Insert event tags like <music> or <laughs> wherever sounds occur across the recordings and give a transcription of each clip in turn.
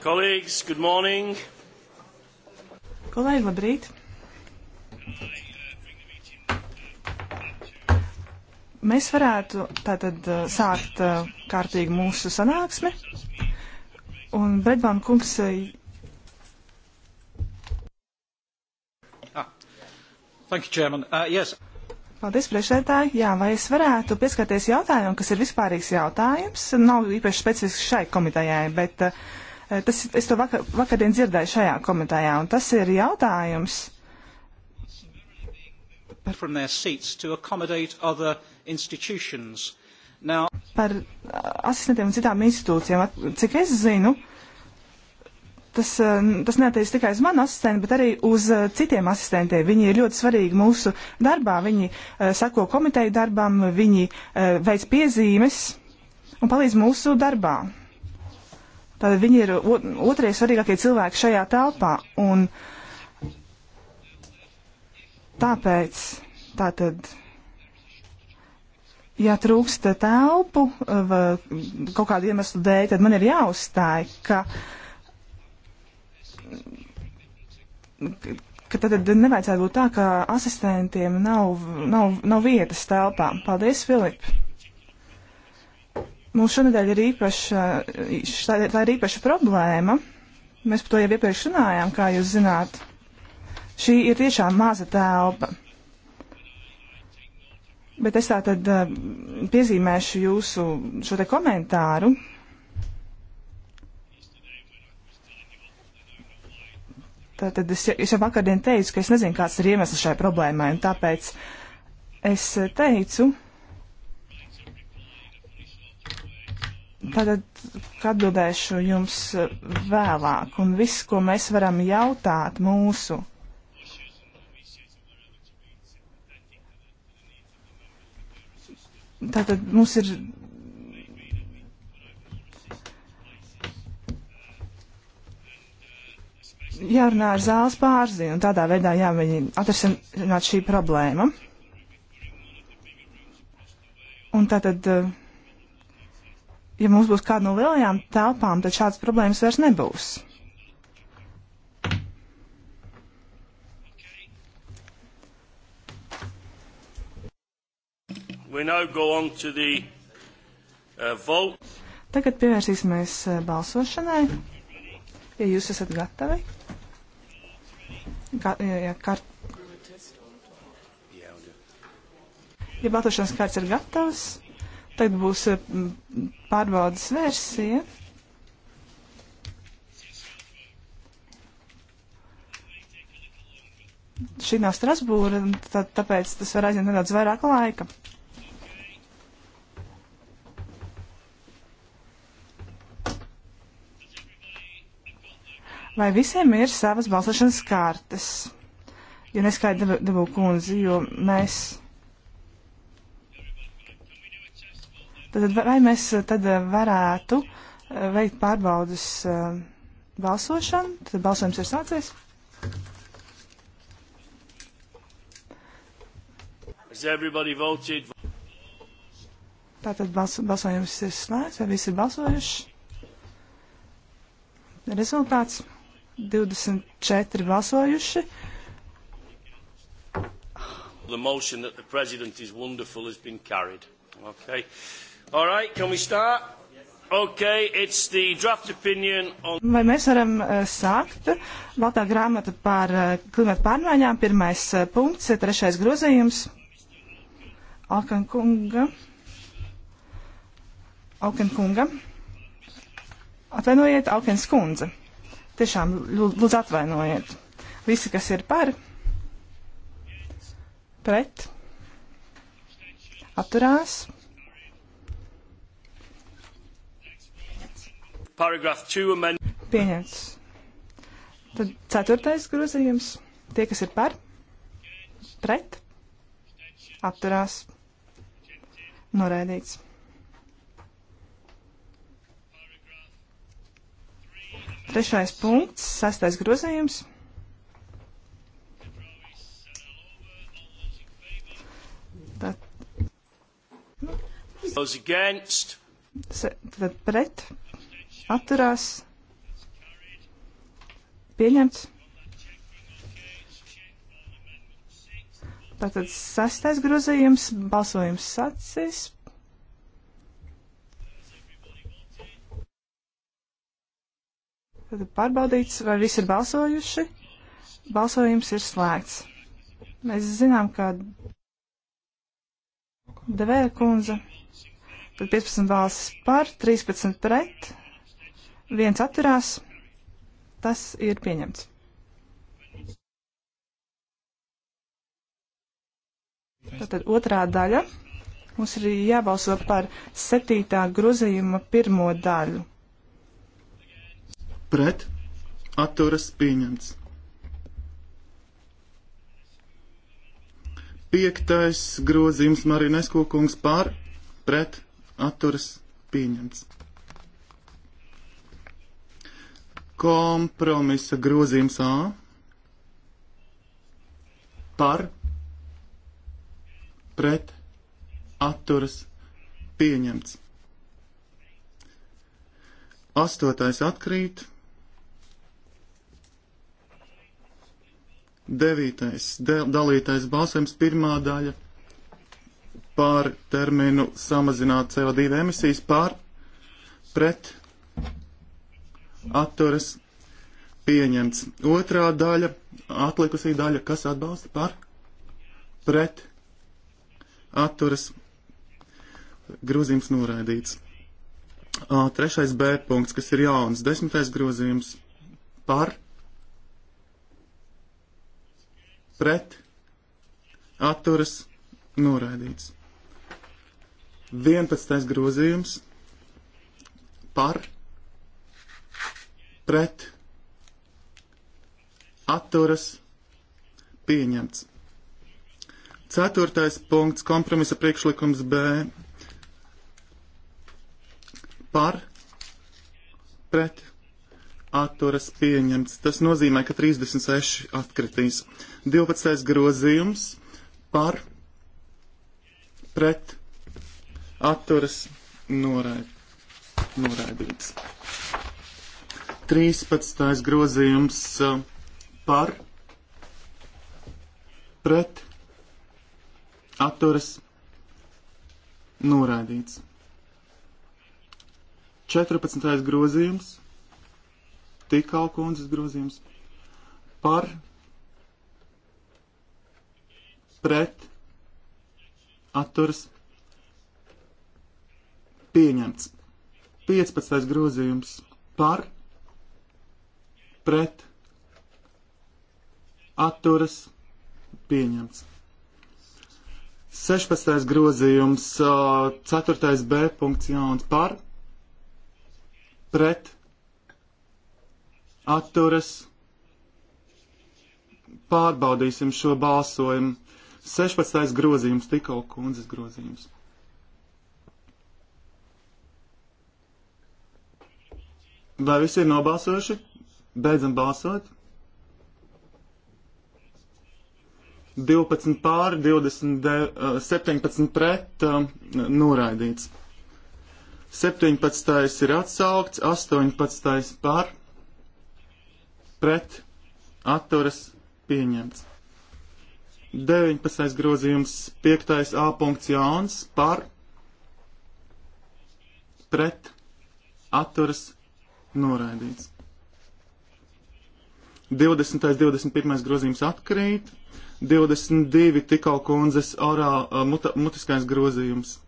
Kolēģis, good morning! Kolēģi, labrīt! Mēs varētu tātad uh, sākt uh, kārtīgi mūsu sanāksmi. Un Bredbāna kungs. Uh, ah. Thank you, Chairman. Uh, yes. Paldies, priekšsēdētāji. Jā, vai es varētu pieskarties jautājumam, kas ir vispārīgs jautājums? Nav īpaši specifisks šai komitejai, bet uh, Eh, tas, es to vakar, vakardien dzirdēju šajā komitējā, un tas ir jautājums. Now... Par eh, asistentiem un citām institūcijām, cik es zinu, tas, eh, tas neatiecas tikai uz manu asistentu, bet arī uz citiem asistentiem. Viņi ir ļoti svarīgi mūsu darbā, viņi uh, sako komiteju darbam, viņi uh, veic piezīmes un palīdz mūsu darbā. Tātad viņi ir otrie svarīgākie cilvēki šajā telpā. Un tāpēc, tātad, ja trūkst telpu eh, kaut kādu iemeslu dēļ, tad man ir jāuzstāj, ka, ka tad nevajadzētu būt tā, ka asistentiem nav, nav, nav vietas telpā. Paldies, Filips! Mums šonadēļ ir īpaša, tā ir īpaša problēma. Mēs par to jau iepriekš runājām, kā jūs zināt. Šī ir tiešām maza telpa. Bet es tā tad eh, piezīmēšu jūsu šo te komentāru. Tātad es, es jau vakardien teicu, ka es nezinu, kāds ir iemesls šai problēmai, un tāpēc es teicu, Tātad atbildēšu jums vēlāk, un viss, ko mēs varam jautāt mūsu. Tātad mums ir. Jārunā ar zāles pārziņu, un tādā veidā jāmēģina atrisināt šī problēma. Un tātad. Uh, ja mums būs kāda no lielajām telpām, tad šādas problēmas vairs nebūs. The, uh, Tagad pievērsīsimies uh, balsošanai. Ja jūs esat gatavi, kā, ja, ja, kārt... ja balsošanas kārts ir gatavs, Tagad būs eh, pārbaudas versija. Šī nav Strasbūra, tā, tāpēc tas var aizņemt nedaudz vairāk laika. Vai visiem ir savas balsošanas kartes? Jo neskaidri dabū kundzi, jo mēs Tad vai mēs eh, tad eh, varētu eh, veikt pārbaudas balsošanu? Tad balsojums ir sācies. Tātad bals, balsojums ir slēgts, vai visi ir balsojuši? Rezultāts 24 balsojuši. The motion that the president is wonderful has been carried. Okay. All right, can we start? Okay, it's the draft opinion on... Vai mēs varam uh, sākt? Baltā grāmata par uh, klimatu pārmaiņām, pirmais uh, punkts, trešais grozījums. Alkan kunga. Alkan kunga. Atvainojiet, Alkens kundze. Tiešām, lūdzu atvainojiet. Visi, kas ir par, pret, atturās. Pieņemts. Tad ceturtais grozījums. Tie, kas ir par, pret, atturās, noraidīts. Trešais punkts, sastais grozījums. Tad, tad pret atturās pieņemts. Tātad sastais grozījums, balsojums sacis. Tad pārbaudīts, vai visi ir balsojuši. Balsojums ir slēgts. Mēs zinām, ka devēja kundze, tad 15 balsis par, 13 pret, viens atturās, tas ir pieņemts. Tātad otrā daļa. Mums ir jābalso par septītā grozījuma pirmo daļu. Pret atturas pieņemts. Piektais grozījums Marinesko kungs pār pret atturas pieņemts. Kompromisa grozījums A par pret atturas pieņemts. Astotais atkrīt. Devītais dalītais balsojums pirmā daļa par terminu samazināt CO2 emisijas pār pret atturas pieņemts. Otrā daļa, atlikusī daļa, kas atbalsta par, pret, atturas, grozījums noraidīts. A, trešais B punkts, kas ir jauns, desmitais grozījums par, pret, atturas, noraidīts. Vienpadsmitais grozījums par, pret, pret, atturas, pieņemts. Ceturtais punkts - kompromisa priekšlikums B par, pret, atturas pieņemts. Tas nozīmē, ka 36 atkritīs. 12. grozījums par pret atturas noraid, noraidīts. 13. grozījums par pret atturas noraidīts. 14. grozījums, tikā kundzes grozījums par pret atturas pieņemts. 15. grozījums par pret pret atturas pieņemts. 16. grozījums, 4. B punkts jauns par pret atturas pārbaudīsim šo balsojumu. 16. grozījums, tikko kundzes grozījums. Vai visi ir nobalsojuši? Beidzam balsot. 12 pār, 20, 17 pret, eh, noraidīts. 17. ir atsaukts, 18. pār, pret, atturas, pieņemts. 19. grozījums, 5. A punkts jauns, par, pret, atturas, noraidīts. 20. 21. grozījums atkrīt, 22. tikau kundzes orā muta, mutiskais grozījums.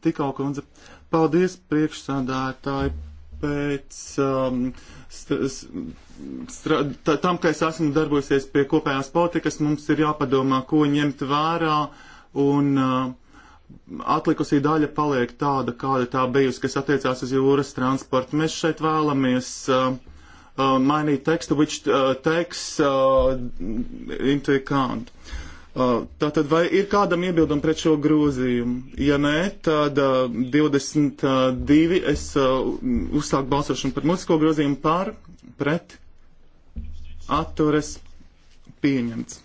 Tikau kundze, paldies priekšsādātāji pēc um, st st tam, ka es esmu darbojusies pie kopējās politikas, mums ir jāpadomā, ko ņemt vērā un uh, atlikusī daļa paliek tāda, kāda tā bijusi, kas attiecās uz jūras transportu. Mēs šeit vēlamies uh, uh, mainīt tekstu, which uh, takes uh, into account. Uh, tātad vai ir kādam iebildumi pret šo grozījumu? Ja nē, tad uh, 22 es uh, uzsāku balsošanu par mūzisko grozījumu pār, pret, atturas, pieņemts.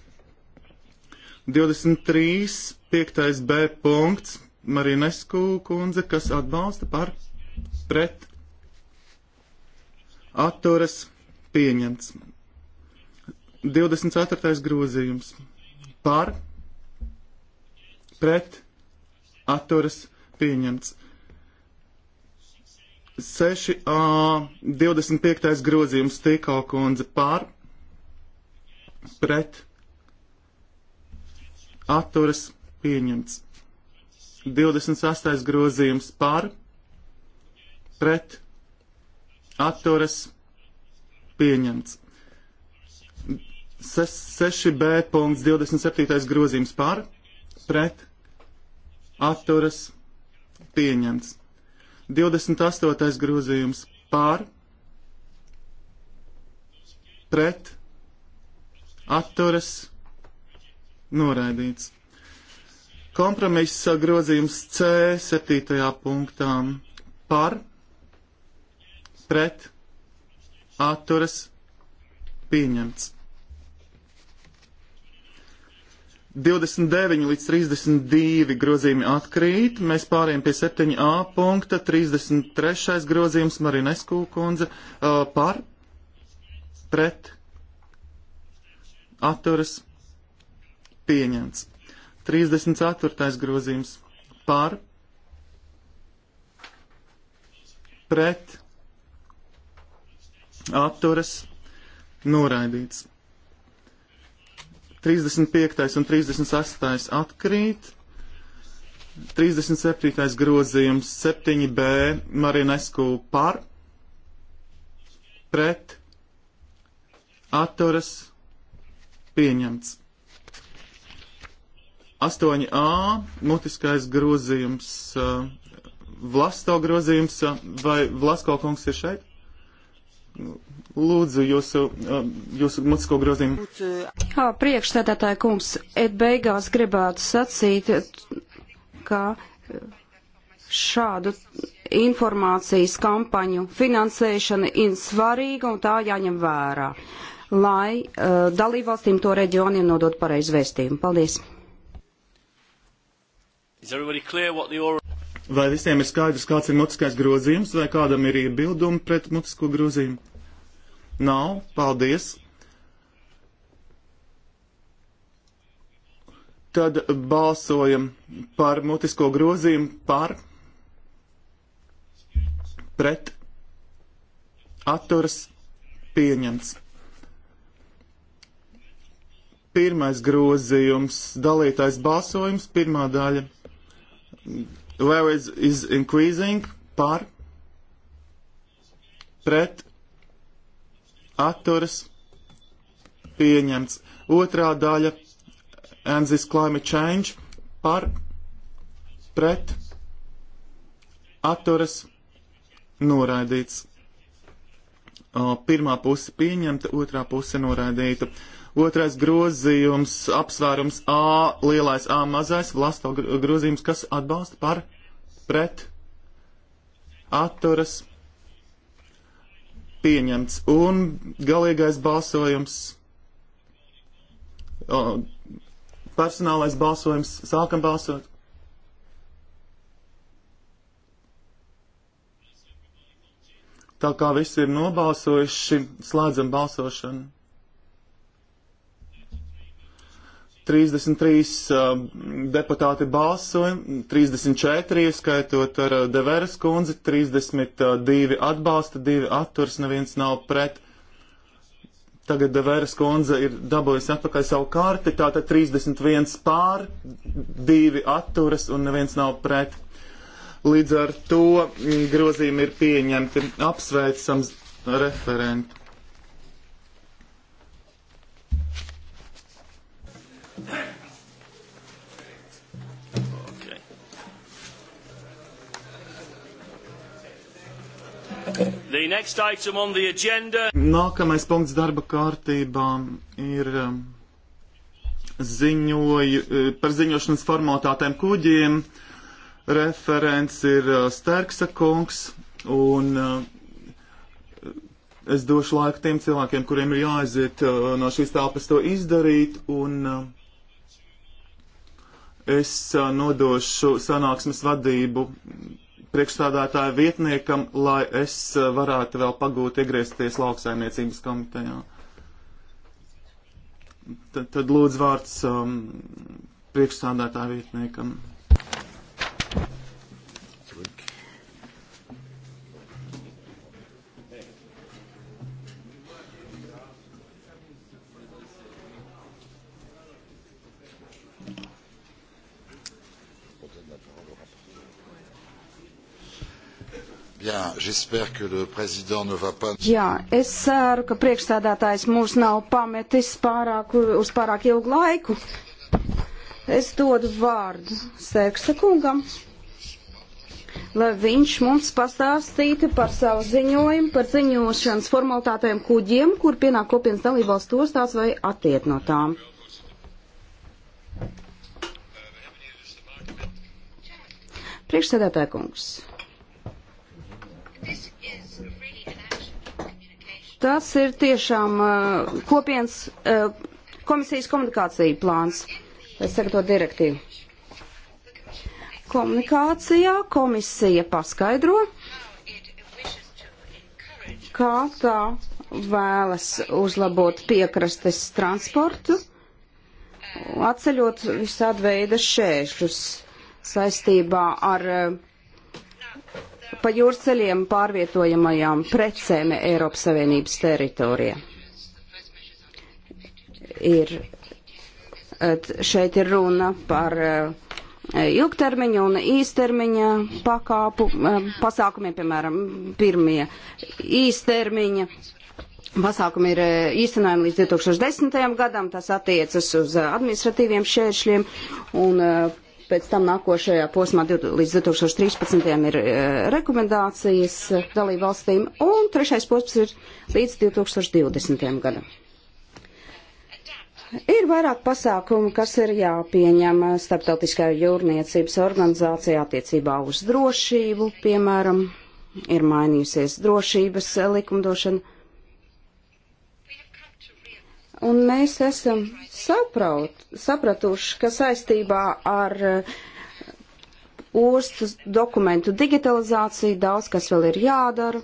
23 piektais B punkts, Marinesku kundze, kas atbalsta par pret atturas pieņemts. 24. grozījums par pret atturas pieņemts. 6a 25. grozījums tikā kundze par pret atturas pieņemts pieņemts. 28. grozījums par, pret, atturas, pieņemts. 6b punkts 27. grozījums par, pret, atturas, pieņemts. 28. grozījums par, pret, atturas, noraidīts. Kompromisa grozījums C septītajā punktā par, pret, atturas, pieņemts. 29 līdz 32 grozījumi atkrīt, mēs pāriem pie 7a punkta, 33 grozījums Marinesku kundze uh, par, pret, atturas, pieņemts. 34. grozījums par, pret, atturas, noraidīts. 35. un 36. atkrīt. 37. grozījums 7b Marinesku par, pret, atturas, pieņemts. 8a mutiskais grozījums, Vlasto grozījums, vai Vlasko kungs ir šeit? Lūdzu, jūsu, jūsu mutisko grozījumu. Kā priekšstādātāja kungs, et beigās gribētu sacīt, ka šādu informācijas kampaņu finansēšana ir svarīga un tā jāņem vērā, lai uh, dalībvalstīm to reģioniem nodot pareizu vēstījumu. Paldies! Vai visiem ir skaidrs, kāds ir mutiskais grozījums, vai kādam ir iebildumi pret mutisko grozījumu? Nav, paldies. Tad balsojam par mutisko grozījumu par pret atturas pieņemts. Pirmais grozījums - dalītais balsojums, pirmā daļa where is, is increasing par pret atturas pieņemts. Otrā daļa and this climate change par pret atturas noraidīts. Pirmā puse pieņemta, otrā puse noraidīta. Otrais grozījums, apsvērums A, lielais A mazais, vlasto grozījums, kas atbalsta par pret atturas pieņemts. Un galīgais balsojums, o, personālais balsojums, sākam balsot. Tā kā visi ir nobalsojuši, slēdzam balsošanu. 33 uh, deputāti balsoja, 34 ieskaitot ar uh, Deveras kundzi, 32 uh, atbalsta, 2 atturs, neviens nav pret. Tagad Deveras kundze ir dabūjusi atpakaļ savu karti, tātad 31 pār, 2 atturas un neviens nav pret. Līdz ar to mm, grozījumi ir pieņemti. Apsveicam referentu. Nākamais punkts darba kārtībā ir um, ziņoju, e, par ziņošanas formātātiem kuģiem. Referents ir e, Sterksa kungs, un e, es došu laiku tiem cilvēkiem, kuriem ir jāaiziet no šīs telpas to izdarīt, un Es nodošu sanāksmes vadību priekšstādātāja vietniekam, lai es varētu vēl pagūt iegriezties lauksaimniecības komitejā. Tad, tad lūdzu vārds um, priekšstādātāja vietniekam. Jā, Jā, es ceru, ka priekšstādātājs mūs nav pametis pārāk, uz pārāk ilgu laiku. Es dodu vārdu Sērksa kungam, lai viņš mums pastāstītu par savu ziņojumu, par ziņošanas formalitātēm kuģiem, kur pienāk kopienas dalībvalstu ostās vai attiet no tām. Priekšsēdētāja kungs. Tas ir tiešām uh, kopienas uh, komisijas komunikācija plāns, es saku to direktīvu. Komunikācijā komisija paskaidro, kā tā vēlas uzlabot piekrastes transportu, atceļot visādi veida šēšus saistībā ar uh, pa jūras ceļiem pārvietojamajām precēm Eiropas Savienības teritorijā. Ir, šeit ir runa par e, ilgtermiņa un īstermiņa pakāpu e, pasākumiem, piemēram, pirmie īstermiņa pasākumi ir e, īstenojami līdz 2010. gadam, tas attiecas uz administratīviem šēršļiem un Pēc tam nākošajā posmā līdz 2013. ir e, rekomendācijas e, dalību valstīm, un trešais posms ir līdz 2020. gadam. Ir vairāk pasākumu, kas ir jāpieņem starptautiskā jūrniecības organizācijā attiecībā uz drošību, piemēram, ir mainījusies drošības e, likumdošana un mēs esam sapraut, sapratuši, ka saistībā ar ostu uh, dokumentu digitalizāciju daudz kas vēl ir jādara.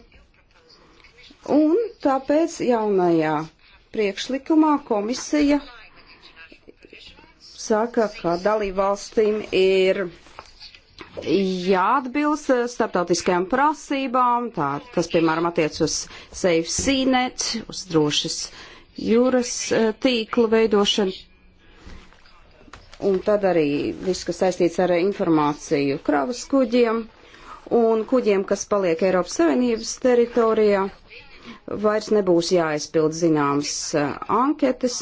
Un tāpēc jaunajā priekšlikumā komisija saka, ka dalībvalstīm ir jāatbilst uh, starptautiskajām prasībām, tā, tas, piemēram, attiec uz Safe Seanet, uz drošas uh, jūras eh, tīklu veidošanu. Un tad arī viss, kas saistīts ar informāciju kravas kuģiem un kuģiem, kas paliek Eiropas Savienības teritorijā, vairs nebūs jāizpild zināmas eh, anketes.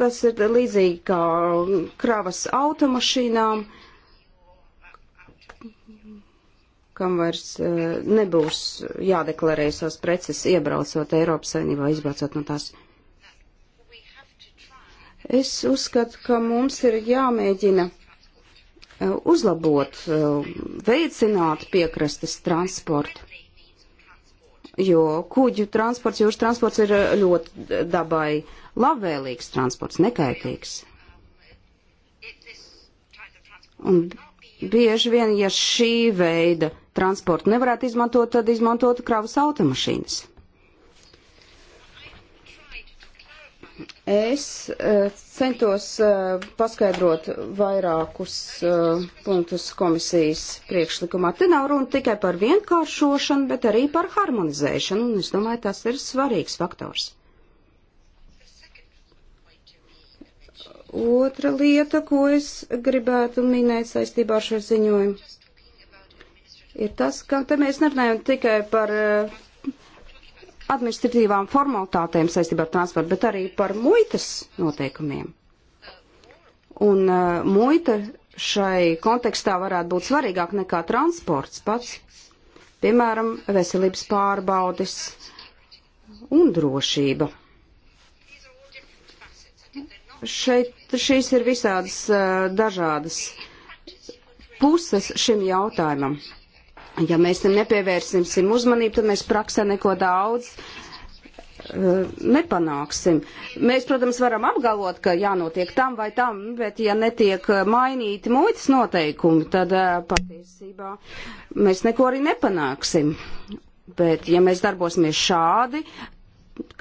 Tas ir līdzīgi kā kravas automašīnām kam vairs eh, nebūs jādeklarē savas preces, iebraucot Eiropas Savienībā, izbraucot no tās. Es uzskatu, ka mums ir jāmēģina eh, uzlabot, eh, veicināt piekrastes transportu. Jo kuģu transports, jūras transports ir ļoti dabai labvēlīgs transports, nekaitīgs. Un bieži vien, ja šī veida transportu nevarētu izmantot, tad izmantotu kravas automašīnas. Es uh, centos uh, paskaidrot vairākus uh, punktus komisijas priekšlikumā. Te nav runa tikai par vienkāršošanu, bet arī par harmonizēšanu, un es domāju, tas ir svarīgs faktors. Otra lieta, ko es gribētu minēt saistībā ar šo ziņojumu ir tas, ka te mēs nerunājam tikai par eh, administratīvām formalitātēm saistībā ar transportu, bet arī par muitas noteikumiem. Un uh, muita šai kontekstā varētu būt svarīgāk nekā transports pats. Piemēram, veselības pārbaudes un drošība. Šeit šīs ir visādas uh, dažādas puses šim jautājumam. Ja mēs tam nepievērsīsim uzmanību, tad mēs praksē neko daudz uh, nepanāksim. Mēs, protams, varam apgalvot, ka jānotiek tam vai tam, bet ja netiek mainīti muitas noteikumi, tad uh, patiesībā mēs neko arī nepanāksim. Bet ja mēs darbosimies šādi,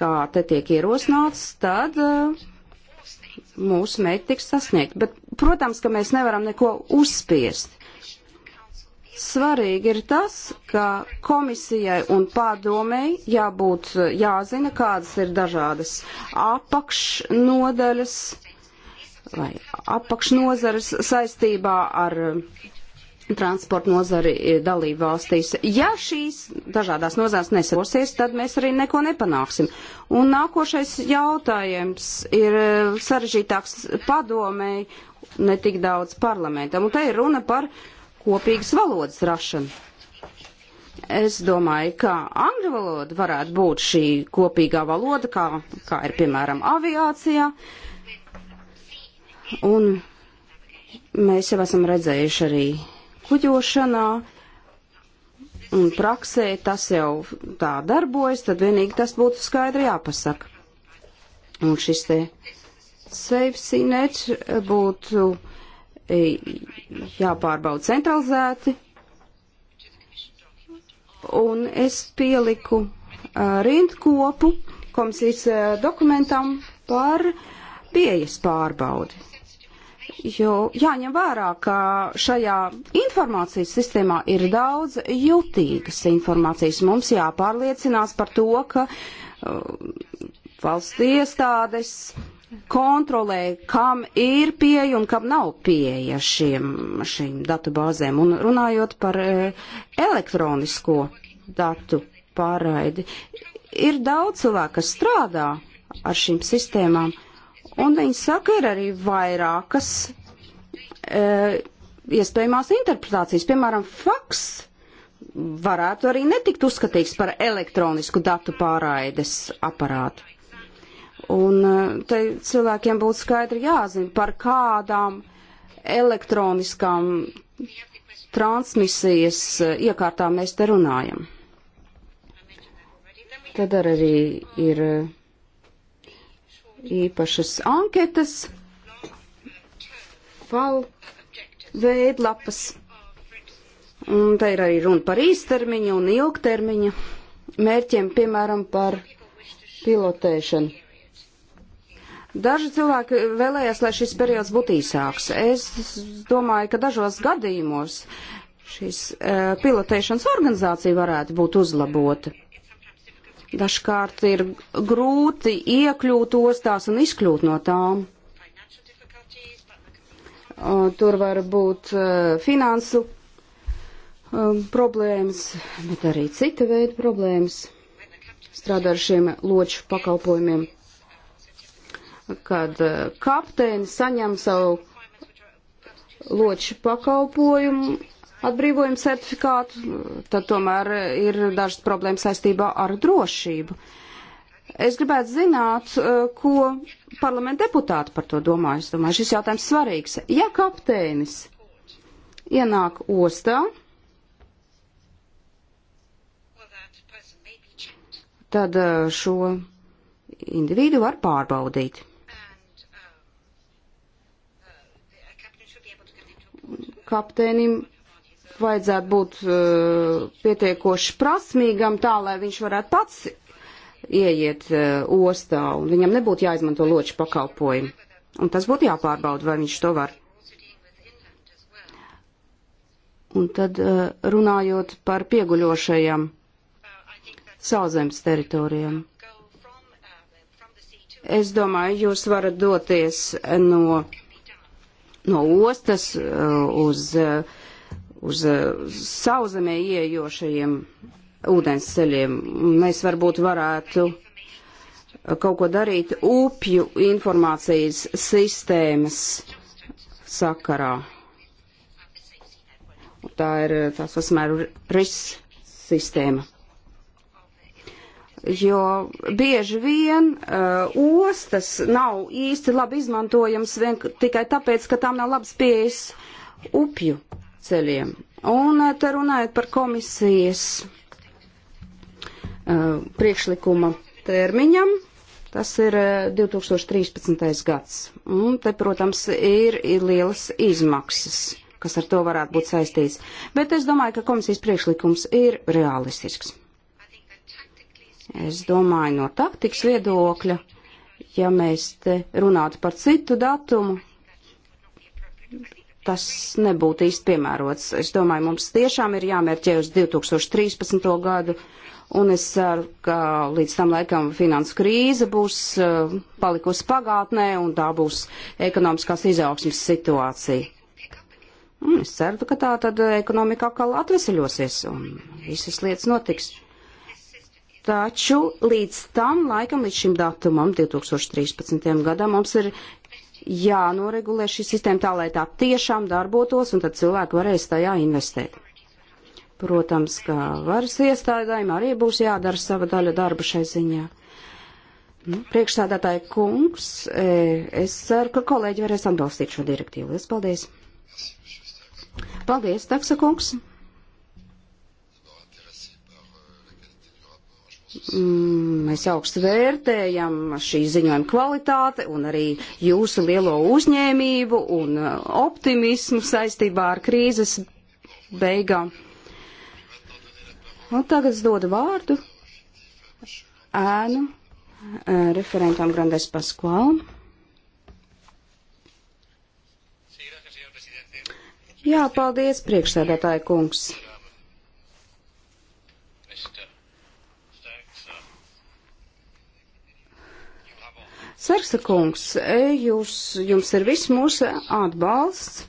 kā te tiek ierosināts, tad uh, mūsu mērķi tiks sasniegt. Bet, protams, ka mēs nevaram neko uzspiest Svarīgi ir tas, ka komisijai un pārdomēji jābūt jāzina, kādas ir dažādas apakšnodaļas vai apakšnozares saistībā ar transporta nozari dalību valstīs. Ja šīs dažādās nozars nesarosies, tad mēs arī neko nepanāksim. Un nākošais jautājums ir eh, sarežģītāks padomēji, ne tik daudz parlamentam. Un te ir runa par uh, kopīgas valodas rašanu. Es domāju, ka angļu valoda varētu būt šī kopīgā valoda, kā, kā ir piemēram aviācijā. Un mēs jau esam redzējuši arī kuģošanā un praksē tas jau tā darbojas, tad vienīgi tas būtu skaidri jāpasaka. Un šis te safe sinet būtu E, jāpārbauda centralizēti. Un es pieliku e, rindkopu komisijas e, dokumentam par pieejas pārbaudi. Jo jāņem vērā, ka šajā informācijas sistēmā ir daudz jutīgas informācijas. Mums jāpārliecinās par to, ka uh, valsts iestādes uh, kontrolē, kam ir pieeja un kam nav pieeja šiem, šīm datu bāzēm. Un runājot par eh, elektronisko datu pārraidi, ir daudz cilvēku, kas strādā ar šīm sistēmām, un viņi saka, ir arī vairākas e, iespējamās interpretācijas. Piemēram, faks varētu arī netikt uzskatīts par elektronisku datu pārraides aparātu. Un e, te cilvēkiem būtu skaidri jāzina, par kādām elektroniskām transmisijas e, iekārtām mēs te runājam. Tad arī ir e, īpašas anketas, fal, veidlapas. Un te ir arī runa par īstermiņa un ilgtermiņa mērķiem, piemēram, par pilotēšanu Daži cilvēki vēlējās, lai šis periods būtu īsāks. Es domāju, ka dažos gadījumos šīs uh, e, pilotēšanas organizācija varētu būt uzlabota. Dažkārt ir grūti iekļūt ostās un izkļūt no tām. Uh, tur var būt uh, finansu um, problēmas, bet arī cita veida problēmas strādā ar šiem loču pakalpojumiem kad eh, kapteini saņem savu loču pakalpojumu atbrīvojumu certifikātu, tad tomēr ir dažas problēmas saistībā ar drošību. Es gribētu zināt, eh, ko parlamenta deputāti par to domā. Es domāju, šis jautājums svarīgs. Ja kapteinis ienāk ostā, tad eh, šo individu var pārbaudīt. kapteinim vajadzētu būt uh, pietiekoši prasmīgam tā, lai viņš varētu pats ieiet uh, ostā un viņam nebūtu jāizmanto loču pakalpojumi. Un tas būtu jāpārbauda, vai viņš to var. Un tad uh, runājot par pieguļošajiem sauzemes teritorijām. Es domāju, jūs varat doties no. Uh, no ostas uh, uz, uh, uz uh, sauzemē ieejošajiem ūdens ceļiem. Mēs varbūt varētu kaut ko darīt upju informācijas sistēmas sakarā. Tā ir tā sasmēru RIS sistēma jo bieži vien uh, ostas nav īsti labi izmantojams vien, tikai tāpēc, ka tām nav labas pieejas upju ceļiem. Un uh, te runājot par komisijas uh, priekšlikuma termiņam, tas ir uh, 2013. gads. Un te, protams, ir, ir lielas izmaksas kas ar to varētu būt saistīts. Bet es domāju, ka komisijas priekšlikums ir realistisks. Es domāju, no taktikas viedokļa, ja mēs te runātu par citu datumu, tas nebūtu īsti piemērots. Es domāju, mums tiešām ir jāmērķē uz 2013. gadu, un es ceru, ka līdz tam laikam finansu krīze būs eh, palikusi pagātnē, un tā būs ekonomiskās izaugsmas situācija. Un es ceru, ka tā tad ekonomika atkal atveseļosies, un visas lietas notiks. Taču līdz tam laikam, līdz šim datumam, 2013. gadam, mums ir jānoregulē šī sistēma tā, lai tā tiešām darbotos, un tad cilvēki varēs tajā investēt. Protams, ka varas iestādēm arī būs jādara sava daļa darba šai ziņā. Nu, priekšsādātāji kungs, e, es ceru, ka kolēģi varēs atbalstīt šo direktīvu. Liels paldies! Paldies, taksa kungs! Mm, mēs augstu vērtējam šī ziņojuma kvalitāti un arī jūsu lielo uzņēmību un uh, optimismu saistībā ar krīzes beigām. Un tagad es dodu vārdu ēnu uh, referentam Grandes Paskuālam. Jā, paldies, priekšsēdētāja kungs. Sarsa kungs, e, jūs, jums ir viss mūsu atbalsts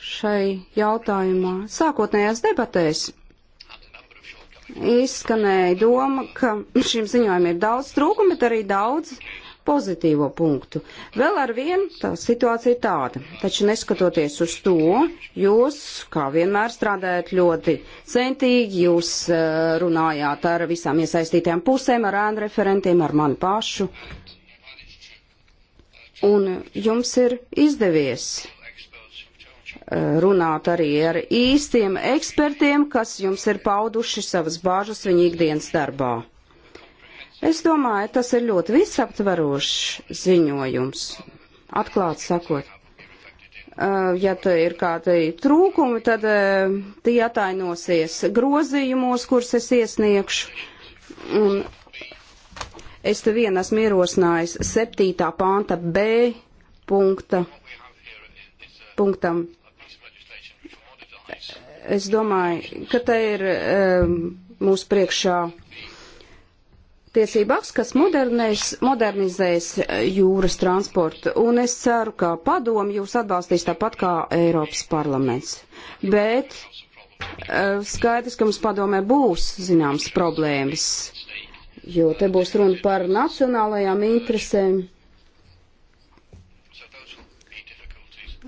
šai jautājumā. Sākotnējās debatēs izskanēja doma, ka šim ziņojumam ir daudz trūkumu, bet arī daudz pozitīvo punktu. Vēl ar vienu tā situācija ir tāda, taču neskatoties uz to, jūs, kā vienmēr, strādājat ļoti centīgi, jūs e, runājāt ar visām iesaistītajām pusēm, ar ēnu referentiem, ar mani pašu, Un jums ir izdevies eh, runāt arī ar īstiem ekspertiem, kas jums ir pauduši savas bāžas viņa ikdienas darbā. Es domāju, tas ir ļoti visaptvarošs ziņojums, atklāti sakot. Eh, ja te ir kādi trūkumi, tad eh, tie atainosies grozījumos, kurus es iesniegšu. Un Es te vien esmu ierosinājis 7. panta B punkta, punktam. Es domāju, ka te ir um, mūsu priekšā tiesība akts, kas modernēs, modernizēs eh, jūras transportu, un es ceru, ka padomu jūs atbalstīs tāpat kā Eiropas parlaments. Bet eh, skaidrs, ka mums padomē būs zināmas problēmas jo te būs runa par nacionālajām interesēm.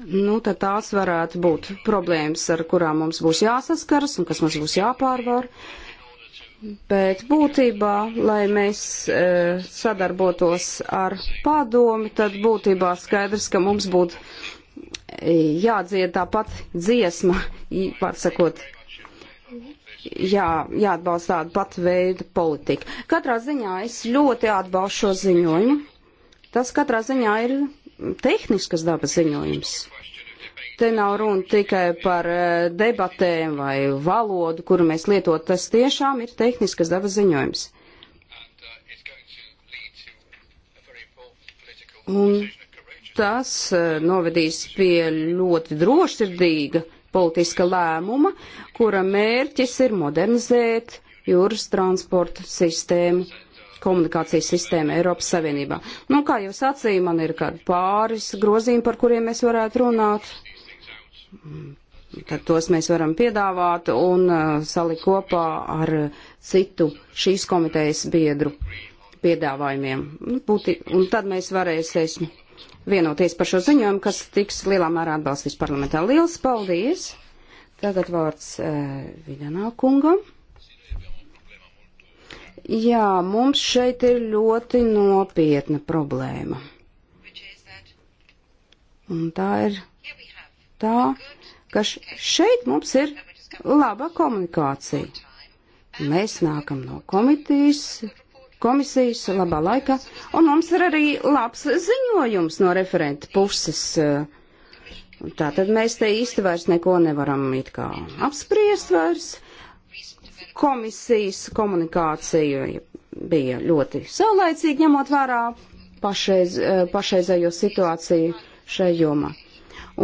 Nu, tad tās varētu būt problēmas, ar kurām mums būs jāsaskaras un kas mums būs jāpārvar. Bet būtībā, lai mēs e, sadarbotos ar padomi, tad būtībā skaidrs, ka mums būtu e, jādzied tāpat dziesma, pārsakot, jā, jāatbalsta tāda pat veida politika. Katrā ziņā es ļoti atbalstu šo ziņojumu. Tas katrā ziņā ir tehniskas dabas ziņojums. Te nav runa tikai par e, debatēm vai valodu, kuru mēs lietot. Tas tiešām ir tehniskas dabas ziņojums. Un tas e, novedīs pie ļoti drošsirdīga politiska lēmuma, kura mērķis ir modernizēt jūras transporta sistēmu, komunikācijas sistēmu Eiropas Savienībā. Nu, kā jau sacīju, man ir kādi pāris grozījumi, par kuriem mēs varētu runāt. Tad tos mēs varam piedāvāt un uh, salikt kopā ar citu šīs komitejas biedru piedāvājumiem. Nu, būti, un tad mēs varēsim vienoties par šo ziņojumu, kas tiks lielā mērā atbalstīts parlamentā. Liels paldies! Tagad vārds uh, eh, Vidanā kungam. Jā, mums šeit ir ļoti nopietna problēma. Un tā ir tā, ka šeit mums ir laba komunikācija. Mēs nākam no komitīs, komisijas labā laikā, un mums ir arī labs ziņojums no referenta puses. Tātad mēs te īsti vairs neko nevaram it kā apspriest vairs. Komisijas komunikācija bija ļoti saulaicīga, ņemot vērā pašreiz, pašreizējo situāciju šajā jomā.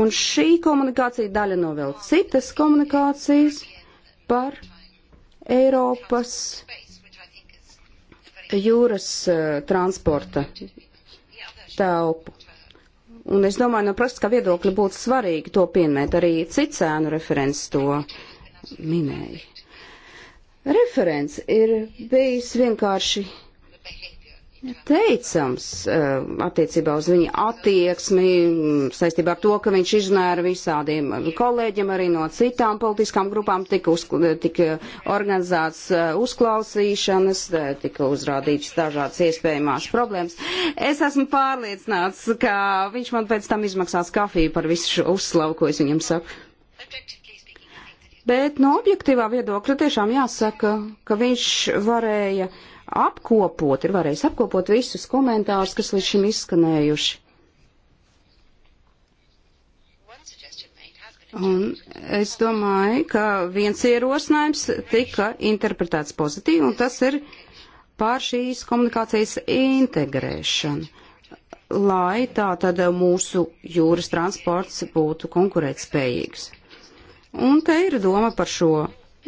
Un šī komunikācija daļa no vēl citas komunikācijas par Eiropas jūras e, transporta telpu. Un es domāju, no praktiskā viedokļa būtu svarīgi to pieminēt. Arī Cicēnu referents to minēja. Referents ir bijis vienkārši teicams eh, attiecībā uz viņa attieksmi, saistībā ar to, ka viņš izrunāja ar visādiem kolēģiem, arī no citām politiskām grupām, tika, uzkl... Eh, tika organizēts eh, uzklausīšanas, tika uzrādīts dažādas iespējamās problēmas. Es esmu pārliecināts, ka viņš man pēc tam izmaksās kafiju par visu šo uzslavu, ko es viņam saku. Bet no objektīvā viedokļa tiešām jāsaka, ka viņš varēja uh, apkopot, ir varējis apkopot visus komentārus, kas līdz šim izskanējuši. Un es domāju, ka viens ierosinājums tika interpretēts pozitīvi, un tas ir pār šīs komunikācijas integrēšanu, lai tā tad mūsu jūras transports būtu konkurētspējīgs. Un te ir doma par šo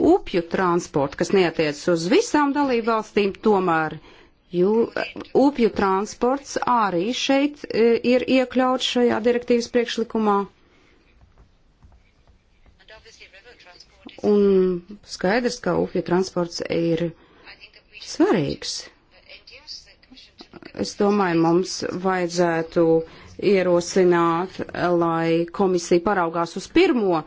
upju transportu, kas neatiec uz visām dalībvalstīm, tomēr jū, upju transports arī šeit e, ir iekļauts šajā direktīvas priekšlikumā. Un skaidrs, ka upju transports ir svarīgs. Es domāju, mums vajadzētu ierosināt, lai komisija paraugās uz pirmo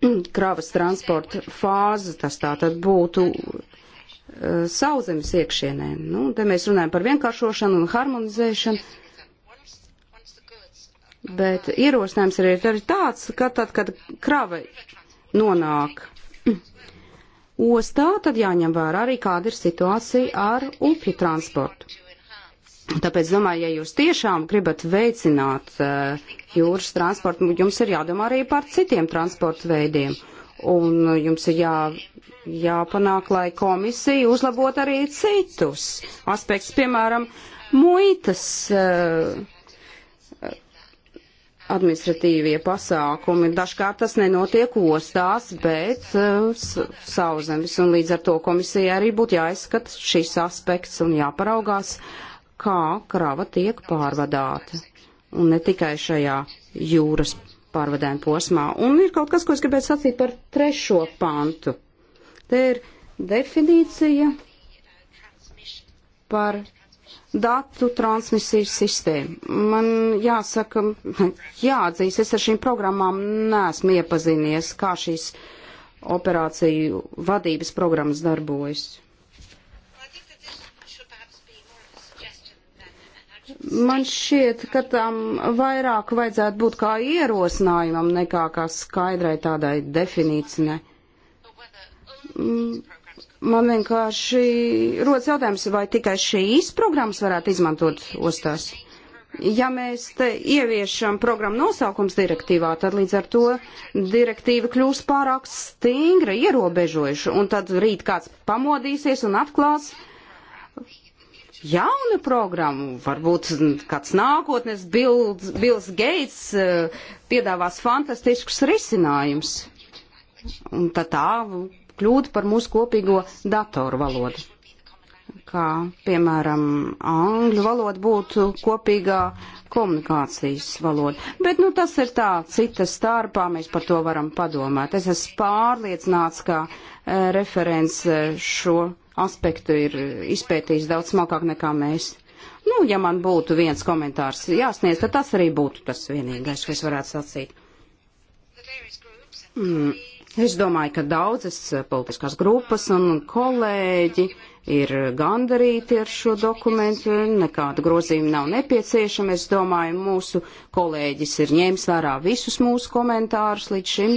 <clears throat> kravas transporta fāze, tas tā tad būtu uh, e, sauzemes iekšienē. Nu, te mēs runājam par vienkāršošanu un harmonizēšanu, bet ierosinājums arī ir arī tāds, ka tad, kad krava nonāk <clears throat> ostā, tad jāņem vērā arī, kāda ir situācija ar upju transportu. Tāpēc domāju, ja jūs tiešām gribat veicināt uh, jūras transportu, jums ir jādomā arī par citiem transporta veidiem. Un jums ir jā, jāpanāk, lai komisija uzlabot arī citus aspektus, piemēram, muitas uh, administratīvie pasākumi. Dažkārt tas nenotiek ostās, bet uh, sauzemes. Un līdz ar to komisijai arī būtu jāizskata šis aspekts un jāparaugās. Uh, kā krava tiek pārvadāta. Un ne tikai šajā jūras pārvadājuma posmā. Un ir kaut kas, ko es gribētu sacīt par trešo pantu. Te ir definīcija par datu transmisijas sistēmu. Man jāsaka, <laughs> jāatzīst, es ar šīm programmām neesmu iepazinies, kā šīs operāciju vadības programmas darbojas. Man šķiet, ka tam vairāk vajadzētu būt kā ierosinājumam nekā kā skaidrai tādai definīcijai. Mm, man vienkārši rodas jautājums, vai tikai šīs programmas varētu izmantot ostās. Ja mēs te ieviešam programmu nosaukums direktīvā, tad līdz ar to direktīva kļūs pārāk stingra, ierobežojuša, un tad rīt kāds pamodīsies un atklās, uh, jaunu programmu. Varbūt kāds nākotnes Bills, Bills Gates e, piedāvās fantastiskus risinājumus. Un tad tā kļūtu par mūsu kopīgo datoru valodu. Kā, piemēram, angļu valoda būtu kopīgā komunikācijas valoda. Bet, nu, tas ir tā, cita starpā mēs par to varam padomāt. Es esmu pārliecināts, ka e, referents e, šo aspektu ir izpētījis daudz smalkāk nekā mēs. Nu, ja man būtu viens komentārs jāsniedz, tad tas arī būtu tas vienīgais, ko es varētu sacīt. Mm. Es domāju, ka daudzas politiskās grupas un kolēģi ir gandarīti ar šo dokumentu, nekāda grozījuma nav nepieciešama. Es domāju, mūsu kolēģis ir ņēmis vērā visus mūsu komentārus līdz šim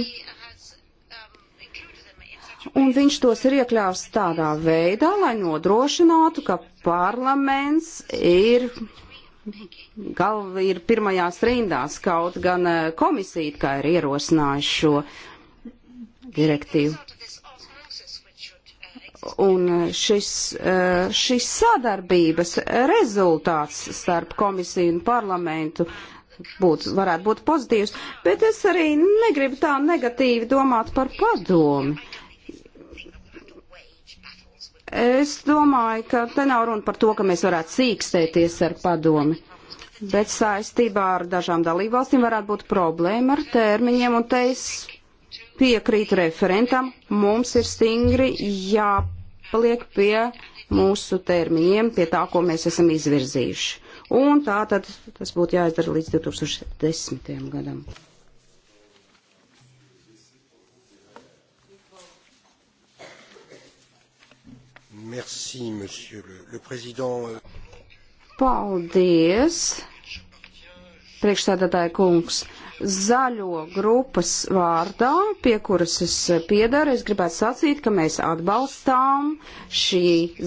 un viņš tos ir iekļāvis tādā veidā, lai nodrošinātu, ka parlaments ir galva ir pirmajās rindās, kaut gan eh, komisija kā ir ierosinājusi šo direktīvu. Un eh, šis, eh, šis sadarbības rezultāts starp komisiju un parlamentu būt, varētu būt pozitīvs, bet es arī negribu tā negatīvi domāt par padomi. Es domāju, ka te nav runa par to, ka mēs varētu cīkstēties ar padomi. Bet saistībā ar dažām dalībvalstīm varētu būt problēma ar termiņiem, un te es piekrītu referentam, mums ir stingri jāpaliek pie mūsu termiņiem, pie tā, ko mēs esam izvirzījuši. Un tā tad tas būtu jāizdara līdz 2010. gadam. Merci, monsieur le, le président. Paldies, priekšstādātāja kungs. Zaļo grupas vārdā, pie kuras es piedaru, es gribētu sacīt, ka mēs atbalstām šī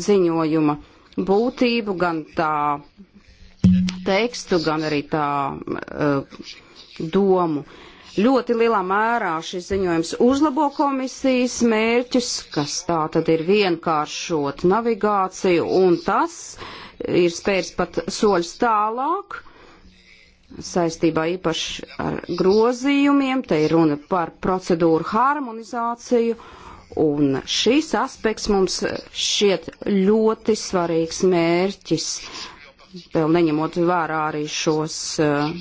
ziņojuma būtību, gan tā tekstu, gan arī tā uh, domu. Uh, Ļoti lielā mērā šis ziņojums uzlabo komisijas mērķus, kas tā tad ir vienkāršot navigāciju, un tas ir spērs pat soļus tālāk saistībā īpaši ar grozījumiem, te ir runa par procedūru harmonizāciju, un šīs aspekts mums šķiet ļoti svarīgs mērķis vēl neņemot vērā arī šos uh,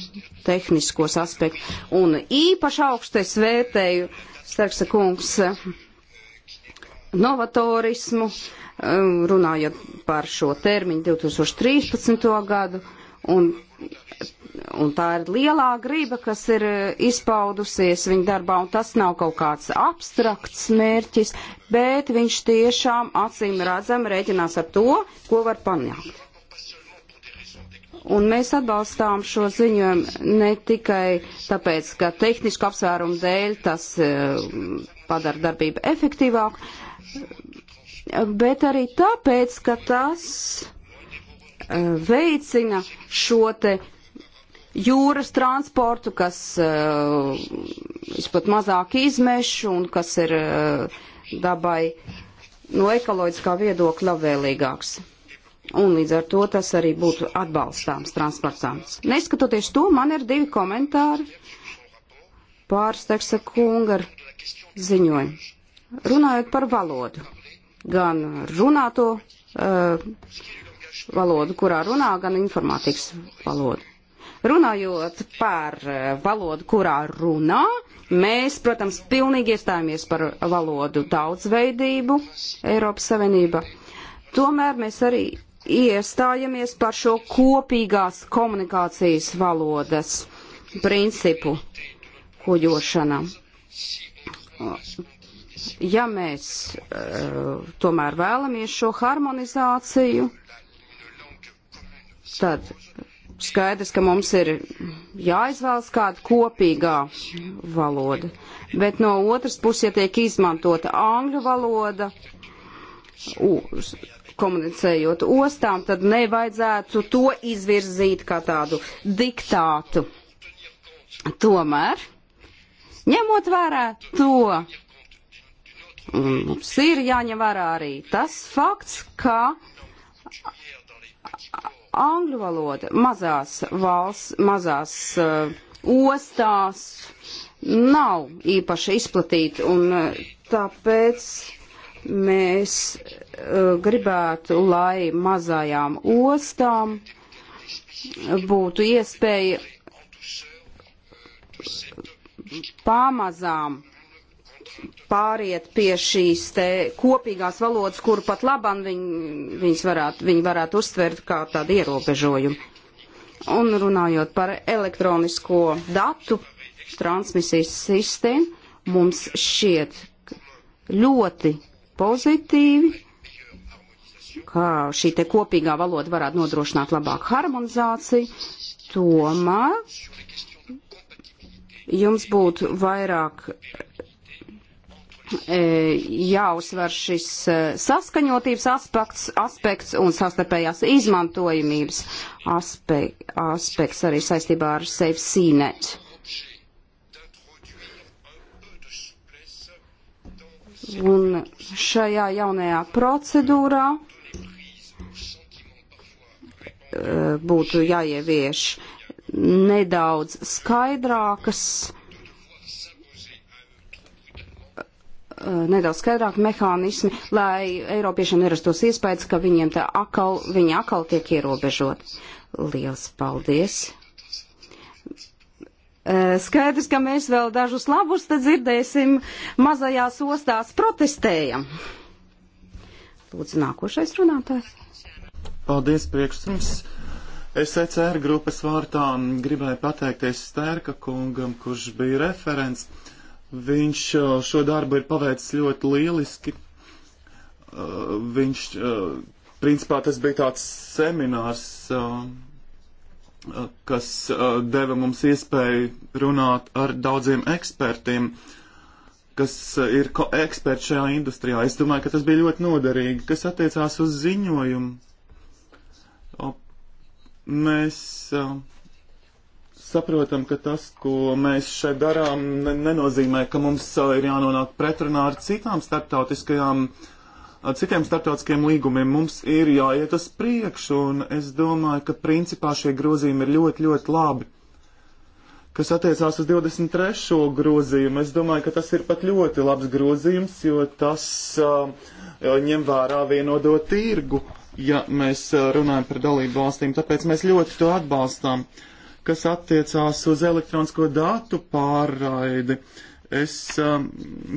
tehniskos aspektus. Un īpaši augstais vērtēju, starpsa kungs, novatorismu, um, runājot par šo termiņu 2013. gadu, un, un tā ir lielā grība, kas ir eh, izpaudusies viņa darbā, un tas nav kaut kāds abstrakts mērķis, bet viņš tiešām acīm redzam rēķinās ar to, ko var panākt. Un mēs atbalstām šo ziņojumu ne tikai tāpēc, ka tehniski apsvērumu dēļ tas e, padara darbību efektīvāku, bet arī tāpēc, ka tas e, veicina šo te jūras transportu, kas e, pat mazāk izmešu un kas ir dabai no ekoloģiskā viedokļa labvēlīgāks. Un līdz ar to tas arī būtu atbalstāms transportāms. Neskatoties to, man ir divi komentāri pārsteksa kunga ziņojumu. Runājot par valodu, gan runāto uh, valodu, kurā runā, gan informātikas valodu. Runājot par uh, valodu, kurā runā, mēs, protams, pilnīgi iestājāmies par valodu daudzveidību Eiropas Savienība. Tomēr mēs arī iestājamies par šo kopīgās komunikācijas valodas principu kuģošanā. Ja mēs uh, tomēr vēlamies šo harmonizāciju, tad skaidrs, ka mums ir jāizvēlas kāda kopīgā valoda. Bet no otras puses, ja tiek izmantota angļu valoda, komunicējot ostām, tad nevajadzētu to izvirzīt kā tādu diktātu. Tomēr, ņemot vērā to, mums ir jāņem vērā arī tas fakts, ka angļu valoda mazās valsts, mazās uh, ostās nav īpaši izplatīta un uh, tāpēc Mēs uh, gribētu, lai mazajām ostām būtu iespēja pamazām pāriet pie šīs te kopīgās valodas, kuru pat labam viņi, viņas varētu, viņi varētu uztvert kā tādu ierobežojumu. Un runājot par elektronisko datu transmisijas sistēmu, mums šķiet ļoti pozitīvi, ka šī te kopīgā valoda varētu nodrošināt labāku harmonizāciju, tomēr jums būtu vairāk e, jāuzsver šis e, saskaņotības aspekts, aspekts un sastarpējās izmantojamības aspek, aspekts arī saistībā ar Safe Sīnet. Un šajā jaunajā procedūrā eh, būtu jāievieš nedaudz skaidrākas, eh, nedaudz skaidrāk mehānismi, lai Eiropiešiem nerastos iespējas, ka viņiem tā akal, viņi akal tiek ierobežot. Liels paldies! Eh, skaidrs, ka mēs vēl dažus labus te dzirdēsim mazajās ostās protestējam. Lūdzu, nākošais runātājs. Paldies, priekšsums. Es ECR grupas vārtā gribēju pateikties Stērka kungam, kurš bija referents. Viņš eh, šo darbu ir paveicis ļoti lieliski. Eh, viņš, principā, tas bija tāds seminārs kas deva mums iespēju runāt ar daudziem ekspertiem, kas ir eksperti šajā industrijā. Es domāju, ka tas bija ļoti noderīgi, kas attiecās uz ziņojumu. Mēs saprotam, ka tas, ko mēs šeit darām, nenozīmē, ka mums ir jānonāk pretrunā ar citām starptautiskajām uh, citiem startautiskiem līgumiem mums ir jāiet uz priekšu, un es domāju, ka principā šie grozījumi ir ļoti, ļoti labi. Kas attiecās uz 23. grozījumu, es domāju, ka tas ir pat ļoti labs grozījums, jo tas uh, ņem vērā vienoto tirgu, ja mēs uh, runājam par dalību valstīm, tāpēc mēs ļoti to atbalstām. Kas attiecās uz elektronisko datu pārraidi, uh, Es um,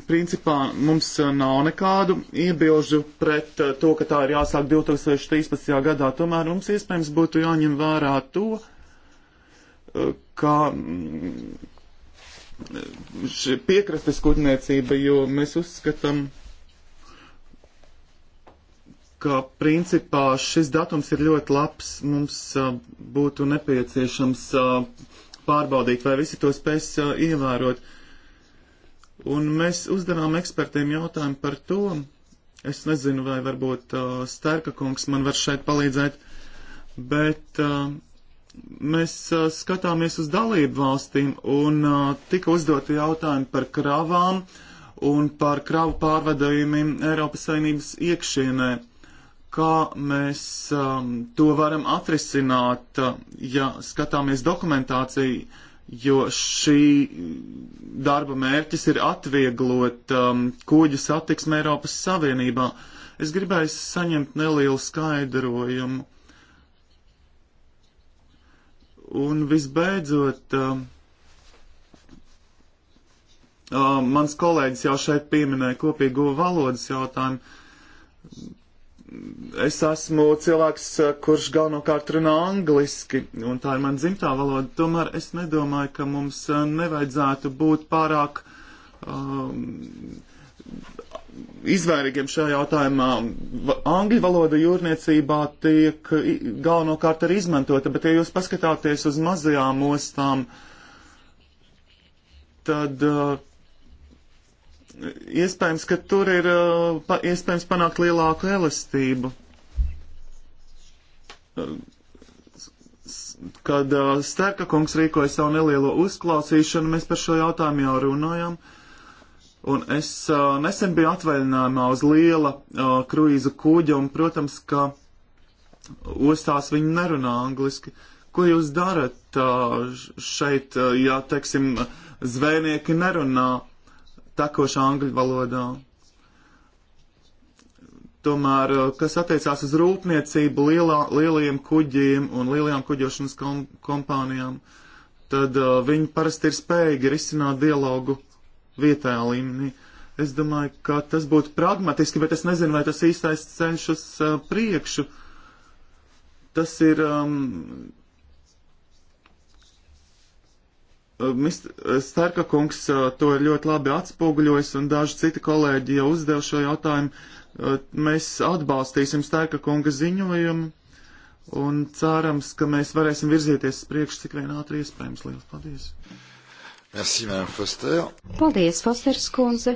principā mums uh, nav nekādu iebilžu pret uh, to, ka tā ir jāsāk 2013. gadā. Tomēr mums iespējams būtu jāņem vērā to, uh, ka mm, piekrastes kuģniecība, jo mēs uzskatām, ka principā šis datums ir ļoti labs. Mums būtu nepieciešams pārbaudīt, vai visi to spēs ievērot. Un mēs uzdevām ekspertiem jautājumu par to, es nezinu, vai varbūt uh, Stērka kungs man var šeit palīdzēt, bet uh, mēs uh, skatāmies uz dalību valstīm un uh, tika uzdoti jautājumi par kravām un par kravu pārvadājumiem Eiropas Savienības iekšienē. Kā mēs um, to varam atrisināt, uh, ja skatāmies dokumentāciju? jo šī darba mērķis ir atvieglot um, kuģu satiksmi Eiropas Savienībā. Es gribēju saņemt nelielu skaidrojumu. Un visbeidzot, um, uh, mans kolēģis jau šeit pieminēja kopīgo valodas jautājumu es esmu cilvēks, eh, kurš galvenokārt runā angliski, un tā ir man dzimtā valoda, tomēr es nedomāju, ka mums eh, nevajadzētu būt pārāk um, izvērīgiem šajā jautājumā. Angļu valoda jūrniecībā tiek galvenokārt arī izmantota, bet ja jūs paskatāties uz mazajām ostām, tad uh, iespējams, ka tur ir uh, pa, iespējams panākt lielāku elastību. Kad uh, Sterka kungs rīkoja savu nelielo uzklausīšanu, mēs par šo jautājumu jau runājam. Un es uh, nesen biju atvaļinājumā uz liela kruīza kuģa, un, protams, ka ostās viņi nerunā angliski. Ko jūs darat šeit, ja, teiksim, zvejnieki nerunā? tekoši angļu valodā. Tomēr, eh, kas attiecās uz rūpniecību lielā, lielajiem kuģiem un lielajām kuģošanas kom kompānijām, tad uh, viņi parasti ir spējīgi risināt dialogu vietējā līmenī. Es domāju, ka tas būtu pragmatiski, bet es nezinu, vai tas īstais ceļš uz uh, priekšu. Tas ir um, Uh, uh, Starka kungs uh, to ir ļoti labi atspoguļojis, un daži citi kolēģi jau uzdev šo jautājumu. Mēs atbalstīsim Starka kunga ziņojumu, un cerams, ka mēs varēsim virzīties priekš cik vien ātri iespējams. Lielas paldies! Merci, Foster. Paldies, Fosters kundze!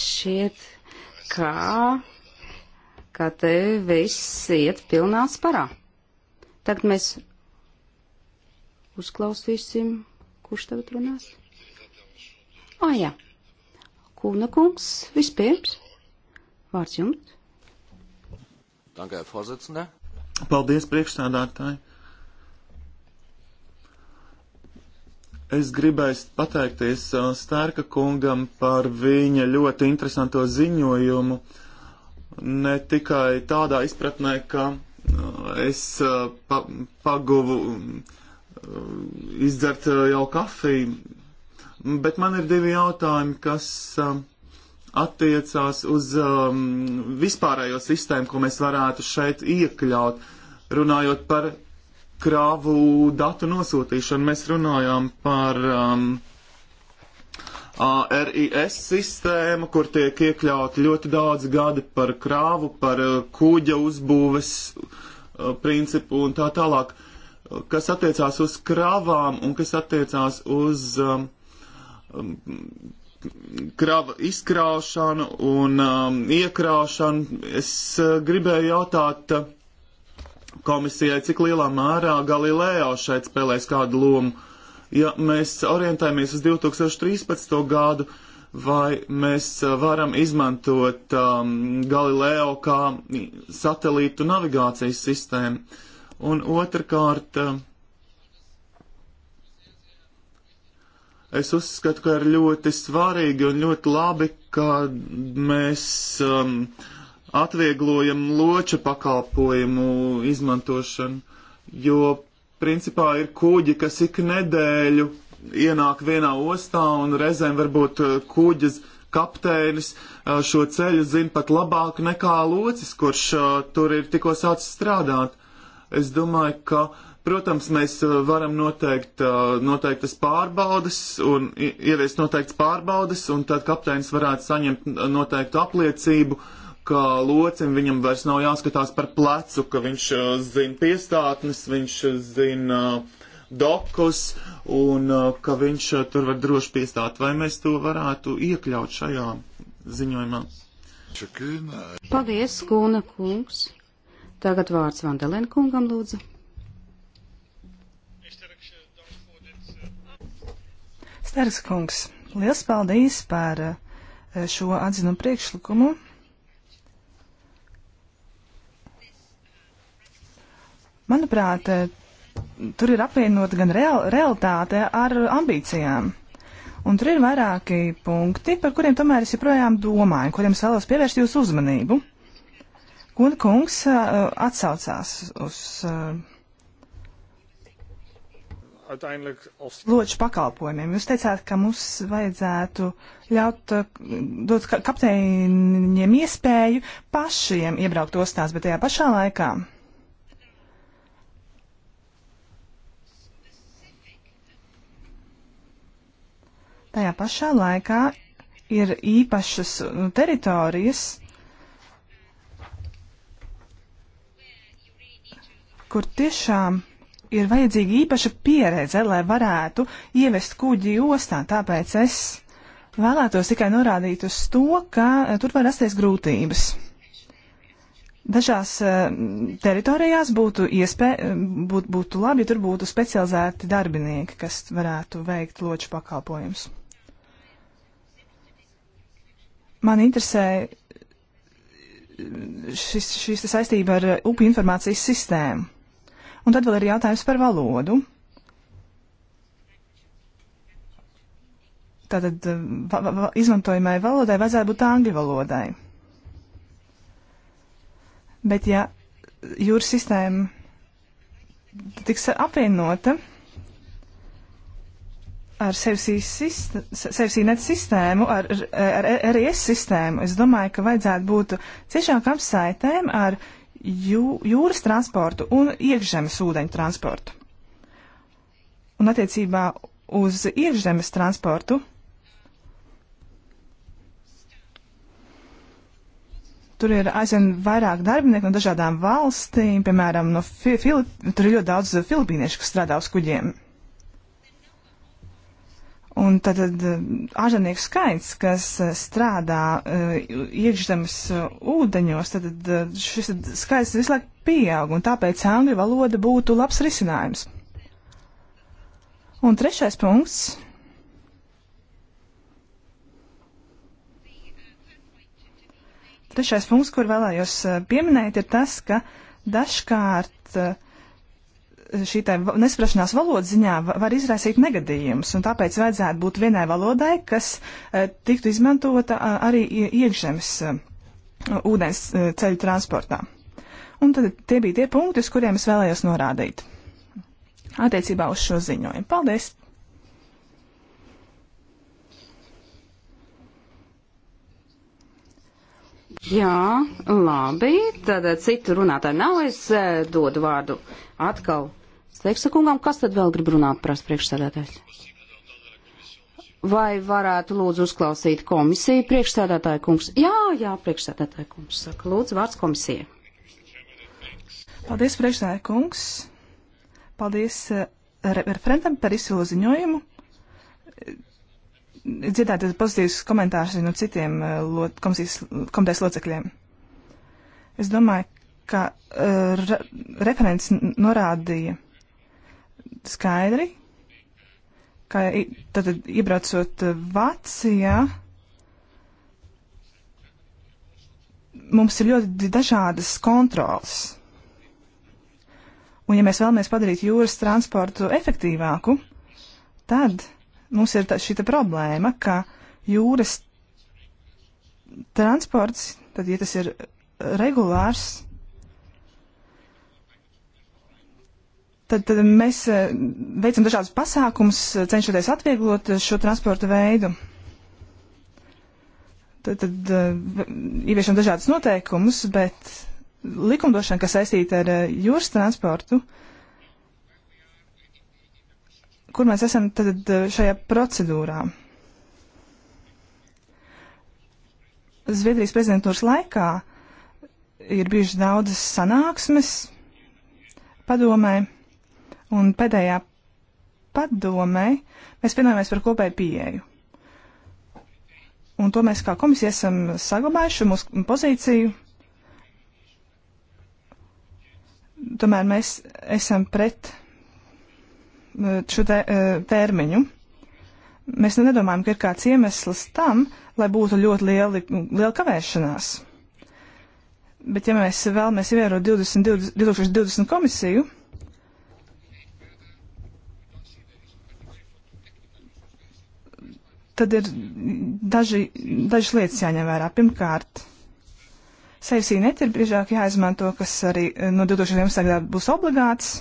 Šķiet, kā, ka te viss iet pilnā sparā. Tagad mēs uzklausīsim, kurš tagad runās. Ā, ah, jā. Kūna kungs, vispirms. Vārds jums. Danke, Herr Vorsitzender. Paldies, priekšstādātāji. Es gribēju pateikties Stērka kungam par viņa ļoti interesanto ziņojumu. Ne tikai tādā izpratnē, ka es paguvu izdzert eh, jau kafiju. Bet man ir divi jautājumi, kas eh, attiecās uz ehm, vispārējo sistēmu, ko mēs varētu šeit iekļaut. Runājot par krāvu datu nosūtīšanu, mēs runājām par um, ehm, RIS sistēmu, kur tiek iekļauti ļoti daudz gadi par krāvu, par eh, kuģa uzbūves principu un tā tālāk kas attiecās uz kravām un kas attiecās uz um, um, krava izkraušanu un um, iekraušanu, es uh, gribēju jautāt uh, komisijai, cik lielā mērā Galileo šeit spēlēs kādu lomu. Ja mēs orientējamies uz 2013. gadu, vai mēs uh, varam izmantot um, Galileo kā satelītu navigācijas sistēmu? Un otrkārt, es uzskatu, ka ir ļoti svarīgi un ļoti labi, ka mēs um, atvieglojam loča pakalpojumu izmantošanu, jo principā ir kuģi, kas ik nedēļu ienāk vienā ostā un reizēm varbūt uh, kuģis kapteinis uh, šo ceļu zina pat labāk nekā locis, kurš uh, tur ir tikko sācis strādāt. Es domāju, ka, protams, mēs uh, varam noteikt uh, noteiktas pārbaudas un ieviest noteiktas pārbaudas, un tad kapteinis varētu saņemt noteiktu apliecību, ka locim viņam vairs nav jāskatās par plecu, ka viņš uh, zina piestātnes, viņš zina dokus un ka viņš tur var droši piestāt. Vai mēs to varētu iekļaut šajā ziņojumā? Paldies, Kūna kungs. Tagad vārds Vandelen kungam lūdzu. Stars kungs, liels paldies par eh, šo atzinu priekšlikumu. Manuprāt, eh, tur ir apvienota gan real, realitāte ar ambīcijām. Un tur ir vairāki punkti, par kuriem tomēr es joprojām domāju, kuriem es vēlos pievērst jūsu uzmanību. Gun kungs atsaucās uz uiteindelijk als. Lodžu pakalpojumiem. Jūs teicāt, ka mums vajadzētu ļaut dot kapteiņiem iespēju pašiem iebraukt ostās, bet tajā pašā laikā. Tajā pašā laikā ir īpašas teritorijas, kur tiešām ir vajadzīga īpaša pieredze, lai varētu ievest kuģi ostā, tāpēc es vēlētos tikai norādīt uz to, ka eh, tur var rasties grūtības. Dažās uh, teritorijās būtu, iespē, eh, būt, būtu labi, ja tur būtu specializēti darbinieki, kas varētu veikt loču pakalpojumus. Man interesē šis, šis saistība ar upju informācijas sistēmu. Un tad vēl ir jautājums par valodu. Tātad va, va, izmantojamai valodai vajadzētu būt angļu valodai. Bet ja jūras sistēma tiks apvienota ar sevsī net sistēmu, ar, ar, ar RIS sistēmu, es domāju, ka vajadzētu būt ciešāk apsaitēm ar jū, jūras transportu un iekšzemes ūdeņu transportu. Un attiecībā uz iekšzemes transportu tur ir aizvien vairāk darbinieku no dažādām valstīm, piemēram, no fi Filip tur ir ļoti daudz filipīniešu, kas strādā uz kuģiem. Un tad, tad eh, ārzemnieku skaits, kas eh, strādā eh, iekšzemes ūdeņos, tad, tad šis skaits visu laiku pieaug, un tāpēc angļu valoda būtu labs risinājums. Un trešais punkts. Trešais punkts, kur vēlējos pieminēt, ir tas, ka dažkārt uh, šī nesaprašanās valodas ziņā var izraisīt negadījumus, un tāpēc vajadzētu būt vienai valodai, kas e, tiktu izmantota arī iekšzemes e, ūdens e, ceļu transportā. Un tad tie bija tie punkti, uz kuriem es vēlējos norādīt attiecībā uz šo ziņojumu. Paldies! Jā, labi, tad eh, citu runātāju nav, es eh, dodu vārdu atkal Steiksa kungam. Kas tad vēl grib runāt, prasa priekšsēdētājs? Vai varētu lūdzu uzklausīt komisiju priekšsēdētāju kungs? Jā, jā, priekšsēdētāju kungs. Saka, lūdzu, vārds komisija. Paldies, priekšsēdētāju kungs. Paldies eh, referentam par izsilu ziņojumu dzirdēt pozitīvus komentārus no citiem eh, lot, komisijas, komitejas locekļiem. Es domāju, ka eh, re, referents norādīja skaidri, ka tad iebraucot Vācijā, mums ir ļoti dažādas kontrolas. Un ja mēs vēlamies padarīt jūras transportu efektīvāku, tad mums ir šī problēma, ka jūras transports, tad, ja tas ir regulārs, tad, tad mēs eh, veicam dažādus pasākumus, eh, cenšoties atvieglot eh, šo transporta veidu. Tad, tad ieviešam dažādus noteikumus, bet likumdošana, kas saistīta ar jūras transportu, uh, kur mēs esam tad eh, šajā procedūrā? Zviedrijas prezidentūras laikā ir bijušas daudzas sanāksmes padomē, un pēdējā padomē mēs vienojamies par kopēju pieeju. Un to mēs kā komisija esam saglabājuši mūsu pozīciju. Tomēr mēs esam pret šo te, e, termiņu. Mēs nu nedomājam, ka ir kāds iemesls tam, lai būtu ļoti lieli, liela kavēšanās. Bet ja mēs vēlamies ievērot 20, 20, 2020 komisiju, tad ir daži, dažas lietas jāņem vērā. Pirmkārt, sevis īnet ir biežāk jāizmanto, kas arī e, no 2011. gadā būs obligāts.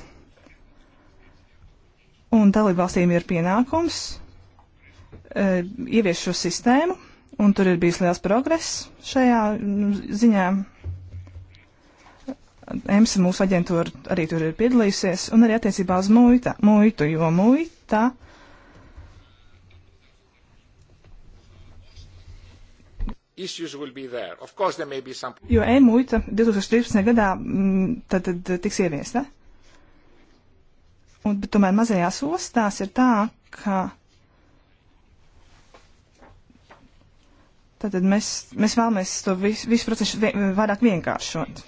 Un dalībvalstīm ir pienākums e, ievies šo sistēmu, un tur ir bijis liels progress šajā ziņā. EMSA mūsu aģentūra arī tur ir piedalījusies, un arī attiecībā uz muita, muitu, jo muita. Some... Jo e-muita 2013. gadā tad, tad tiks ieviesta. Ne? Un, bet tomēr mazajās ostās ir tā, ka tātad mēs, mēs vēlamies to visu, visu procesu vien, vairāk vienkāršot.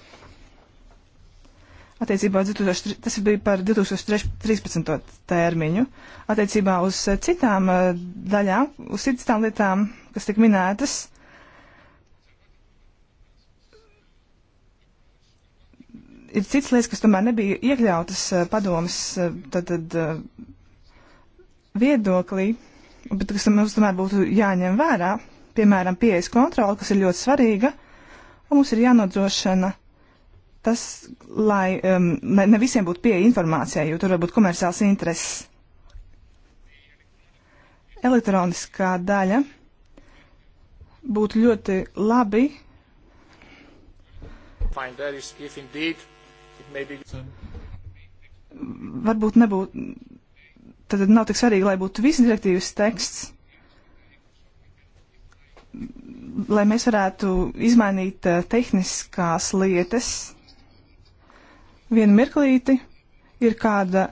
Attiecībā 2003, tas bija par 2013. termiņu. Attiecībā uz citām eh, daļām, uz citām lietām, kas tik minētas, ir cits lietas, kas tomēr nebija iekļautas eh, padomas eh, tad, tad, eh, viedoklī, bet kas mums tomēr būtu jāņem vērā, piemēram, pieejas kontrola, kas ir ļoti svarīga, un mums ir jānodrošina tas, lai um, ne, ne visiem būtu pieeja informācijai, jo tur var būt komerciāls intereses. Elektroniskā daļa būtu ļoti labi. Find that is if indeed maybe... Varbūt nebūtu, tad nav tik svarīgi, lai būtu viss direktīvas teksts, lai mēs varētu izmainīt uh, tehniskās lietas. Vienu mirklīti ir kāda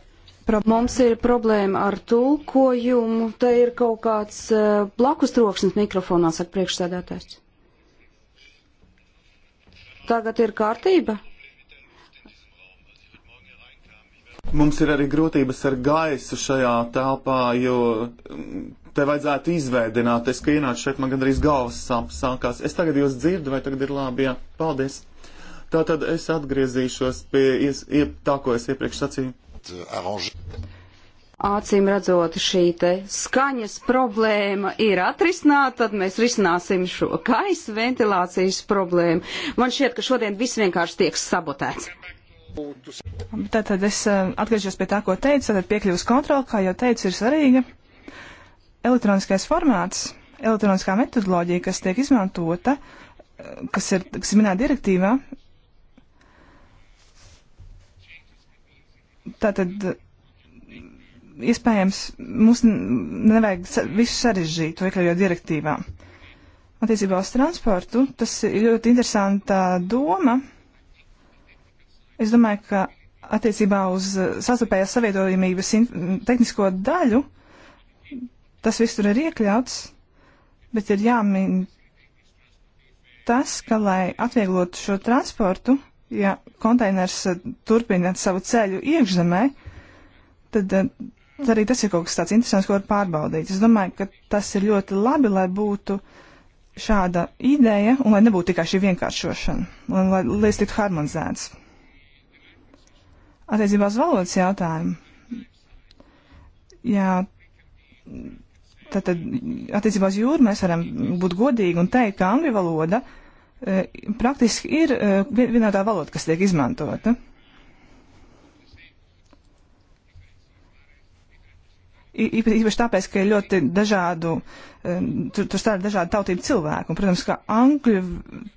problēma. Mums ir problēma ar tulkojumu, te ir kaut kāds uh, blakus troksnis mikrofonā, saka priekšsēdētājs. Tagad ir kārtība. Mums ir arī grūtības ar gaisu šajā telpā, jo mm, te vajadzētu izvēdināt. Es, ka ienācu šeit, man gandrīz galvas sāp, sākās. Es tagad jūs dzirdu, vai tagad ir labi? Jā, paldies. Tātad es atgriezīšos pie ies, ie, tā, ko es iepriekš sacīju. Acīm redzot, šī te skaņas problēma ir atrisināta, tad mēs risināsim šo gaisa ventilācijas problēmu. Man šķiet, ka šodien viss vienkārši tiek sabotēts. Tātad es eh, atgriežos pie tā, ko teicu, tātad piekļuvas kontrola, kā jau teicu, ir svarīga. Elektroniskais formāts, elektroniskā metodoloģija, kas tiek izmantota, eh, kas ir, kas ir minēta direktīvā, tātad eh, iespējams mums nevajag visu sarežģīt, to iekļaujot direktīvā. Attiecībā uz transportu, tas ir ļoti interesanta doma. Es domāju, ka attiecībā uz eh, sastarpējās savietojamības tehnisko daļu tas viss tur ir iekļauts, bet ir jāmin tas, ka, lai atvieglotu šo transportu, ja konteiners eh, turpina savu ceļu iekšzemē, tad, eh, tad arī tas ir kaut kas tāds interesants, ko var pārbaudīt. Es domāju, ka tas ir ļoti labi, lai būtu šāda ideja un lai nebūtu tikai šī vienkāršošana, un lai lietas tiktu harmonizētas attiecībā uz valodas jautājumu. Jā, tad, tad attiecībā uz jūru mēs varam būt godīgi un teikt, ka angļu valoda e, praktiski ir e, vienotā valoda, kas tiek izmantota. Īpaši tāpēc, ka ir ļoti dažādu, e, tur, tur stāv dažādu tautību cilvēku. Un, protams, ka angļu,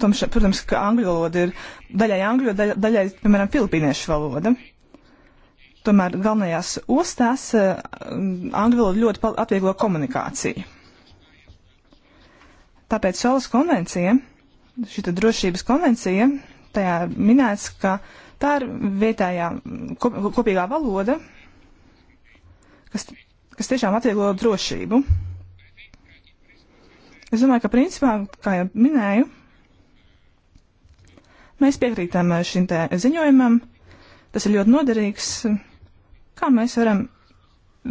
tomš, protams, ka angļu valoda ir daļai angļu, daļai, daļai piemēram, filipīniešu valoda. Uh, Tomēr galvenajās ostās eh, angļu valoda ļoti atvieglo komunikāciju. Tāpēc Solas konvencija, šī drošības konvencija, tajā minēts, ka tā ir vietējā kop, kopīgā valoda, kas, kas tiešām atvieglo drošību. Es domāju, ka principā, kā jau minēju, mēs piekrītam šim te ziņojumam. Tas ir ļoti noderīgs. Kā mēs varam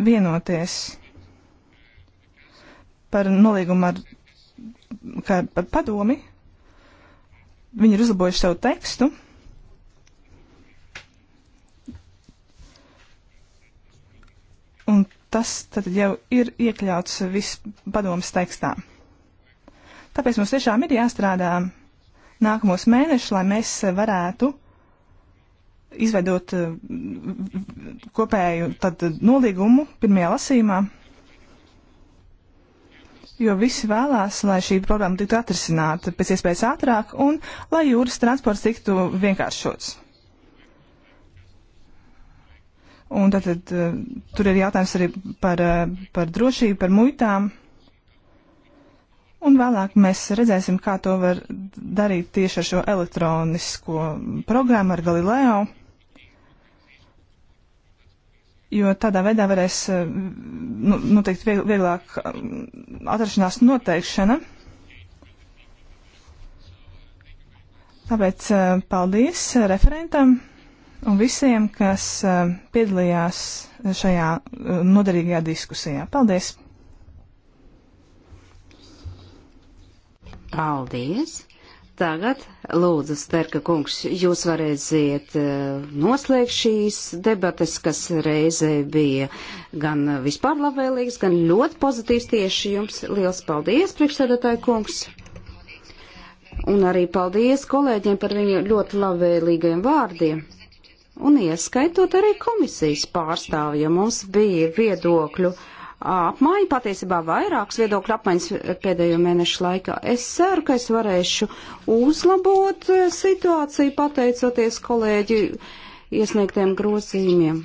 vienoties par nolīgumu ar kā, par padomi? Viņi ir uzlabojuši savu tekstu. Un tas tad jau ir iekļauts viss padomas tekstā. Tāpēc mums tiešām ir jāstrādā nākamos mēnešus, lai mēs varētu izveidot eh, kopēju tad nolīgumu pirmajā lasīmā, jo visi vēlās, lai šī problēma tiktu atrisināta pēc iespējas ātrāk un lai jūras transports tiktu vienkāršots. Un tad, tad eh, tur ir jautājums arī par, eh, par drošību, par muitām. Un vēlāk mēs redzēsim, kā to var darīt tieši ar šo elektronisko programmu, ar Galileo jo tādā veidā varēs eh, nu, noteikt nu, vieglāk eh, atrašanās noteikšana. Tāpēc eh, paldies referentam un visiem, kas piedalījās šajā noderīgajā diskusijā. Paldies! Paldies! Tagad, lūdzu, Sterka kungs, jūs varēsiet eh, noslēgt šīs debates, kas reizē bija gan vispār labvēlīgs, gan ļoti pozitīvs tieši jums. Liels paldies, priekšsēdētāji kungs! Un arī paldies kolēģiem par viņu ļoti labvēlīgiem vārdiem. Un ieskaitot arī komisijas pārstāvju, ja mums bija viedokļu apmaiņa, patiesībā vairākas viedokļu apmaiņas pēdējo mēnešu laikā. Es ceru, ka es varēšu uzlabot eh, situāciju, pateicoties kolēģi iesniegtiem grozījumiem.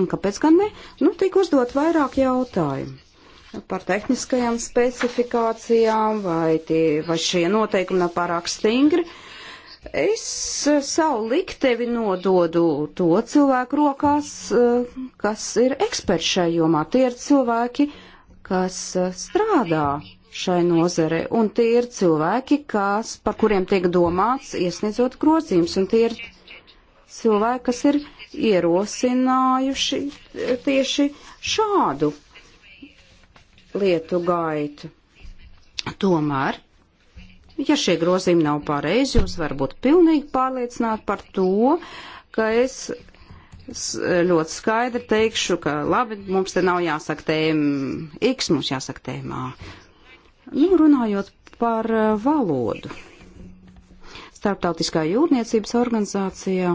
Un kāpēc gan ne? Nu, tik uzdot vairāk jautājumu par tehniskajām specifikācijām, vai, tie, vai šie noteikumi nav pārāk stingri. Uh, Es eh, savu liktevi nododu to cilvēku rokās, eh, kas ir eksperti šai jomā. Tie ir cilvēki, kas eh, strādā šai nozare, un tie ir cilvēki, kas, par kuriem tiek domāts iesniedzot grozījums, un tie ir cilvēki, kas ir ierosinājuši tieši šādu lietu gaitu. Tomēr Ja šie grozījumi nav pareizi, jūs varat būt pilnīgi pārliecināti par to, ka es ļoti skaidri teikšu, ka labi, mums te nav jāsaka tēma X, mums jāsaka tēmā. Nu, runājot par uh, valodu. Starptautiskā jūrniecības organizācijā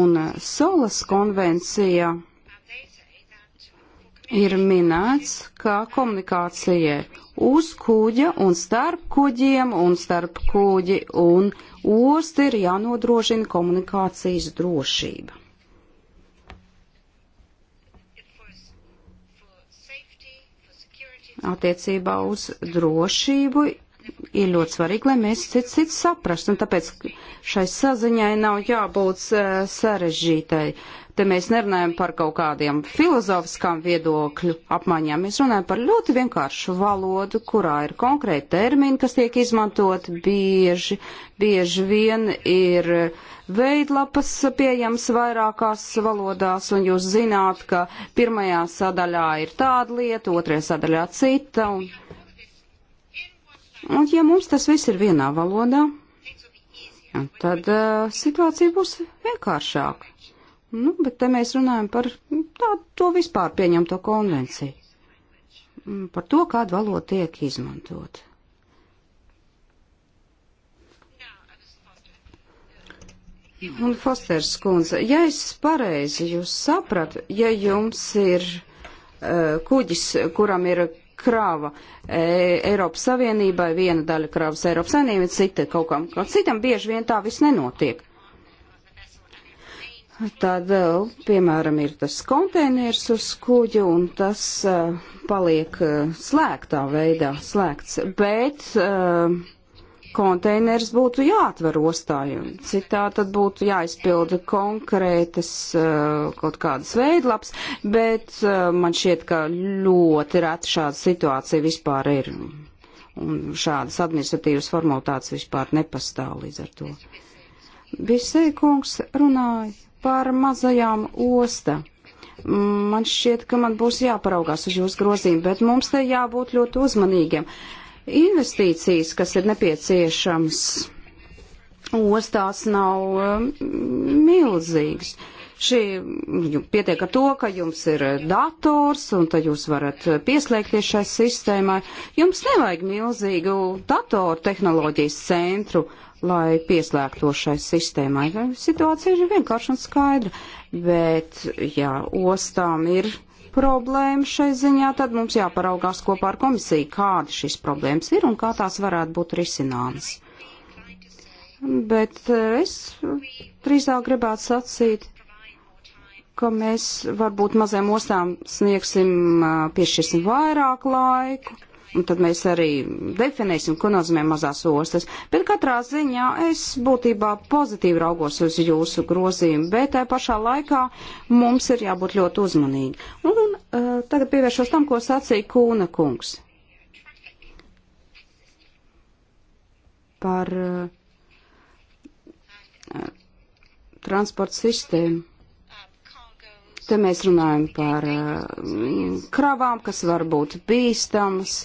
un uh, Solas konvencija ir minēts, ka komunikācija uz kuģa un starp kuģiem un starp kuģi un osti ir jānodrošina komunikācijas drošība. Attiecībā uz drošību ir ļoti svarīgi, lai mēs cits cits saprastu, un tāpēc šai saziņai nav jābūt eh, sarežģītai. Uh, Te mēs nerunājam par kaut kādiem filozofiskām viedokļu apmaiņām. Mēs runājam par ļoti vienkāršu valodu, kurā ir konkrēti termini, kas tiek izmantot bieži. Bieži vien ir veidlapas pieejams vairākās valodās, un jūs zināt, ka pirmajā sadaļā ir tāda lieta, otrajā sadaļā cita. Un, un ja mums tas viss ir vienā valodā, tad uh, situācija būs vienkāršāka. Nu, bet te mēs runājam par nu, tādu to vispār pieņemto konvenciju. Mm, par to, kāda valoda tiek izmantot. Un Fosters kundze, ja es pareizi jūs sapratu, ja jums ir uh, kuģis, kuram ir krāva e, Eiropas Savienībai, viena daļa krāvas Eiropas Savienībai, cita kaut kam, kaut citam bieži vien tā viss nenotiek. Tad, eh, piemēram, ir tas konteiners uz kuģa un tas uh, paliek uh, slēgtā veidā, slēgts. Bet uh, konteiners būtu jāatver ostā, jo citā tad būtu jāizpilda konkrētas kaut kādas veidlaps, bet man šķiet, ka ļoti reta šāda situācija vispār ir. Un šādas administratīvas formalitātes vispār nepastāv līdz ar to. Bisei kungs runāja par mazajām ostām. Man šķiet, ka man būs jāparaugās uz jūsu grozīm, bet mums te jābūt ļoti uzmanīgiem. Investīcijas, kas ir nepieciešams ostās, nav um, milzīgas. Šī pietiek ar to, ka jums ir dators un tad jūs varat pieslēgties šai sistēmai. Jums nevajag milzīgu datoru tehnoloģijas centru lai pieslēgto šai sistēmai. Situācija ir vienkārši un skaidra, bet, ja ostām ir problēma šai ziņā, tad mums jāparaugās kopā ar komisiju, kāda šīs problēmas ir un kā tās varētu būt risināmas. Bet eh, es drīzāk gribētu sacīt, ka mēs varbūt mazajām ostām sniegsim, eh, piešķirsim vairāk laiku un tad mēs arī definēsim, ko nozīmē mazās ostas. Bet katrā ziņā es būtībā pozitīvi raugos uz jūsu grozījumu, bet tajā pašā laikā mums ir jābūt ļoti uzmanīgi. Un uh, tagad pievēršos tam, ko sacīja Kūna kungs. Par uh, uh transporta sistēmu. Te mēs runājam par eh, kravām, kas var būt bīstamas.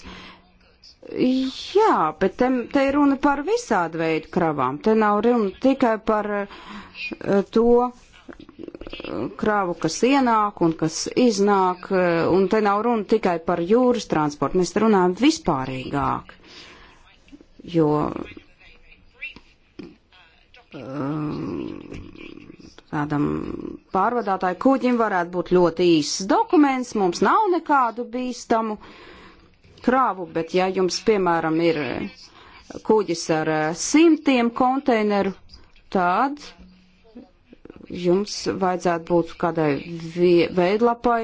Jā, bet te, te ir runa par visādu veidu kravām. Te nav runa tikai par eh, to eh, kravu, kas ienāk un kas iznāk, un te nav runa tikai par jūras transportu. Mēs te runājam vispārīgāk, jo. Um, tādam pārvadātāju kuģim varētu būt ļoti īss dokuments, mums nav nekādu bīstamu krāvu, bet ja jums, piemēram, ir kuģis ar eh, simtiem konteineru, tad jums vajadzētu būt kādai veidlapai,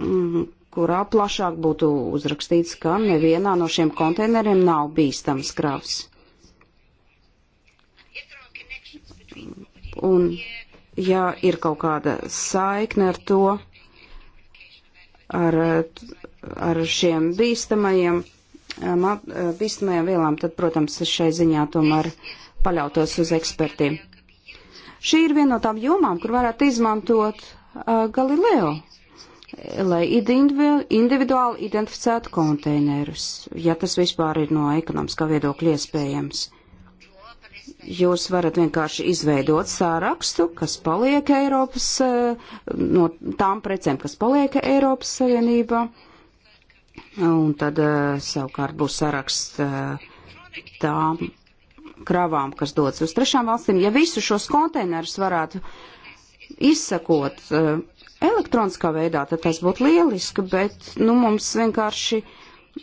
mm, kurā plašāk būtu uzrakstīts, ka nevienā no šiem konteineriem nav bīstams kravs. Un ja ir kaut kāda saikne ar to, ar, ar šiem bīstamajiem, bīstamajām vielām, tad, protams, šai ziņā tomēr paļautos uz ekspertiem. Šī ir viena no tām jomām, kur varētu izmantot uh, Galileo, lai individuāli identificētu konteinerus, ja tas vispār ir no ekonomiskā viedokļa iespējams. Jūs varat vienkārši izveidot sārakstu, kas paliek Eiropas, eh, no tām precēm, kas paliek Eiropas Savienībā. Un tad eh, savukārt būs saraksts eh, tām kravām, kas dodas uz trešām valstīm. Ja visu šos konteinerus varētu izsakot elektroniskā veidā, tad tas būtu lieliski, bet nu, mums vienkārši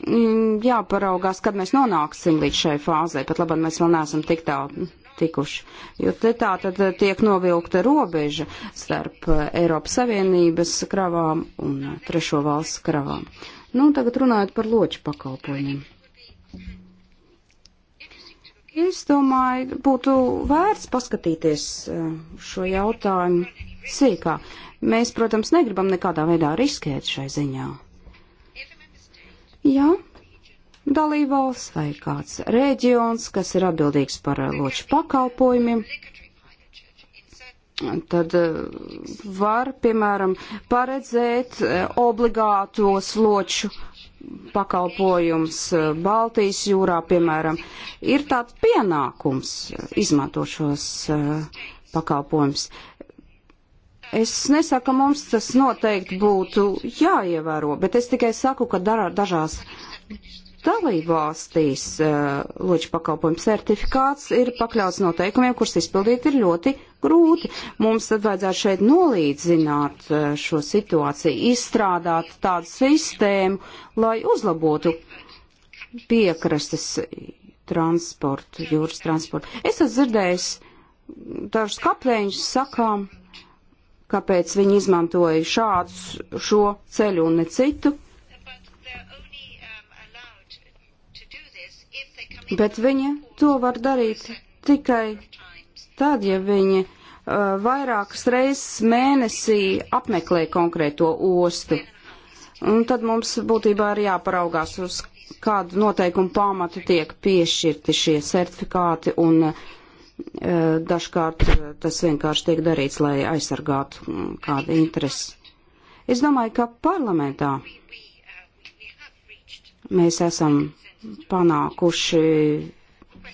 Mm, jāparaugās, kad mēs nonāksim līdz šai fāzē, pat labāk mēs vēl neesam tik tālu tikuši. Jo te tā tad tiek novilkta robeža starp Eiropas Savienības kravām un trešo valsts kravām. Nu, tagad runājot par loču pakalpojumiem. Es domāju, būtu vērts paskatīties eh, šo jautājumu sīkā. Mēs, protams, negribam nekādā veidā riskēt šai ziņā. Ja dalībvalsts vai kāds reģions, kas ir atbildīgs par eh, loču pakalpojumiem, tad eh, var, piemēram, paredzēt eh, obligātos loču pakalpojums Baltijas jūrā, piemēram, ir tāds pienākums izmantot šos pakalpojumus. Es nesaku, ka mums tas noteikti būtu jāievēro, bet es tikai saku, ka darā, dažās dalībvalstīs uh, eh, loģiski pakalpojumu certifikāts ir pakļauts noteikumiem, kurus izpildīt ir ļoti grūti. Mums tad vajadzētu šeit nolīdzināt uh, šo situāciju, izstrādāt tādu sistēmu, lai uzlabotu piekrastes transportu, jūras transportu. Es esmu dzirdējis dažus kapteiņus sakām kāpēc viņi izmantoja šādu šo ceļu un ne citu. Bet viņi to var darīt tikai tad, ja viņi uh, vairākas reizes mēnesī apmeklē konkrēto ostu. Un tad mums būtībā ir jāparaugās uz kādu noteikumu pamatu tiek piešķirti šie certifikāti un uh, Eh, dažkārt eh, tas vienkārši tiek darīts, lai aizsargātu mm, kādu interesi. Es domāju, ka parlamentā mēs esam panākuši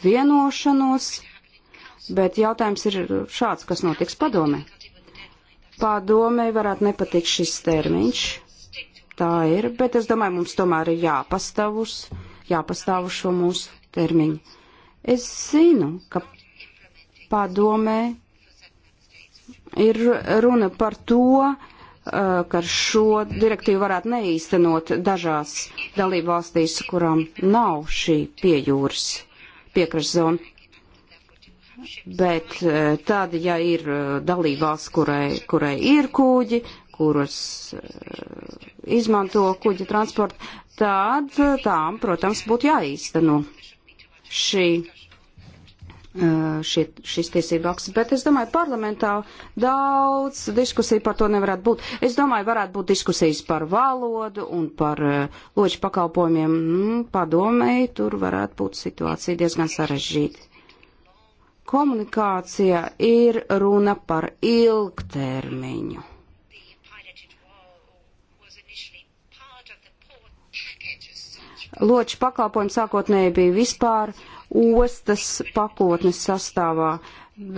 vienošanos, bet jautājums ir šāds, kas notiks padome. Padome varētu nepatikt šis termiņš, tā ir, bet es domāju, mums tomēr ir jāpastāv uz šo mūsu termiņu. Es zinu, ka padomē ir runa par to, eh, ka šo direktīvu varētu neīstenot dažās dalību valstīs, kurām nav šī piejūras piekrasts zona. Bet eh, tad, ja ir eh, dalība valsts, kurai, kurai ir kūģi, kuras izmanto kuģi transportu, tad tām, protams, būtu jāīsteno šī Uh, šie, šis tiesību akts, bet es domāju, parlamentā daudz diskusiju par to nevarētu būt. Es domāju, varētu būt diskusijas par valodu un par uh, loģu pakalpojumiem. Mm, Padomēji, tur varētu būt situācija diezgan sarežģīta. Komunikācija ir runa par ilgtermiņu. Loģu pakalpojumi sākotnēji bija vispār uh, ostas pakotnes sastāvā,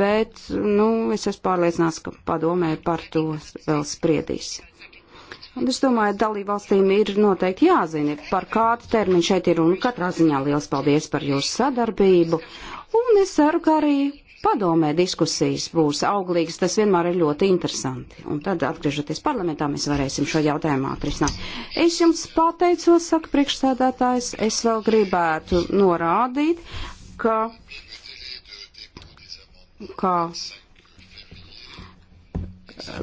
bet, nu, es esmu pārliecināts, ka padomē par to vēl spriedīs. Un es domāju, dalībvalstīm ir noteikti jāzina, par kādu termiņu šeit ir, un katrā ziņā liels paldies par jūsu sadarbību, un es ceru, ka arī padomē diskusijas būs auglīgas, tas vienmēr ir ļoti interesanti. Un tad, atgriežoties parlamentā, mēs varēsim šo jautājumu atrisināt. Es jums pateicos, saka priekšsēdētājs, es vēl gribētu norādīt, ka, ka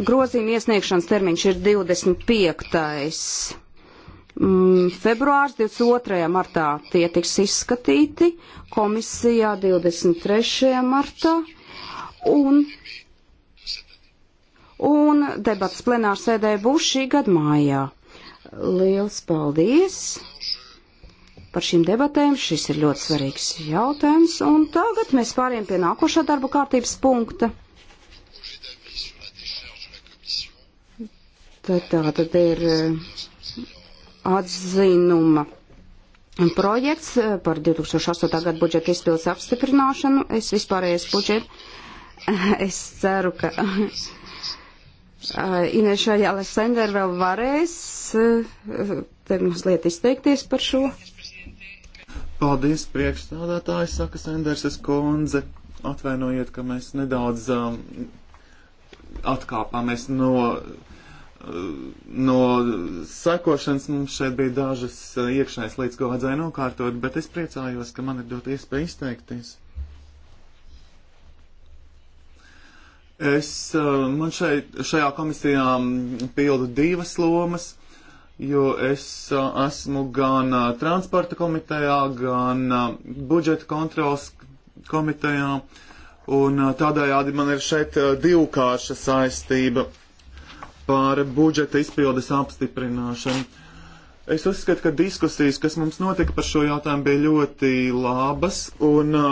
grozījuma iesniegšanas termiņš ir 25. Mm, februārs 22. martā tie tiks izskatīti komisijā 23. martā un, un debats plenārsēdē būs šī gada mājā. Liels paldies par šīm debatēm. Šis ir ļoti svarīgs jautājums. Un tagad mēs pāriem pie nākošā darba kārtības punkta. Tad tā tad ir. Uh, atzinuma projekts eh, par 2008. gadu budžeta izpildes apstiprināšanu. Es vispārējais budžets. <laughs> Es ceru, ka eh, Ineša Jālesender vēl varēs eh, te mazliet izteikties par šo. Paldies, priekšstādātāji, saka Senderses kundze. Atvainojiet, ka mēs nedaudz um, atkāpāmies no uh, no sekošanas mums šeit bija dažas eh, iekšējas lietas, ko vajadzēja nokārtot, bet es priecājos, ka man ir dot iespēju izteikties. Es, eh, man šeit, šajā komisijā mm, pildu divas lomas, jo es eh, esmu gan transporta komitejā, gan budžeta kontrols komitejā, un tādējādi man ir šeit divkārša saistība par budžeta izpildes apstiprināšanu. Es uzskatu, ka diskusijas, kas mums notika par šo jautājumu, bija ļoti labas, un uh,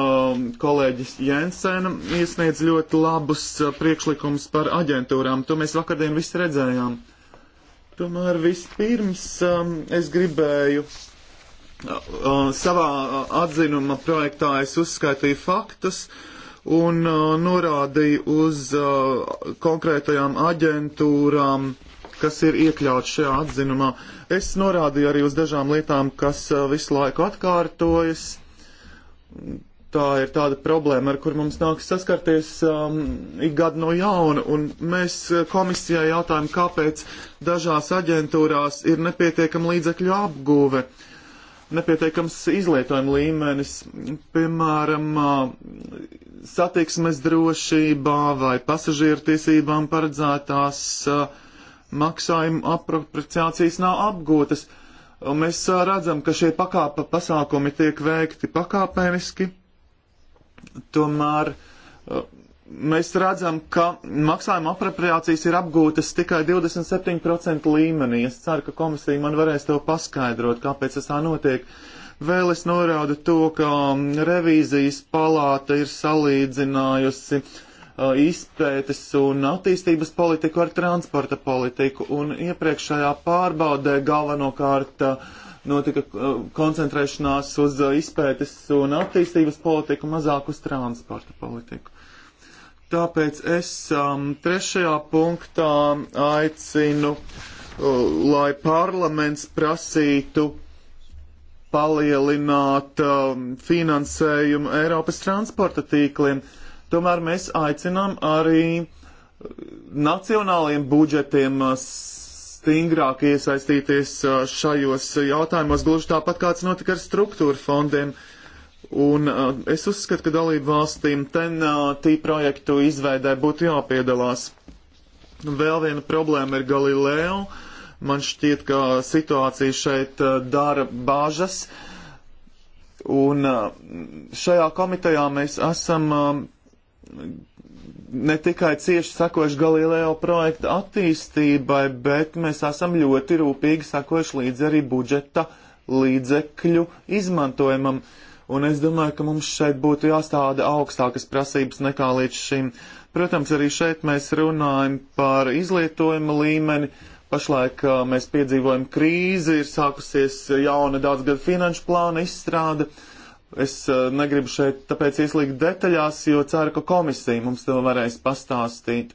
kolēģis Jensena iesniedz ļoti labus uh, priekšlikumus par aģentūrām. To mēs vakardien visi redzējām. Tomēr vispirms um, es gribēju uh, uh savā uh, atzinuma projektā es uzskaitīju faktus, uh, un uh, norādīja uz uh, konkrētajām aģentūrām, kas ir iekļauts šajā atzinumā. Es norādīju arī uz dažām lietām, kas uh, visu laiku atkārtojas. Tā ir tāda problēma, ar kur mums nāks saskarties um, ik gadu no jauna, un mēs uh, komisijai jautājam, kāpēc dažās aģentūrās ir nepietiekama līdzekļu apgūve. Uh, nepietiekams izlietojuma līmenis, piemēram, satiksmes drošībā vai pasažieru tiesībām paredzētās maksājuma apropriācijas nav apgūtas. Un mēs redzam, ka šie pakāpa pasākumi tiek veikti pakāpeniski, tomēr mēs redzam, ka maksājuma apropriācijas ir apgūtas tikai 27% līmenī. Es ceru, ka komisija man varēs to paskaidrot, kāpēc tas tā notiek. Vēl es norādu to, ka um, revīzijas palāta ir salīdzinājusi uh, izpētes un attīstības politiku ar transporta politiku, un iepriekšējā pārbaudē galvenokārt uh, notika uh, koncentrēšanās uz izpētes un attīstības politiku, mazāk uz transporta politiku. Tāpēc es um, trešajā punktā aicinu, uh, lai parlaments prasītu palielināt um, finansējumu Eiropas transporta tīkliem. Tomēr mēs aicinām arī uh, nacionāliem budžetiem uh, stingrāk iesaistīties uh, šajos jautājumos, gluži tāpat kāds notika ar struktūra fondiem. Uh, Un uh, es uzskatu, ka dalību valstīm TNT uh, projektu izveidē būtu jāpiedalās. Vēl viena problēma ir Galileo. Man šķiet, ka situācija šeit uh, dara bāžas. Un uh, šajā komitejā mēs esam uh, ne tikai cieši sakoši Galileo projekta attīstībai, bet mēs esam ļoti rūpīgi sakoši līdz arī budžeta līdzekļu izmantojumam. Uh, un es domāju, ka mums šeit būtu jāstāda augstākas prasības nekā līdz šim. Protams, arī šeit mēs runājam par izlietojuma līmeni. Pašlaik uh, mēs piedzīvojam krīzi, ir sākusies jauna daudzgada finanšu plāna izstrāde. Es uh, negribu šeit tāpēc ieslīgt detaļās, jo ceru, ka komisija mums to varēs pastāstīt.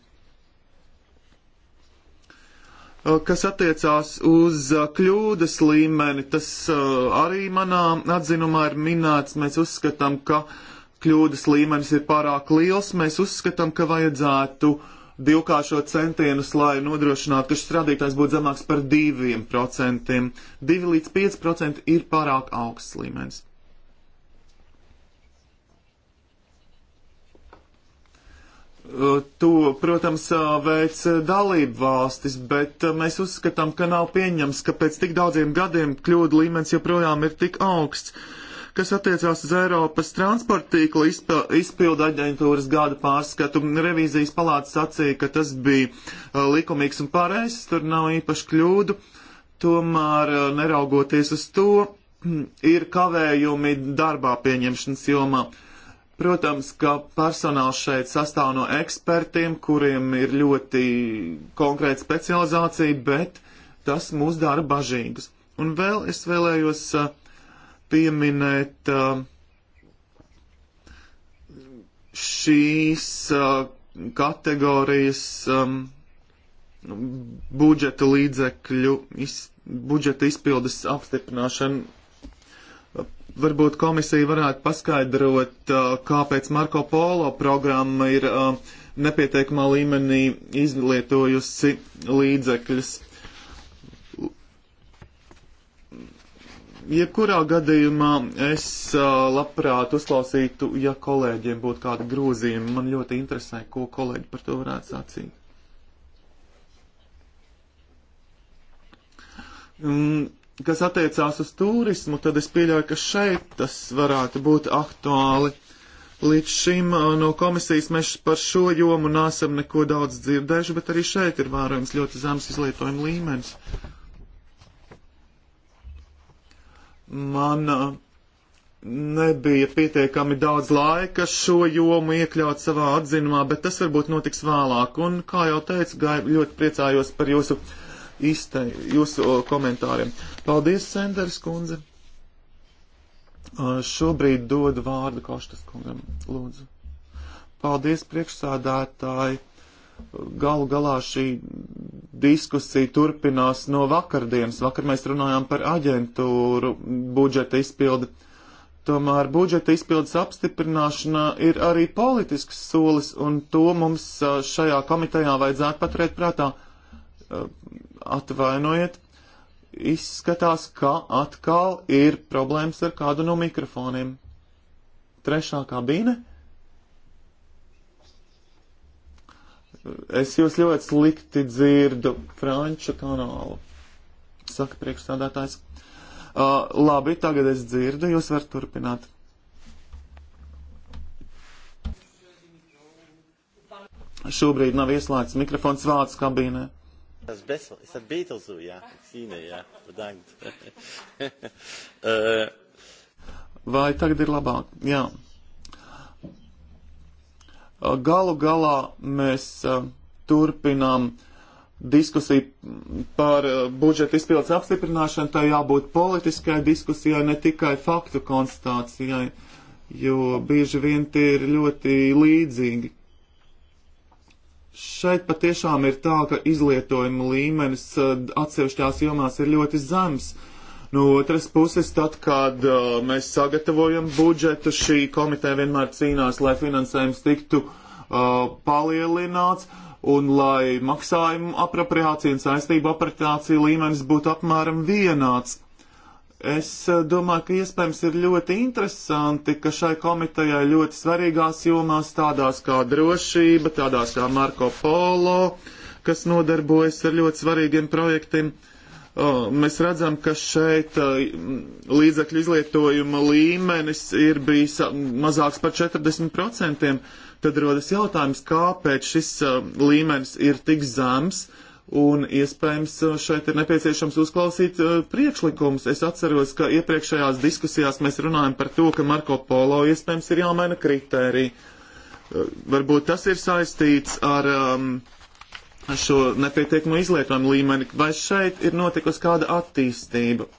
Eh, kas attiecās uz eh, kļūdas līmeni, tas eh, arī manā atzinumā ir minēts. Mēs uzskatām, ka kļūdas līmenis ir pārāk liels. Mēs uzskatām, ka vajadzētu divkāršo centienus, lai nodrošinātu, ka šis rādītājs būtu zemāks par 2%. 2 līdz 5% ir pārāk augsts līmenis. Eh, to, protams, eh, veic eh, dalību valstis, bet mēs uzskatām, ka nav pieņems, ka pēc tik daudziem gadiem kļūdu līmenis joprojām ir tik augsts. Kas attiecās uz Eiropas transporta tīkla izpildu aģentūras gada pārskatu, revīzijas palāca sacīja, ka tas bija likumīgs un pareizs, tur nav īpaši kļūdu. Tomēr, neraugoties uz to, <clears throat> ir kavējumi darbā pieņemšanas jomā. Uh, Protams, ka personāls šeit sastāv no ekspertiem, kuriem ir ļoti konkrēta specializācija, bet tas mūs dara bažīgus. Un vēl es vēlējos pieminēt šīs kategorijas budžeta līdzekļu, budžeta izpildes apstiprināšanu Varbūt komisija varētu paskaidrot, uh, kāpēc Marko Polo programma ir uh, nepieteikamā līmenī izlietojusi līdzekļus. Jebkurā gadījumā es uh, labprāt uzklausītu, ja kolēģiem būtu kādi grozījumi. Man ļoti interesē, ko kolēģi par to varētu sacīt. Mm, kas attiecās uz turismu, tad es pieļauju, ka šeit tas varētu būt aktuāli. Līdz šim no komisijas mēs par šo jomu nesam neko daudz dzirdējuši, bet arī šeit ir vērojams ļoti zems izlietojuma līmenis. Man nebija pietiekami daudz laika šo jomu iekļaut savā atzinumā, bet tas varbūt notiks vēlāk. Un, kā jau teicu, gai, ļoti priecājos par jūsu uh, izte, jūsu komentāriem. Paldies, Sanders kundze. Šobrīd dodu vārdu Kaštas kungam. Lūdzu. Paldies, priekšsādātāji. Galu galā šī diskusija turpinās no vakardienas. Vakar mēs runājām par aģentūru budžeta izpildi. Tomēr budžeta izpildes apstiprināšana ir arī politisks solis, un to mums šajā komitejā vajadzētu paturēt prātā atvainojiet, izskatās, ka atkal ir problēmas ar kādu no mikrofoniem. Trešā kabīne. Es jūs ļoti slikti dzirdu franču kanālu, saka priekšstādātājs. Uh, labi, tagad es dzirdu, jūs varat turpināt. Šobrīd nav ieslēgts mikrofons vārds kabīnē. Dat is best wel. Is dat beter zo? Ja, ik zie het. Ja, bedankt. uh. <laughs> Eh. Vai tagad ir labāk? Jā. Eh, galu galā mēs uh, turpinām diskusiju par uh, budžeta izpildes apstiprināšanu. Tā jābūt politiskai diskusijai, ne tikai faktu konstatācijai, jo bieži vien tie ir ļoti līdzīgi Šeit patiešām ir tā, ka izlietojuma līmenis eh, atsevišķās jomās ir ļoti zems. No otras puses, tad, kad uh, mēs sagatavojam budžetu, šī komiteja vienmēr cīnās, lai finansējums tiktu uh, palielināts un lai maksājumu apropriācija un saistību apropriācija līmenis būtu apmēram vienāds. Es eh, domāju, ka iespējams ir ļoti interesanti, ka šai komitejai ļoti svarīgās jomās, tādās kā drošība, tādās kā Marko Polo, kas nodarbojas ar ļoti svarīgiem projektiem, mēs redzam, ka šeit eh, līdzekļu izlietojuma līmenis ir bijis eh, mazāks par 40%. Tad rodas jautājums, kāpēc šis līmenis ir tik zems un iespējams eh, šeit ir nepieciešams uzklausīt eh, priekšlikumus. Es atceros, ka iepriekšējās diskusijās mēs runājam par to, ka Marko Polo iespējams ir jāmaina kritērija. Eh, varbūt tas ir saistīts ar um, šo nepietiekumu izlietojumu līmeni, vai šeit ir notikusi kāda attīstība.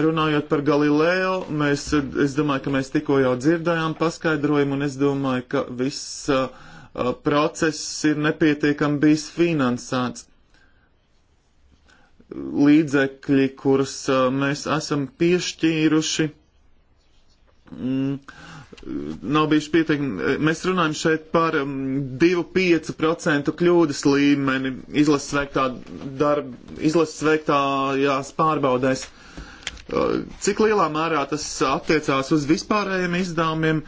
Runājot par Galileo, mēs, es domāju, ka mēs tikko jau dzirdējām paskaidrojumu, un es domāju, ka viss uh, Uh, process ir nepietiekami bijis finansēts. Līdzekļi, kurus uh, mēs esam piešķīruši, mm, nav bijuši pietiekami. Mēs runājam šeit par 2,5% um, kļūdas līmeni izlases veiktā darba, izlases veiktājās pārbaudēs. Uh, Eh, cik lielā mērā tas attiecās uz vispārējiem izdevumiem,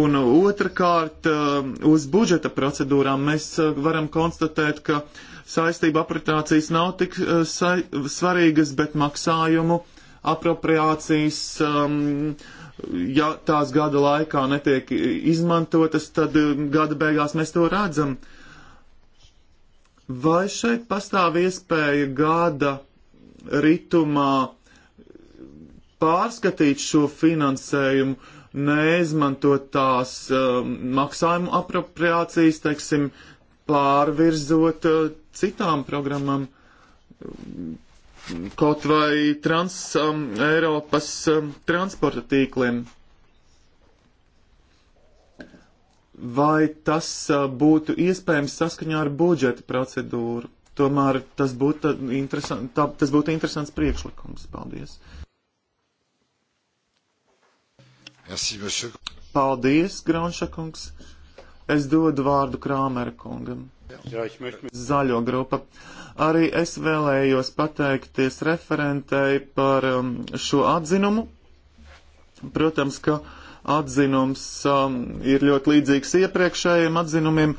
un otrkārt eh, uz budžeta procedūrām mēs eh, varam konstatēt, ka saistība apritācijas nav tik svarīgas, bet maksājumu apropriācijas, um, ja tās gada laikā netiek izmantotas, tad gada beigās mēs to redzam. Vai šeit pastāv iespēja gada ritumā pārskatīt šo finansējumu, neizmantot tās uh, maksājumu apropriācijas, teiksim, pārvirzot uh, citām programmām, kaut vai trans, um, Eiropas um, transporta tīkliem. Vai tas uh, būtu iespējams saskaņā ar budžeta procedūru? Tomēr tas būtu, interesant, tā, tas būtu interesants priekšlikums. Paldies! Uh, Merci, monsieur. Paldies, Graunša kungs. Es dodu vārdu Krāmera kungam. Jā, Zaļo grupa. Arī es vēlējos pateikties referentei par um, šo atzinumu. Protams, ka atzinums um, ir ļoti līdzīgs iepriekšējiem atzinumiem.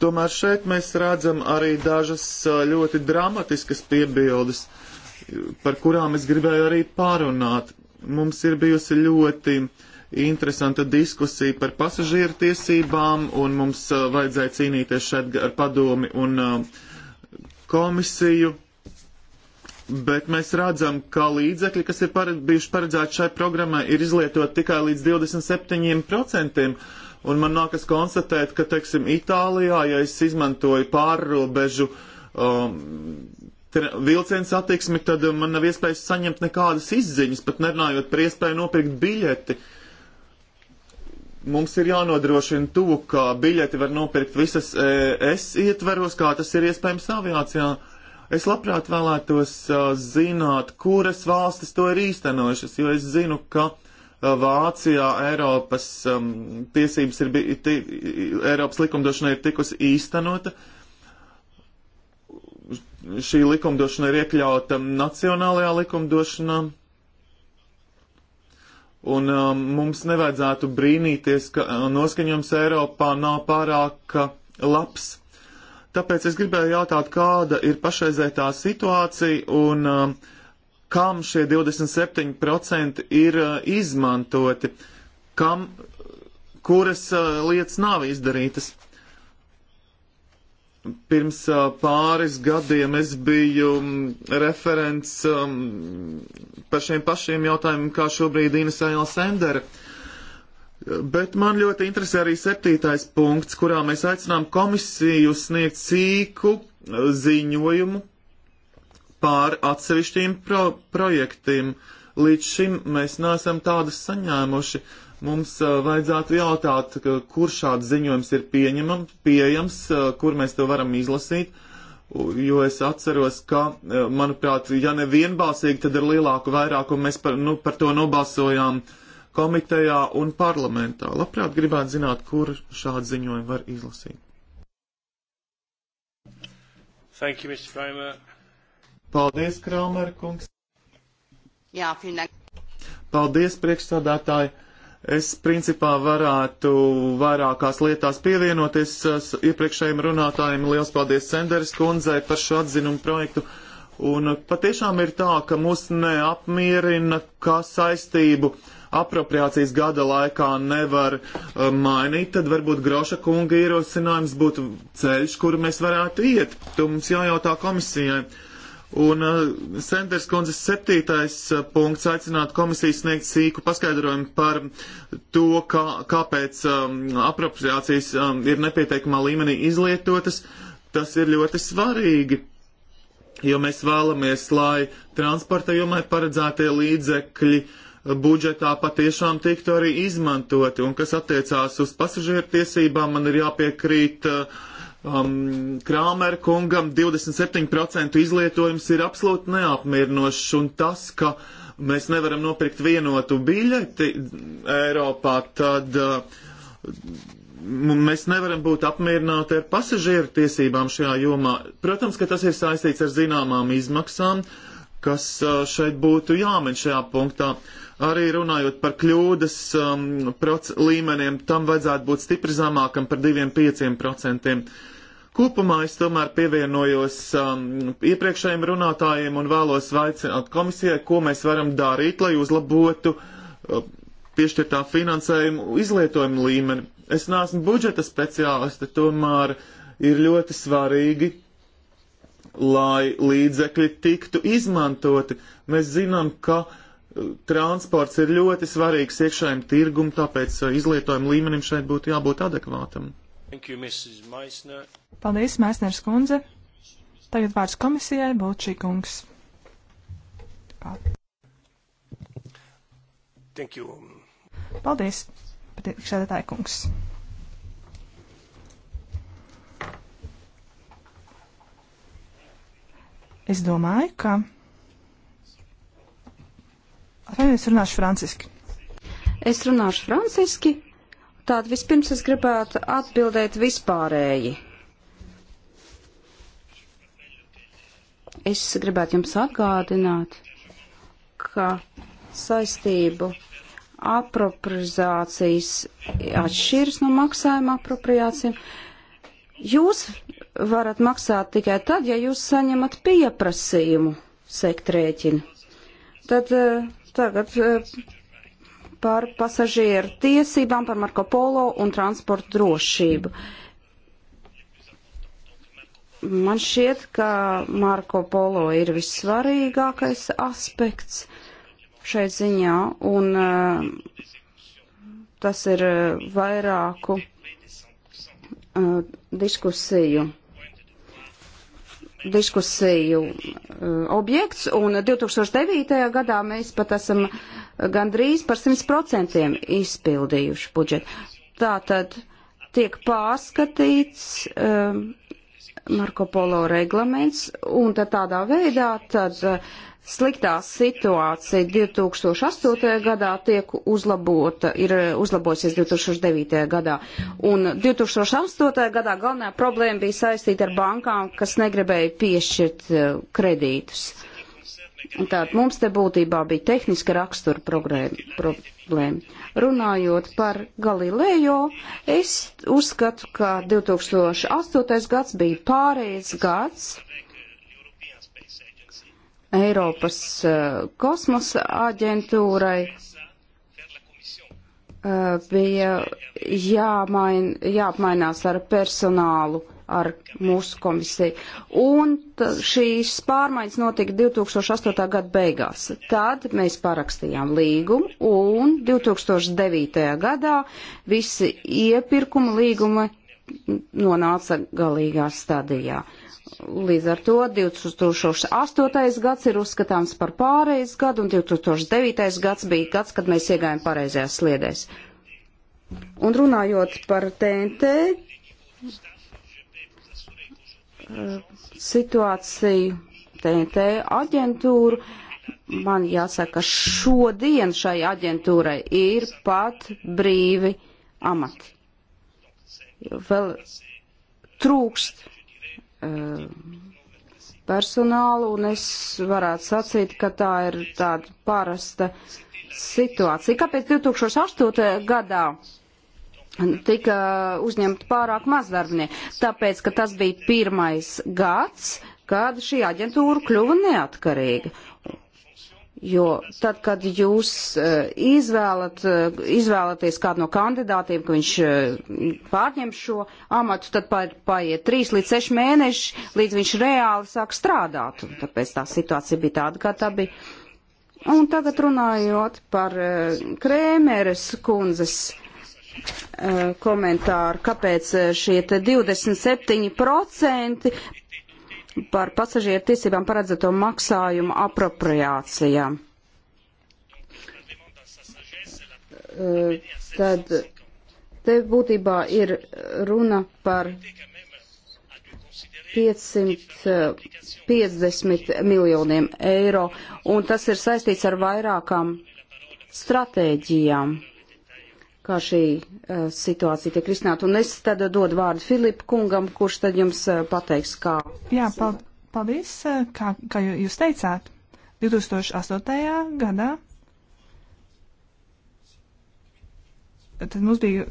Tomēr šeit mēs redzam arī dažas uh, ļoti dramatiskas piebildes, par kurām es gribēju arī pārunāt. Mums ir bijusi ļoti uh, interesanta diskusija par pasažieru tiesībām, un mums uh, vajadzēja cīnīties šeit ar padomi un uh, komisiju. Bet mēs redzam, ka līdzekļi, kas ir pared, bijuši paredzēti šai programmai, ir izlietot tikai līdz 27%. Un man nākas konstatēt, ka, teiksim, Itālijā, ja es izmantoju pārrobežu um, vilcienu satiksmi, tad uh, man nav iespējas saņemt nekādas izziņas, pat nerunājot par iespēju nopirkt biļeti. Uh, mums ir jānodrošina to, ka biļeti var nopirkt visas e, ES ietveros, kā tas ir iespējams aviācijā. Es labprāt vēlētos uh, zināt, kuras valstis to ir īstenojušas, jo es zinu, ka uh, Vācijā Eiropas um, tiesības ir, ti, Eiropas likumdošana ir tikusi īstenota. Šī likumdošana ir iekļauta nacionālajā likumdošanā. Uh, Un um, mums nevajadzētu brīnīties, ka uh, noskaņojums Eiropā nav pārāk uh, labs. Tāpēc es gribēju jautāt, kāda ir pašreizē tā situācija un um, kam šie 27% ir uh, izmantoti, kam, kuras uh, lietas nav izdarītas. Pirms pāris gadiem es biju referents par šiem pašiem jautājumiem, kā šobrīd Ines Ejala Sendera. Bet man ļoti interesē arī septītais punkts, kurā mēs aicinām komisiju sniegt sīku ziņojumu pār atsevišķiem pro projektiem. Līdz šim mēs neesam tādas saņēmuši. Uh, Mums uh, vajadzētu jautāt, kur šāds ziņojums ir pieņemam, pieejams, uh, kur mēs to varam izlasīt, jo es atceros, ka, uh, manuprāt, ja ne vienbalsīgi, tad ar lielāku vairākumu mēs par, nu, par to nobalsojām komitejā un parlamentā. Labprāt gribētu zināt, kur šādu ziņojumu var izlasīt. Thank you, Mr. Kramer. Paldies, Kramer kungs. Jā, finak. Paldies, priekšsādātāji. Es principā varētu vairākās lietās pievienoties iepriekšējiem runātājiem. Liels paldies Senderes kundzei par šo atzinumu projektu. Un patiešām ir tā, ka mūs neapmierina, ka saistību apropriācijas gada laikā nevar uh, mainīt, tad varbūt Groša kunga ierosinājums būtu ceļš, kuru mēs varētu iet. Tu mums jājautā komisijai. Uh, Un eh, Sanders kundzes septītais eh, punkts aicinātu komisiju sniegt sīku paskaidrojumu par to, kā, kāpēc um, apropriācijas um, ir nepieteikamā līmenī izlietotas. Tas ir ļoti svarīgi, jo mēs vēlamies, lai transporta jomai paredzētie līdzekļi budžetā patiešām tiktu arī izmantoti. Un kas attiecās uz pasažieru tiesībām, man ir jāpiekrīt. Uh, um, Krāmera kungam 27% izlietojums ir absolūti neapmierinošs, un tas, ka mēs nevaram nopirkt vienotu biļeti Eiropā, tad uh, mēs nevaram būt apmierināti ar pasažieru tiesībām šajā jomā. Protams, ka tas ir saistīts ar zināmām izmaksām, kas uh, šeit būtu jāmin šajā punktā. Arī runājot par kļūdas um, līmeniem, tam vajadzētu būt stipri zemākam par 2,5%. Uh, Kopumā es tomēr pievienojos um, iepriekšējiem runātājiem un vēlos vaicināt komisijai, ko mēs varam darīt, lai uzlabotu uh, piešķirtā finansējumu izlietojumu līmeni. Es neesmu budžeta speciāliste, tomēr ir ļoti svarīgi, lai līdzekļi tiktu izmantoti. Mēs zinām, ka uh, transports ir ļoti svarīgs iekšējiem tirgum, tāpēc uh, izlietojumu līmenim šeit būtu jābūt adekvātam. Thank you, Mrs. Meissner. Paldies, Mēsners kundze. Tagad vārds komisijai būtu šī kungs. Paldies, priekšsēdētāji kungs. Es domāju, ka. Atvainojiet, es runāšu franciski. Es runāšu franciski. Tātad vispirms es gribētu atbildēt vispārēji Es gribētu jums atgādināt, ka saistību apropriācijas atšķiras no maksājuma apropriācijām. Jūs varat maksāt tikai tad, ja jūs saņemat pieprasījumu sekt rēķinu. Tad eh, tagad eh, par pasažieru tiesībām, par Marko Polo un transportu drošību. Uh, Man šķiet, ka Marko Polo ir vissvarīgākais aspekts šai ziņā, un uh, tas ir eh, vairāku uh, diskusiju diskusiju uh, objekts, un 2009. gadā mēs pat esam gandrīz par 100% izpildījuši budžetu. Tātad tiek pārskatīts uh, Marko Polo reglaments, un tad tādā veidā tad eh, sliktā situācija 2008. gadā tiek uzlabota, ir eh, uzlabosies 2009. gadā. Un 2008. gadā galvenā problēma bija saistīta ar bankām, kas negribēja piešķirt eh, kredītus. Uh, Tātad mums te būtībā bija tehniska rakstura problēma. Runājot par Galileo, es uzskatu, ka 2008. gads bija pārējais gads Eiropas uh, kosmosa aģentūrai. Uh, bija jāmain, jāapmainās ar personālu ar mūsu komisiju. Un šīs pārmaiņas notika 2008. gada beigās. Tad mēs parakstījām līgumu un 2009. gadā visi iepirkuma līgumi nonāca galīgā stadijā. Līdz ar to 2008. gads ir uzskatāms par pārejas gadu, un 2009. gads bija gads, kad mēs iegājām pareizajās sliedēs. Un runājot par TNT, situāciju, TNT aģentūru. Man jāsaka, šodien šai aģentūrai ir pat brīvi amati. Vēl trūkst uh, personālu, un es varētu sacīt, ka tā ir tāda parasta situācija. Kāpēc 2008. gadā? tika uzņemti pārāk maz darbinieki, tāpēc, ka tas bija pirmais gads, kad šī aģentūra kļuva neatkarīga. Jo tad, kad jūs eh, izvēlat, eh, izvēlaties kādu no kandidātiem, ka viņš eh, pārņem šo amatu, tad paiet trīs līdz seši mēneši, līdz viņš reāli sāk strādāt. Un tāpēc tā situācija bija tāda, kā tā bija. Un tagad runājot par Krēmeres kundzes Eh, komentāru, kāpēc eh, šie 27% par pasažieru tiesībām paredzēto maksājumu apropriācijā. Eh, tad te būtībā ir runa par 550 miljoniem eiro, un tas ir saistīts ar vairākām stratēģijām kā šī uh, situācija tiek risināta. Un es tad dodu vārdu Filipa kungam, kurš tad jums uh, pateiks, kā. Jā, paldies, eh, kā, kā jūs teicāt. 2008. gadā tad mums bija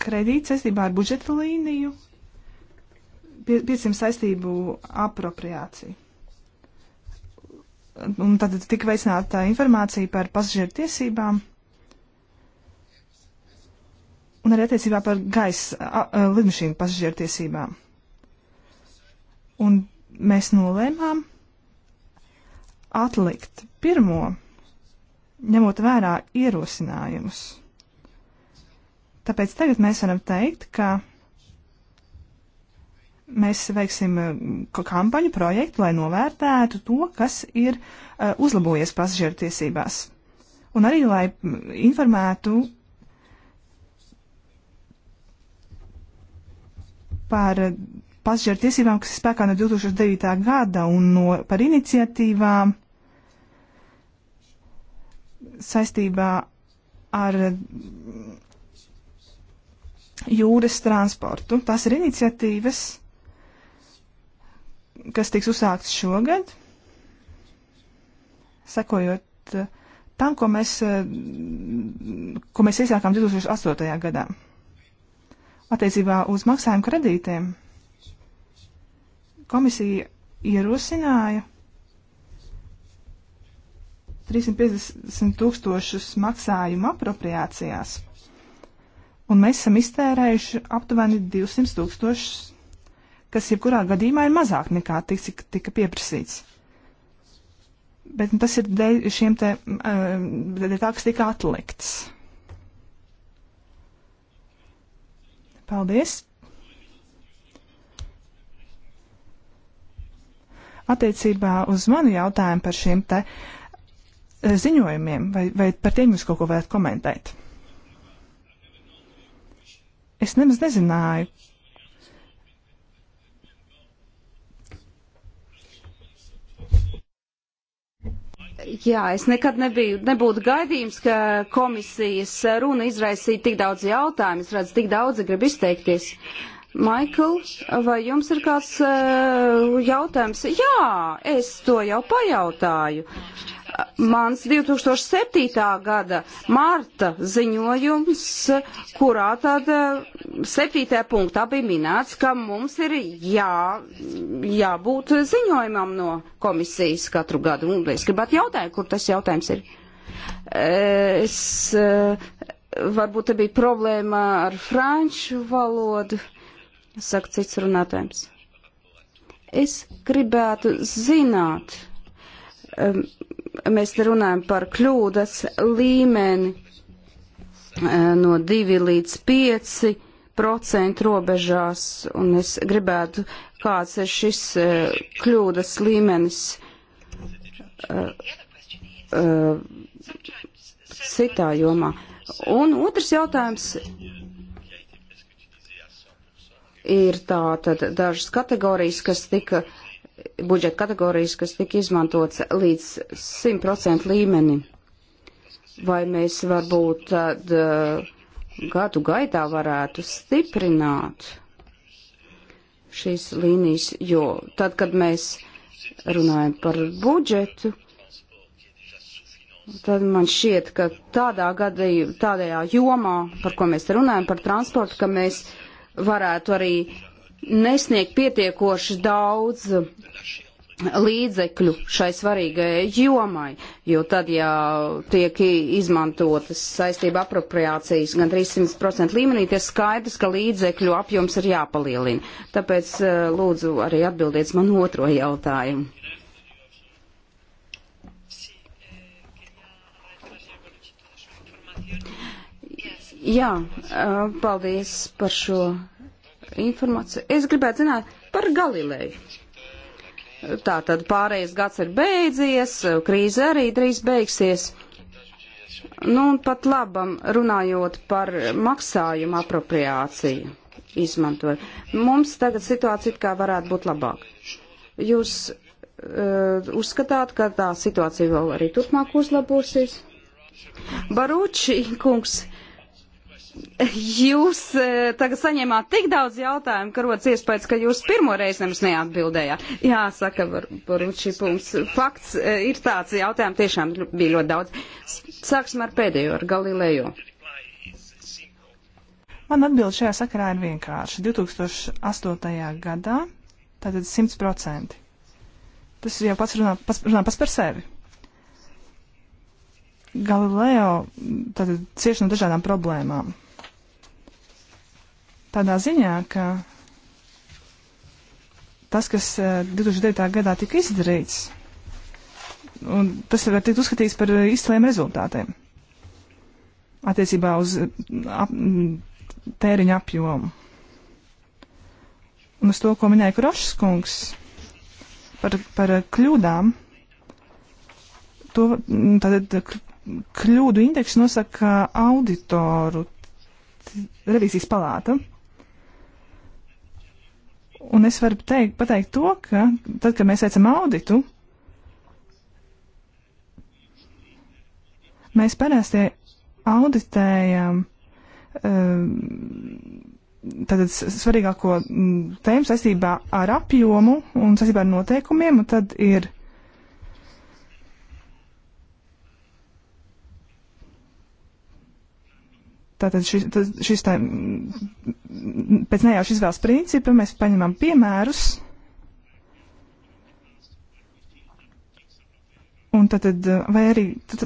kredīts saistībā ar budžeta līniju 500 saistību apropriāciju. Un tad tika veicināta informācija par pasažieru tiesībām un arī attiecībā par gaisa lidmašīnu pasažieru tiesībām. Un mēs nolēmām atlikt pirmo, ņemot vērā ierosinājumus. Tāpēc tagad mēs varam teikt, ka mēs veiksim e, kampaņu projektu, lai novērtētu to, kas ir e, uzlabojies pasažieru tiesībās. Un arī, lai informētu par pasažieru tiesībām, kas ir spēkā no 2009. gada un no, par iniciatīvām saistībā ar jūras transportu. Tās ir iniciatīvas, kas tiks uzsākts šogad, sekojot eh, tam, ko mēs, eh, ko mēs iesākām 2008. gadā attiecībā uz maksājumu kredītiem. Komisija ierosināja 350 tūkstošus maksājumu apropriācijās, un mēs esam iztērējuši aptuveni 200 tūkstošus, kas jebkurā gadījumā ir mazāk nekā tik, cik tika pieprasīts. Bet nu, tas ir dēļ šiem te, eh, dēļ tā, kas tika atlikts. Paldies! Attiecībā uz manu jautājumu par šiem te eh, ziņojumiem, vai, vai par tiem jūs kaut ko varētu komentēt? Es nemaz nezināju, Jā, es nekad nebiju, nebūtu gaidījums, ka komisijas runa izraisīja tik daudz jautājumu. Es redzu, tik daudzi grib izteikties. Maikl, vai jums ir kāds uh, jautājums? Jā, es to jau pajautāju mans 2007. gada marta ziņojums, kurā tad 7. Eh, punktā bija minēts, ka mums ir jā, jābūt ziņojumam no komisijas katru gadu. Un es gribētu jautāt, kur tas jautājums ir. Eh, es, eh, varbūt te bija problēma ar franču valodu, saka cits runātājs. Es gribētu zināt, mēs te runājam par kļūdas līmeni eh, no 2 līdz 5 procentu robežās, un es gribētu, kāds ir šis eh, kļūdas līmenis eh, citā jomā. Un otrs jautājums ir tā tad dažas kategorijas, kas tika uh, budžeta kategorijas, kas tika izmantots līdz 100% līmeni. Vai mēs varbūt tad eh, gadu gaitā varētu stiprināt šīs līnijas, jo tad, kad mēs runājam par budžetu, tad man šķiet, ka tādā gadījumā, tādajā jomā, par ko mēs runājam, par transportu, ka mēs varētu arī nesniegt pietiekoši daudz līdzekļu šai svarīgajai jomai, jo tad, ja tiek izmantotas saistība apropriācijas gan 300% līmenī, tie skaidrs, ka līdzekļu apjoms ir jāpalielina. Tāpēc eh, lūdzu arī atbildiet man otro jautājumu. Jā, eh, paldies par šo informāciju. Es gribētu zināt par Galileju. Tā tad pārējais gads ir beidzies, krīze arī drīz beigsies. Nu, un pat labam runājot par maksājumu apropriāciju izmantot. Mums tagad situācija kā varētu būt labāk. Jūs uh, uzskatāt, ka tā situācija vēl arī turpmāk uzlabosies? Baruči, kungs, uh, Jūs e, tagad saņēmāt tik daudz jautājumu, ka rodas iespējas, ka jūs pirmo reizi nemaz neatbildējāt. Jā, saka, varbūt šī punkts. Fakts e, ir tāds, jautājumu tiešām bija ļoti daudz. Sāksim ar pēdējo, ar Galilējo. Man atbild šajā sakarā ir vienkārši. 2008. gadā, tātad 100%. Tas jau pats runā pats, runā pats par sevi. Galileo tātad cieši no dažādām problēmām. Tādā ziņā, ka tas, kas 2009. E, gadā tika izdarīts, un tas var tikt uzskatīts par e, izciliem rezultātiem attiecībā uz e, ap, tēriņa apjomu. Un uz to, ko minēja Krošs kungs par, par kļūdām, to tātad kļūdu indeksu nosaka auditoru revīzijas palāta. Un es varu teikt, pateikt to, ka tad, kad mēs veicam auditu, mēs parasti auditējam ehm, tātad svarīgāko tēmu saistībā ar apjomu un saistībā ar noteikumiem, un tad ir Tātad šis, šis tā, pēc nejauša izvēles principa mēs paņemam piemērus. Un tad, vai arī tad,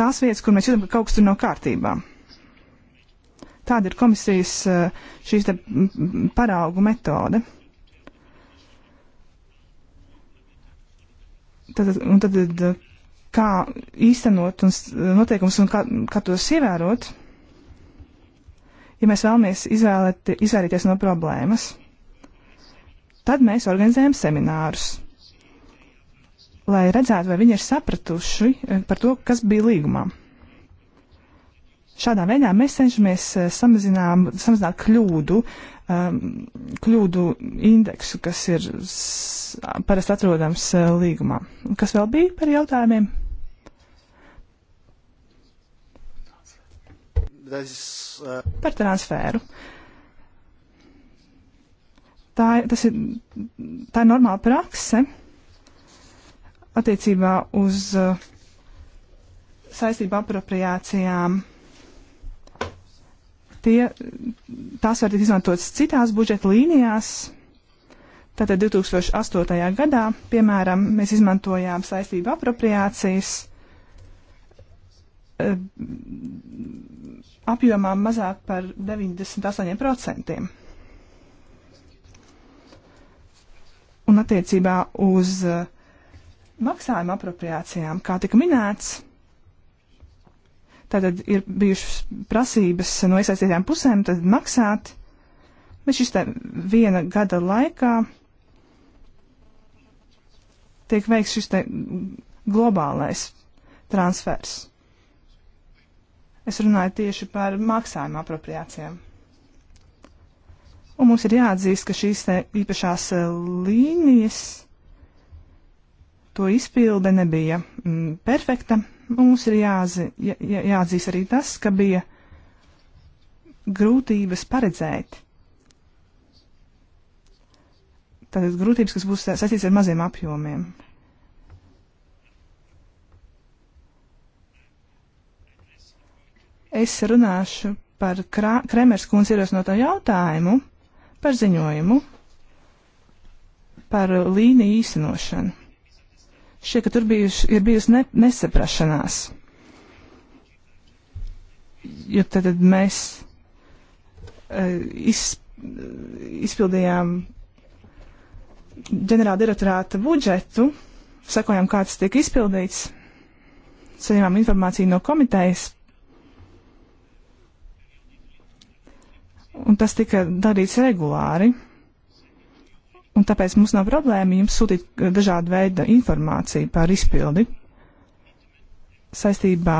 tās vietas, kur mēs jūtam, ka kaut kas tur nav kārtībā. Tāda ir komisijas šīs te paraugu metode. Tad, un tad, kā īstenot un noteikums un kā, kā tos ievērot ja mēs vēlamies izvēlēt, izvairīties no problēmas, tad mēs organizējam seminārus, lai redzētu, vai viņi ir sapratuši eh, par to, kas bija līgumā. Šādā veidā mēs cenšamies eh, samazinām, samazināt kļūdu, um, kļūdu indeksu, kas ir parasti atrodams eh, līgumā. Kas vēl bija par jautājumiem? is, uh... Par transferu. Tā, tas ir, tā ir normāla prakse attiecībā uz uh, saistību apropriācijām. Tie, tās var tikt izmantotas citās budžeta līnijās. Tātad 2008. gadā, piemēram, mēs izmantojām saistību apropriācijas uh, apjomā mazāk par 98%. Un attiecībā uz uh, maksājuma apropriācijām, kā tika minēts, tātad ir bijušas prasības no iesaistītām pusēm tad maksāt, bet šis te viena gada laikā tiek veikts šis te globālais transfers. Es runāju tieši par maksājumu apropriācijām. Un mums ir jāatzīst, ka šīs īpašās eh, līnijas, to izpilde nebija mm, perfekta. Mums ir jāzi, jā, jāatzīst arī tas, ka bija grūtības paredzēt. Tātad grūtības, kas būs saistīts ar maziem apjomiem. Es runāšu par Kremers kundzi ierosnoto jautājumu, par ziņojumu, par līniju īstenošanu. Šie, ka tur bijuši, ir bijusi ne, nesaprašanās. Jo tad, tad mēs uh, iz, izpildījām ģenerāla direktorāta budžetu, sakojām, kā tas tiek izpildīts, saņēmām informāciju no komitejas un tas tika darīts regulāri. Un tāpēc mums nav problēma jums sūtīt dažādu veidu informāciju par izpildi saistībā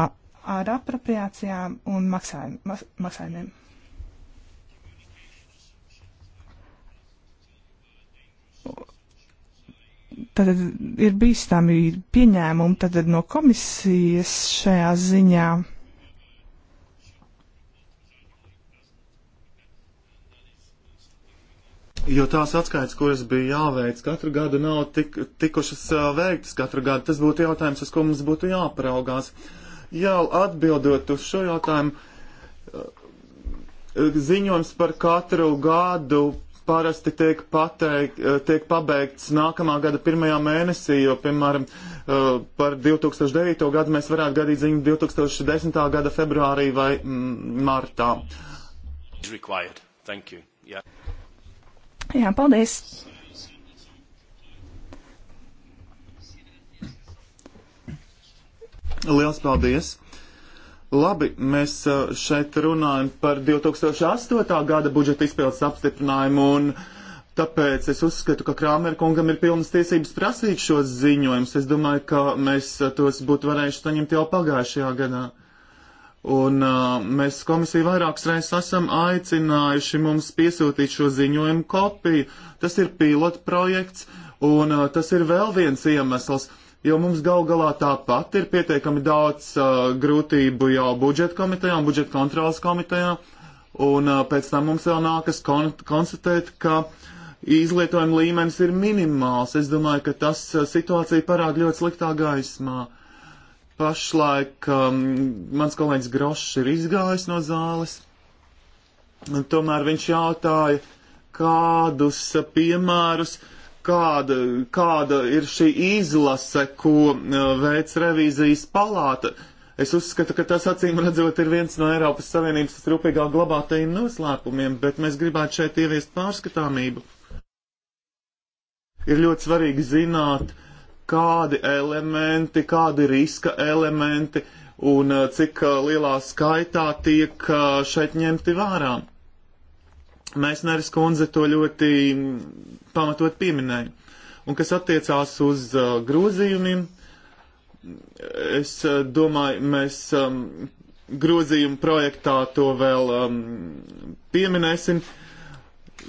ar apropriācijām un maksājum, mas, maksājumiem. Tātad ir bīstami pieņēmumi tātad no komisijas šajā ziņā. Jo tās atskaites, kuras bija jāveic katru gadu, nav tik, tikušas uh, veiktas katru gadu. Tas būtu jautājums, uz ko mums būtu jāparaugās. Jā, atbildot uz šo jautājumu, ziņojums par katru gadu parasti tiek, pateik, tiek pabeigts nākamā gada pirmajā mēnesī, jo, piemēram, par 2009. gadu mēs varētu gadīt ziņu 2010. gada februārī vai mm, martā. Required. Thank you. Yeah. Jā, paldies! Liels paldies! Labi, mēs uh, šeit runājam par 2008. gada budžeta izpildes apstiprinājumu, un tāpēc es uzskatu, ka Krāmer kungam ir pilnas tiesības prasīt šos ziņojumus. Es domāju, ka mēs uh, tos būtu varējuši saņemt jau pagājušajā gadā. Un uh, mēs komisiju vairākas reizes esam aicinājuši mums piesūtīt šo ziņojumu kopiju. Tas ir pilota projekts, un uh, tas ir vēl viens iemesls, jo mums gal galā tāpat ir pietiekami daudz uh, grūtību jau budžeta komitejā un budžeta kontrolas komitejā, un uh, pēc tam mums vēl nākas kon konstatēt, ka izlietojuma līmenis ir minimāls. Es domāju, ka tas uh, situācija parāda ļoti sliktā gaismā. Uh, Pašlaik um, mans kolēģis Grošs ir izgājis no zāles, un tomēr viņš jautāja, kādus piemērus, kāda, kāda ir šī izlase, ko uh, veic revīzijas palāta. Es uzskatu, ka tas acīm redzot ir viens no Eiropas Savienības rūpīgāk glabātajiem noslēpumiem, bet mēs gribētu šeit ieviest pārskatāmību. Ir ļoti svarīgi zināt, uh, kādi elementi, kādi riska elementi un eh, cik eh, lielā skaitā tiek eh, šeit ņemti vērā. Mēsneris kundze to ļoti mm, pamatot pieminēja. Un kas attiecās uz grozījumiem, es domāju, mēs mm, grozījumu projektā to vēl mm, pieminēsim. Uh,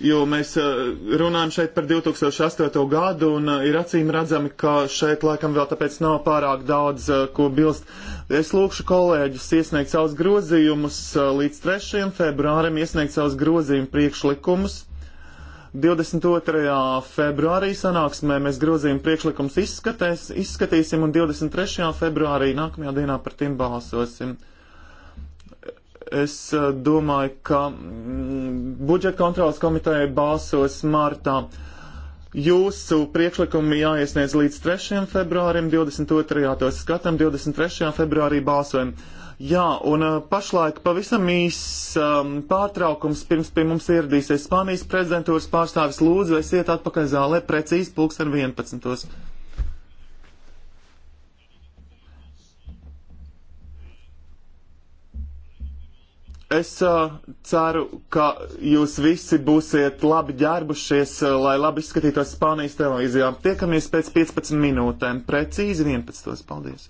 jo mēs eh, runājam šeit par 2008. gadu un eh, ir acīm redzami, ka šeit laikam vēl tāpēc nav pārāk daudz, eh, ko bilst. Es lūkšu kolēģus iesniegt savus grozījumus līdz 3. februārim, iesniegt savus grozījumu priekšlikumus. 22. februārī sanāksmē mēs grozījumu priekšlikumus izskatēs, izskatīsim un 23. februārī nākamajā dienā par tiem balsosim. Es eh, domāju, ka mm, budžeta kontrolas komiteja balsos martā. Jūsu priekšlikumi jāiesniedz līdz 3. februārim, 22. tos skatām, 23. februārī balsojam. Jā, un eh, pašlaik pavisam īs um, pārtraukums pirms pie mums ieradīsies Spānijas prezidentūras pārstāvis lūdzu, esiet atpakaļ zālē precīzi pulksten 11. Es uh, ceru, ka jūs visi būsiet labi ģērbušies, uh, lai labi izskatītos Spānijas televīzijā. Tiekamies pēc 15 minūtēm, precīzi 11. Paldies!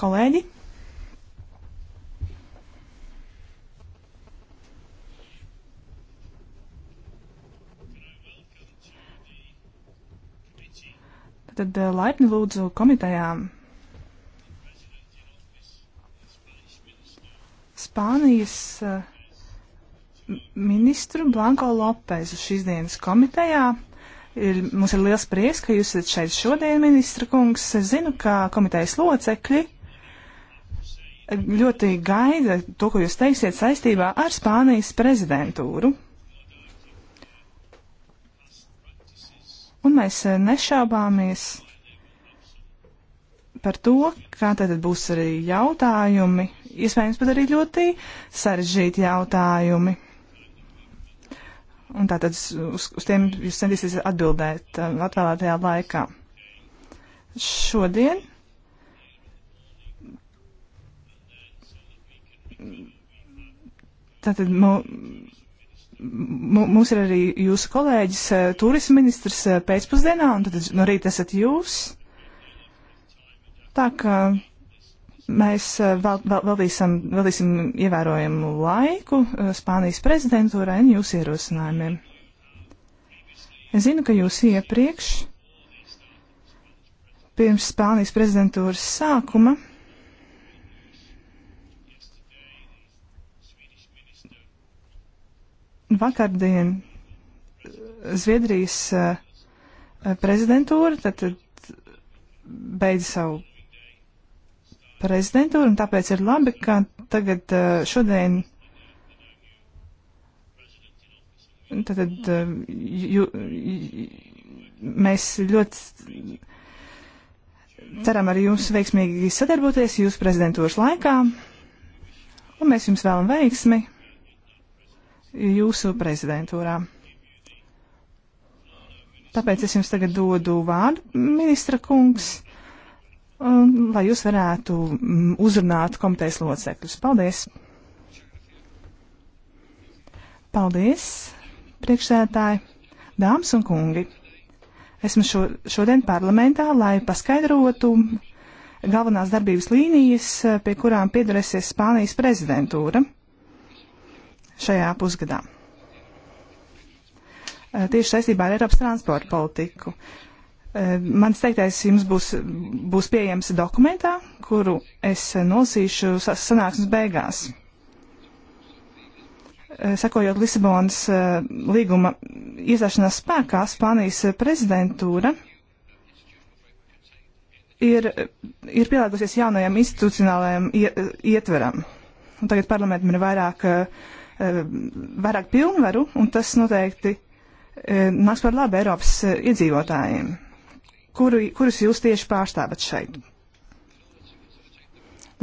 Kolēģi! Tad eh, laipni lūdzu komitejām Spānijas eh, ministru Blanko Lopezu šīs dienas komitejā. Ir, mums ir liels prieks, ka jūs esat šeit šodien, ministra kungs. Es zinu, ka komitejas locekļi ļoti gaida to, ko jūs teiksiet saistībā ar Spānijas prezidentūru. Un mēs eh, nešaubāmies par to, kā tad būs arī jautājumi, iespējams pat arī ļoti sarežģīti jautājumi. Un tātad uz, uz tiem jūs centīsiet atbildēt eh, atvēlētajā laikā. Šodien Tātad mums ir arī jūsu kolēģis, eh, turisma ministrs eh, pēcpusdienā, un tad no nu, rīta esat jūs. Tā kā mēs eh, vēl, vēl, veltīsim, veltīsim ievērojumu laiku Spānijas prezidentūrai un jūsu ierosinājumiem. Es zinu, ka jūs iepriekš, pirms Spānijas prezidentūras sākuma, vakardien Zviedrijas uh, prezidentūra tad, tad beidz savu prezidentūru, un tāpēc ir labi, ka tagad uh, šodien tad, uh, ju, ju, mēs ļoti ceram ar jums veiksmīgi sadarboties jūsu prezidentūras laikā, un mēs jums vēlam veiksmi jūsu prezidentūrā. Tāpēc es jums tagad dodu vārdu, ministra kungs, un, um, lai jūs varētu mm, uzrunāt komitejas locekļus. Paldies! Paldies, priekšsētāji, dāmas un kungi! Esmu šo, šodien parlamentā, lai paskaidrotu galvenās darbības līnijas, pie kurām piedarēsies Spānijas prezidentūra šajā pusgadā. Eh, tieši saistībā ar Eiropas transporta politiku. Eh, mans teiktais jums būs, būs pieejams dokumentā, kuru es nolasīšu sanāksmes beigās. Eh, sekojot Lisabonas līguma iestāšanās spēkā, Spānijas prezidentūra ir, ir pielāgosies jaunajam institucionālajam ietveram. Un tagad parlamentam ir vairāk uh, Eh, vairāk pilnvaru, un tas noteikti eh, nāks par labu Eiropas eh, iedzīvotājiem, kuri, kurus jūs tieši pārstāvat šeit.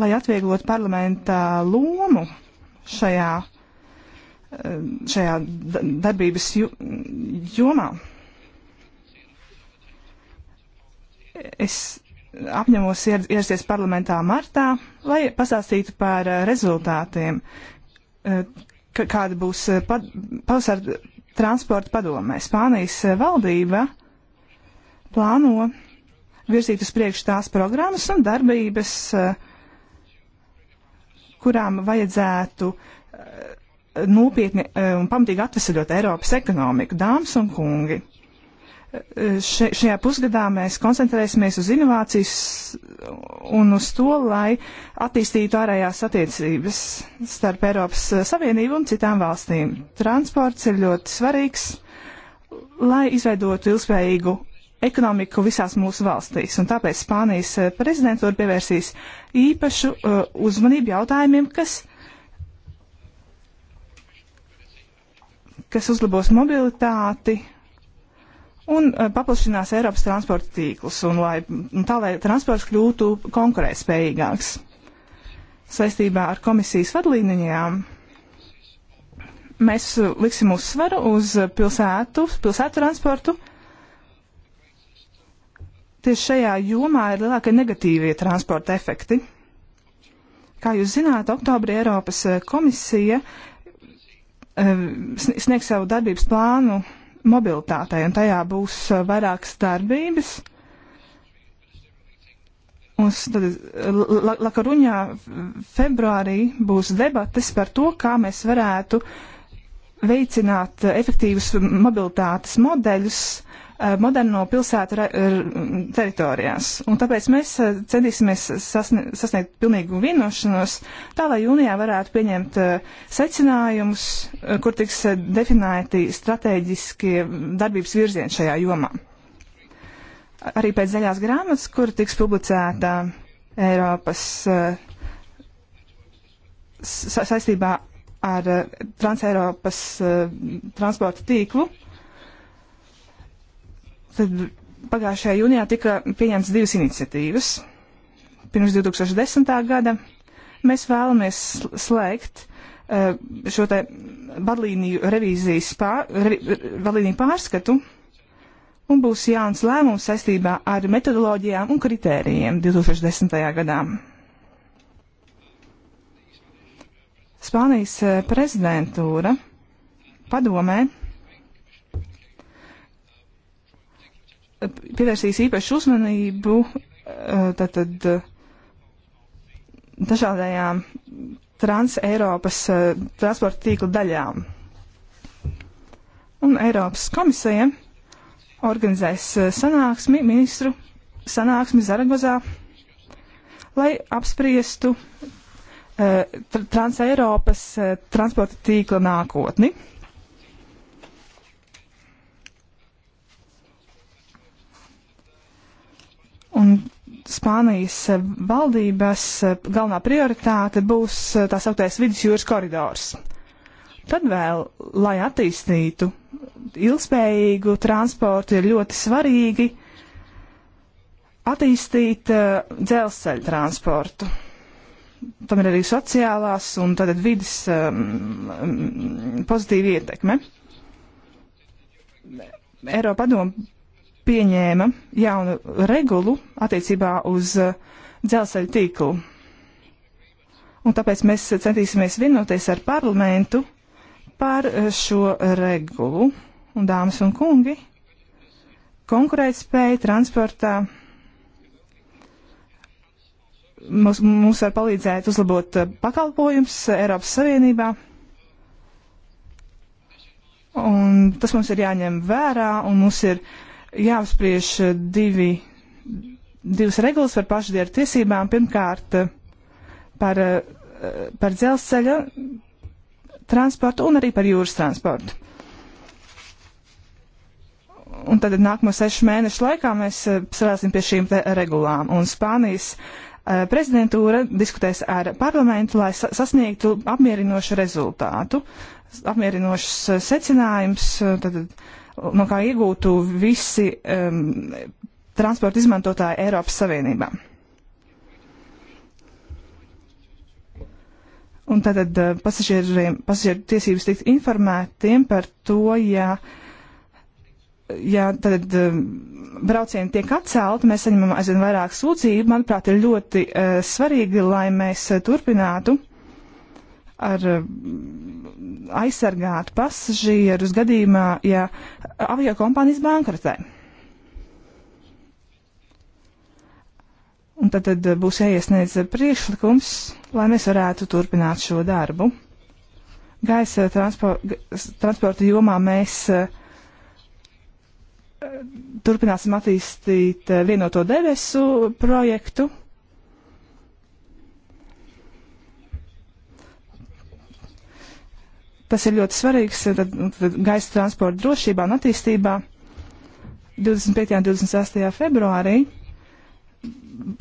Lai atvieglotu parlamentā lomu šajā, šajā darbības jomā, es apņemos ierasties parlamentā martā, lai pastāstītu par rezultātiem, kāda būs eh, pad, pavasara transporta padomē. Spānijas eh, valdība plāno virzīt uz priekšu tās programmas un darbības, eh, kurām vajadzētu nopietni un pamatīgi atvesaļot Eiropas ekonomiku, dāmas un kungi šajā pusgadā mēs koncentrēsimies uz inovācijas un uz to, lai attīstītu ārējās attiecības starp Eiropas Savienību un citām valstīm. Transports ir ļoti svarīgs, lai izveidotu ilgspējīgu ekonomiku visās mūsu valstīs, un tāpēc Spānijas prezidentūra pievērsīs īpašu uh, uzmanību jautājumiem, kas, kas uzlabos mobilitāti un e, paplašinās Eiropas transporta tīklus, un lai, un tā lai transports kļūtu konkurētspējīgāks. Saistībā ar komisijas vadlīnijām mēs liksim uzsvaru uz pilsētu, pilsētu transportu. Tieši šajā jomā ir lielākie negatīvie transporta efekti. Kā jūs zināt, oktobrī Eiropas komisija e, sniegs savu darbības plānu mobilitātei, un tajā būs eh, vairākas darbības. Un tad Lakaruņā februārī būs debates par to, kā mēs varētu veicināt efektīvus mobilitātes modeļus, uh, Eh, moderno pilsētu eh, teritorijās. Un tāpēc mēs eh, centīsimies sasniegt, sasniegt pilnīgu vienošanos, tā lai jūnijā varētu pieņemt secinājumus, kur tiks definēti strateģiskie darbības virzieni šajā jomā. Arī pēc zaļās grāmatas, kur tiks publicēta Eiropas sa saistībā ar Transeiropas transporta tīklu, Tad pagājušajā jūnijā tika pieņemts divas iniciatīvas. Pirms 2010. gada mēs vēlamies slēgt eh, šo te vadlīniju revīzijas pār, re, vadlīniju pārskatu un būs jauns lēmums saistībā ar metodoloģijām un kritērijiem 2010. gadā. Spānijas eh, prezidentūra padomē pievērsīs īpašu uzmanību eh, tātad eh, dažādajām Trans-Eiropas eh, transporta tīkla daļām. Un Eiropas komisija organizēs sanāksmi ministru sanāksmi Zaragozā, lai apspriestu Trans-Eiropas transporta tīkla nākotni. Un Spānijas valdības galvenā prioritāte būs tā sauktais vidusjūras koridors. Tad vēl, lai attīstītu ilgspējīgu transportu, ir ļoti svarīgi attīstīt uh, dzelzceļa transportu. Tam ir arī sociālās un tātad vidas um, pozitīva ietekme. Eiropa padomu pieņēma jaunu regulu attiecībā uz uh, dzelzceļa tīklu. Un tāpēc mēs centīsimies vienoties ar parlamentu par uh, šo regulu. Un, dāmas un kungi, konkurētspēja transportā mums, mums var palīdzēt uzlabot uh, pakalpojums Eiropas Savienībā. Un tas mums ir jāņem vērā, un mums ir jāapspriež eh, divi, divas regulas par pašdienu tiesībām. Pirmkārt, eh, par, eh, par dzelzceļa transportu un arī par jūras transportu. Un tad nākamo sešu mēnešu laikā mēs strādāsim pie šīm regulām. Un Spānijas prezidentūra diskutēs ar parlamentu, lai sasniegtu apmierinošu rezultātu, apmierinošus secinājumus. Tad no kā iegūtu visi um, transporta izmantotāji Eiropas Savienībā. Un tātad eh, pasažieriem, pasažieru tiesības tikt informētiem par to, ja, ja tad braucieni tiek atcelti, mēs saņemam aizvien vairāk sūdzību. Manuprāt, ir ļoti uh, svarīgi, lai mēs eh, turpinātu ar uh, aizsargāt pasažierus gadījumā, ja avio kompānijas bankrotē. Un tad, tad būs jāiesniedz priekšlikums, lai mēs varētu turpināt šo darbu. Gaisa transpo, transporta jomā mēs uh, turpināsim attīstīt uh, vienoto debesu projektu Tas ir ļoti svarīgs eh, tad, nu, tad gaisa transporta drošībā un attīstībā. 25. un 26. februārī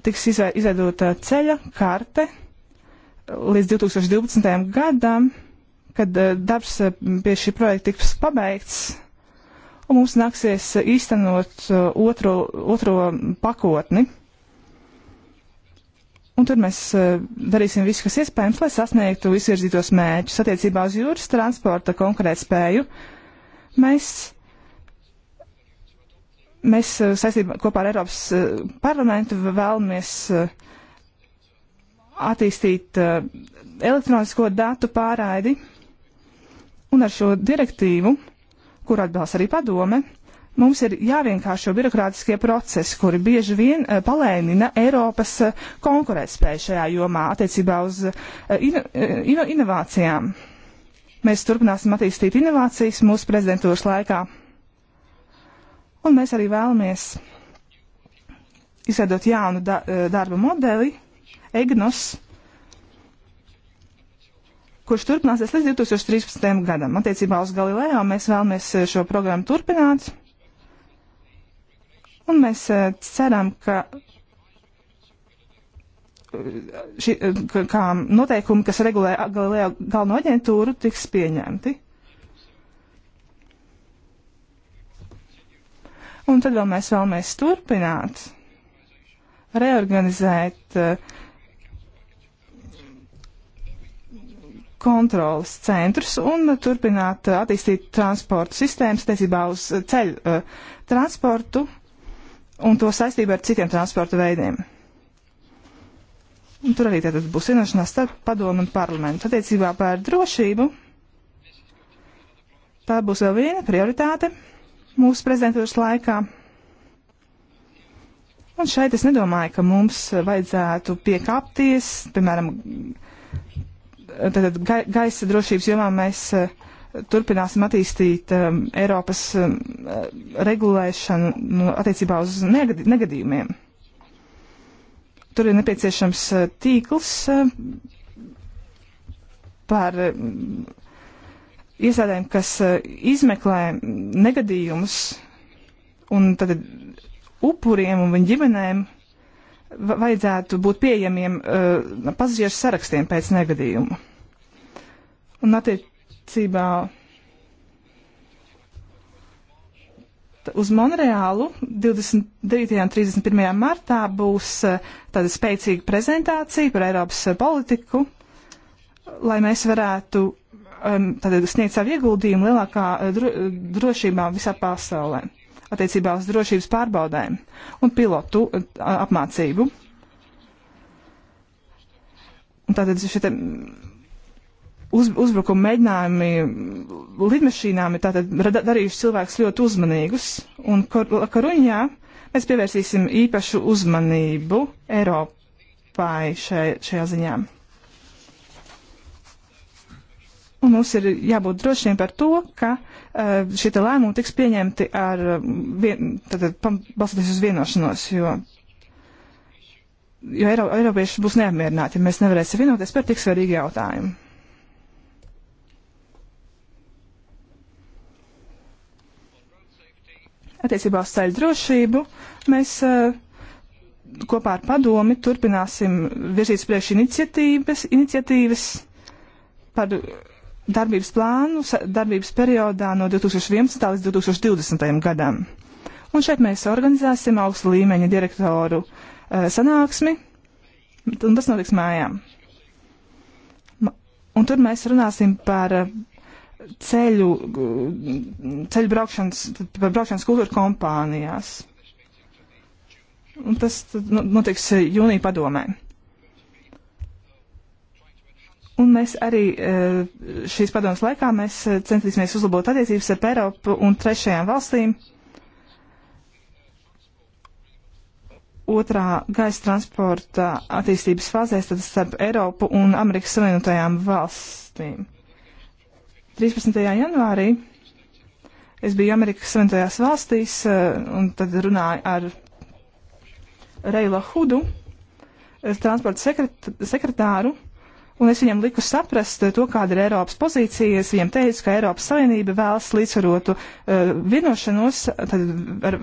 tiks izveidota ceļa karte līdz 2012. gadam, kad eh, darbs eh, pie šī projekta tiks pabeigts, un mums nāksies īstenot otro, otro pakotni. Un tur mēs uh, darīsim visu, kas iespējams, lai sasniegtu izvirzītos mērķus. Attiecībā uz jūras transporta konkurētspēju mēs, mēs uh, saistībā kopā ar Eiropas uh, parlamentu vēlamies attīstīt elektronisko datu pārraidi. Un ar šo direktīvu, kur atbalsta arī padome, Mums ir jāvienkāršo birokrātiskie procesi, kuri bieži vien uh, palēnina Eiropas uh, konkurētspēju šajā jomā attiecībā uz uh, ino, ino, inovācijām. Mēs turpināsim attīstīt inovācijas mūsu prezidentūras laikā. Un mēs arī vēlamies izveidot jaunu da darba modeli, EGNOS kurš turpināsies līdz 2013. gadam. Attiecībā uz Galileo mēs vēlamies šo programmu turpināt. Un mēs eh, ceram, ka eh, ši, eh, kā noteikumi, kas regulē Galileo galveno aģentūru, tiks pieņemti. Un tad vēl mēs vēlamies turpināt, reorganizēt kontrolas centrus un turpināt attīstīt transportu sistēmas, tiesībā uz ceļu transportu un to saistību ar citiem transporta veidiem. Un tur arī tātad būs vienošanās starp padomu un parlamentu. Attiecībā par drošību tā būs vēl viena prioritāte mūsu prezidentūras laikā. Un šeit es nedomāju, ka mums vajadzētu piekāpties, piemēram, tātad gaisa drošības jomā mēs uh, turpināsim attīstīt um, Eiropas um, regulēšanu nu, attiecībā uz negad negadījumiem. Tur ir nepieciešams uh, tīkls uh, par uh, iestādēm, kas uh, izmeklē negadījumus un tad upuriem un viņu ģimenēm vajadzētu būt pieejamiem uh, pasažieru sarakstiem pēc negadījuma. Un attiecībā attiecībā uz Monreālu 29. un 31. martā būs eh, tāda spēcīga prezentācija par Eiropas eh, politiku, lai mēs varētu um, tātad sniegt savu ieguldījumu lielākā eh, dro, drošībā visā pasaulē attiecībā uz drošības pārbaudēm un pilotu apmācību. Un tātad šie uz, uzbrukuma mēģinājumi lidmašīnām ir tātad darījuši cilvēkus ļoti uzmanīgus, un kor, Karuņā mēs pievērsīsim īpašu uzmanību Eiropai šai, šajā ziņā. Un mums ir jābūt drošiem par to, ka uh, šie lēmumi tiks pieņemti ar, eh, vien, tātad, balstoties uz vienošanos, jo, jo Eiro, Eiropieši būs neapmierināti, ja mēs nevarēsim vienoties par tik svarīgu jautājumu. attiecībā uz ceļu drošību. Mēs uh, kopā ar padomi turpināsim virzīt priekš iniciatīvas, iniciatīvas par darbības plānu darbības periodā no 2011. līdz 2020. gadam. Un šeit mēs organizēsim augstu līmeņa direktoru uh, sanāksmi, un tas notiks mājām. Ma un tur mēs runāsim par uh, ceļu, ceļu braukšanas, braukšanas kultūra kompānijās. Un tas nu, notiks jūnija padomē. Un mēs arī e, šīs padomas laikā mēs e, centīsimies uzlabot attiecības ar Eiropu un trešajām valstīm. Otrā gaisa transporta attīstības fāzēs tad starp Eiropu un Amerikas Savienotajām valstīm. 13. janvārī es biju Amerikas Savienotajās valstīs eh, un tad runāju ar Reila Hudu, eh, transporta sekret sekretāru, un es viņam liku saprast to, kāda ir Eiropas pozīcija. Es viņam teicu, ka Eiropas Savienība vēlas līdzsvarotu uh, vienošanos, tad, ar,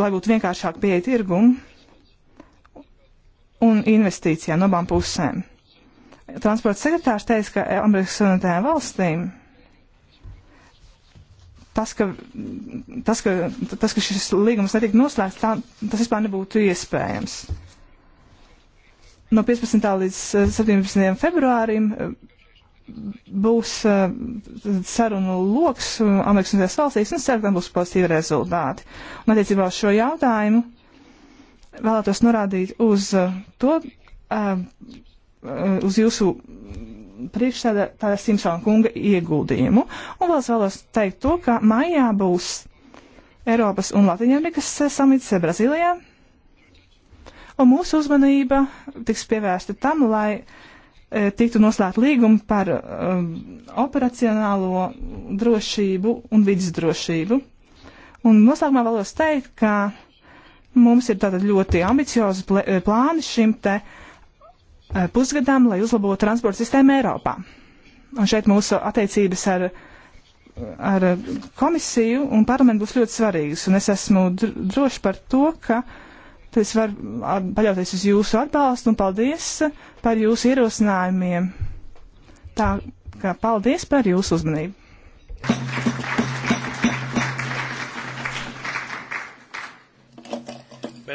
lai būtu vienkāršāk pieeja tirgumu un investīcijām no abām pusēm transporta sekretārs teica, ka Amerikas Savienotajām valstīm tas, ka, tas, ka, tas, ka šis līgums netika noslēgts, tā, tas vispār nebūtu iespējams. No 15. līdz 17. Eh, februārim eh, būs eh, sarunu loks Amerikas Savienotajās valstīs un ceru, ka būs pozitīvi rezultāti. Un attiecībā uz šo jautājumu vēlētos norādīt uz to, Eh, uz jūsu priekšsēdētāja Simpsona kunga ieguldījumu. Un vēl es vēlos teikt to, ka maijā būs Eiropas un Latvijas samits Brazīlijā. Un mūsu uzmanība tiks pievērsta tam, lai e, tiktu noslēgt līgumu par um, e, operacionālo drošību un vidas drošību. Un noslēgumā vēlos teikt, ka mums ir tātad ļoti ambiciozi plāni šim te uh, Eh, pusgadam, lai uzlabotu transporta sistēmu Eiropā. Un šeit mūsu attiecības ar, ar komisiju un parlamentu būs ļoti svarīgas. Un es esmu droši par to, ka es varu paļauties uz jūsu atbalstu un paldies par jūsu ierosinājumiem. Tā kā paldies par jūsu uzmanību.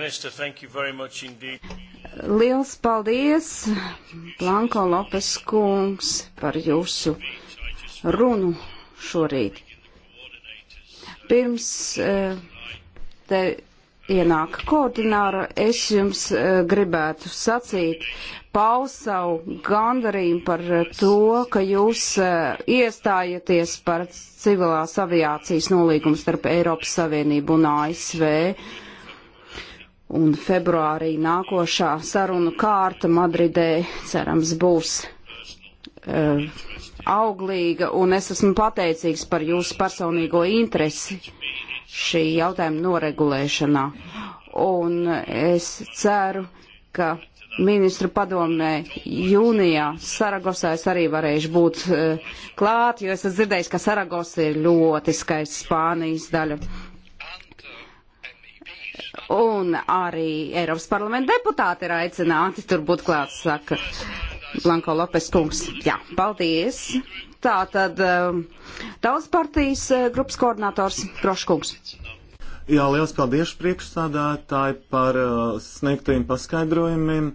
Minister, thank you very much indeed. Liels paldies, Blanko Lopes kungs, par jūsu runu šorīt. Pirms eh, te ienāk koordināra, es jums eh, gribētu sacīt pausavu gandarījumu par to, ka jūs eh, iestājaties par civilās aviācijas nolīgumu starp Eiropas Savienību un ASV un februārī nākošā sarunu kārta Madridē cerams būs uh, auglīga, un es esmu pateicīgs par jūsu personīgo interesi šī jautājuma noregulēšanā. Un es ceru, ka ministru padomē jūnijā Saragosā es arī varēšu būt uh, klāt, jo es esmu dzirdējis, ka Saragos ir ļoti skaists Spānijas daļa un arī Eiropas parlamenta deputāti ir aicināti tur būt klāt, saka Blanko Lopes kungs. Jā, paldies. Tā tad um, tautas partijas uh, grupas koordinators Groškungs. Jā, liels paldies priekšsādātāji par uh, sniegtajiem paskaidrojumiem.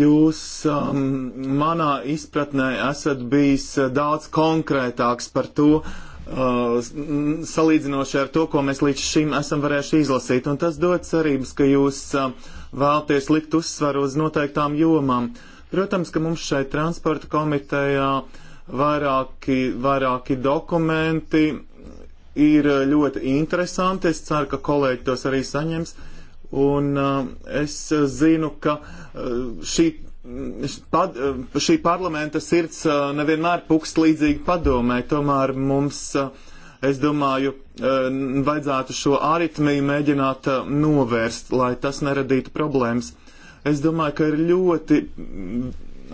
Jūs um, manā izpratnē esat bijis uh, daudz konkrētāks par to, uh, Uh, salīdzinoši ar to, ko mēs līdz šim esam varējuši izlasīt. Un tas dod cerības, ka jūs uh, vēlties likt uzsvaru uz noteiktām jomām. Protams, ka mums šeit transporta komitejā vairāki, vairāki dokumenti ir uh, ļoti interesanti. Es ceru, ka kolēģi tos arī saņems. Un uh, es zinu, ka uh, šī pad, šī parlamenta sirds nevienmēr pukst līdzīgi padomē, tomēr mums, es domāju, vajadzētu šo aritmiju mēģināt novērst, lai tas neradītu problēmas. Es domāju, ka ir ļoti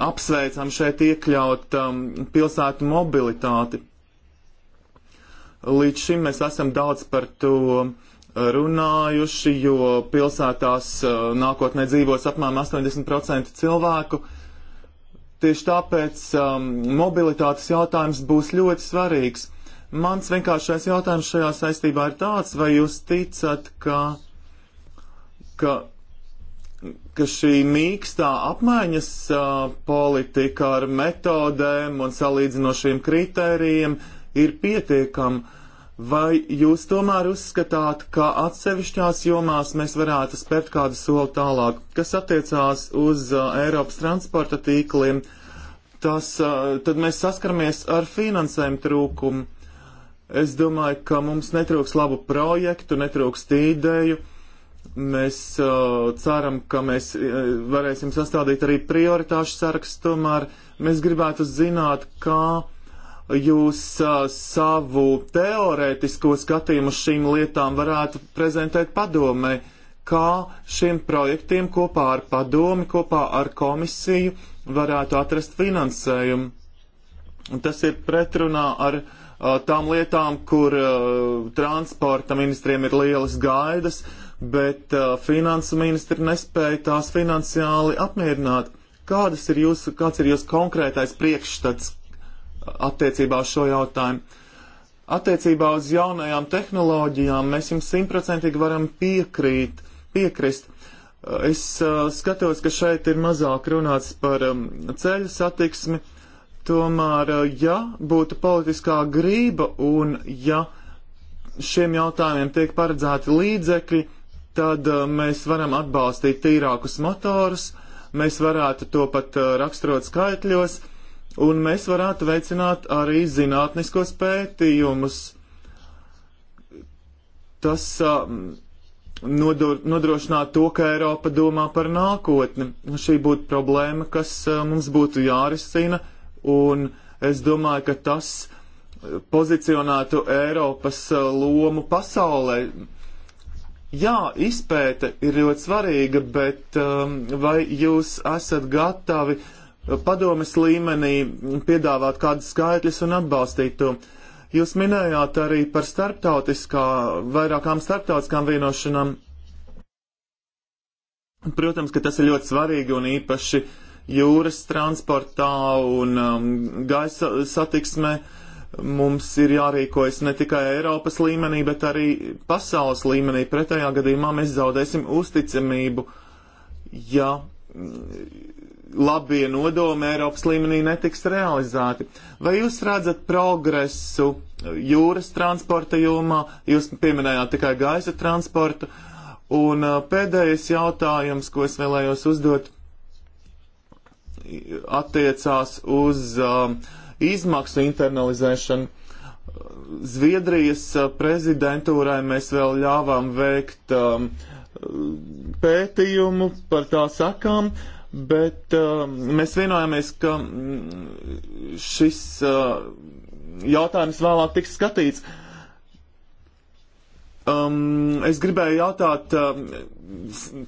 apsveicam šeit iekļaut um, pilsētu mobilitāti. Līdz šim mēs esam daudz par to uh, runājuši, jo pilsētās uh, nākotnē dzīvos apmēram 80% cilvēku. Tieši tāpēc um, mobilitātes jautājums būs ļoti svarīgs. Mans vienkāršais jautājums šajā saistībā ir tāds, vai jūs ticat, ka, ka, ka šī mīkstā apmaiņas uh, politika ar metodēm un salīdzinošiem kritērijiem ir pietiekama? Vai jūs tomēr uzskatāt, ka atsevišķās jomās mēs varētu spērt kādu soli tālāk, kas attiecās uz uh, Eiropas transporta tīkliem? Tas, uh, tad mēs saskaramies ar finansējumu trūkumu. Es domāju, ka mums netrūks labu projektu, netrūks ideju. Mēs uh, ceram, ka mēs uh, varēsim sastādīt arī prioritāšu sarakstu, tomēr mēs gribētu zināt, kā. Ka jūs uh, savu teorētisko skatījumu šīm lietām varētu prezentēt padomē, kā šiem projektiem kopā ar padomi, kopā ar komisiju varētu atrast finansējumu. Tas ir pretrunā ar uh, tām lietām, kur uh, transporta ministriem ir lielas gaidas, bet uh, finansu ministri nespēja tās finansiāli apmierināt. Kādas ir jūsu, kāds ir jūsu konkrētais priekšstats, attiecībā uz šo jautājumu. Attiecībā uz jaunajām tehnoloģijām mēs jums simtprocentīgi varam piekrīt, piekrist. Es uh, skatos, ka šeit ir mazāk runāts par um, ceļu satiksmi, tomēr, uh, ja būtu politiskā grība un ja šiem jautājumiem tiek paredzēti līdzekļi, tad uh, mēs varam atbalstīt tīrākus motorus, mēs varētu to pat uh, raksturot skaitļos, un mēs varētu veicināt arī zinātniskos pētījumus. Tas uh, nodur, nodrošinātu to, ka Eiropa domā par nākotni. Šī būtu problēma, kas uh, mums būtu jārisina, un es domāju, ka tas uh, pozicionētu Eiropas uh, lomu pasaulē. Jā, izpēte ir ļoti svarīga, bet um, vai jūs esat gatavi uh, padomes līmenī piedāvāt kādas skaitļas un atbalstīt to. Jūs minējāt arī par starptautiskā, vairākām starptautiskām vienošanām. Protams, ka tas ir ļoti svarīgi un īpaši jūras transportā un um, gaisa satiksmē. Mums ir jārīkojas ne tikai Eiropas līmenī, bet arī pasaules līmenī. Pretējā gadījumā mēs zaudēsim uzticamību, ja labie nodomi Eiropas līmenī netiks realizēti. Vai jūs redzat progresu jūras transporta jomā? Jūs pieminējāt tikai gaisa transportu. Un uh, pēdējais jautājums, ko es vēlējos uzdot, attiecās uz uh, izmaksu internalizēšanu. Zviedrijas uh, prezidentūrai mēs vēl ļāvām veikt um, pētījumu par tā sakām. Uh, bet uh, mēs vienojāmies, ka mm, šis uh, jautājums vēlāk tiks skatīts. Um, es gribēju jautāt, uh,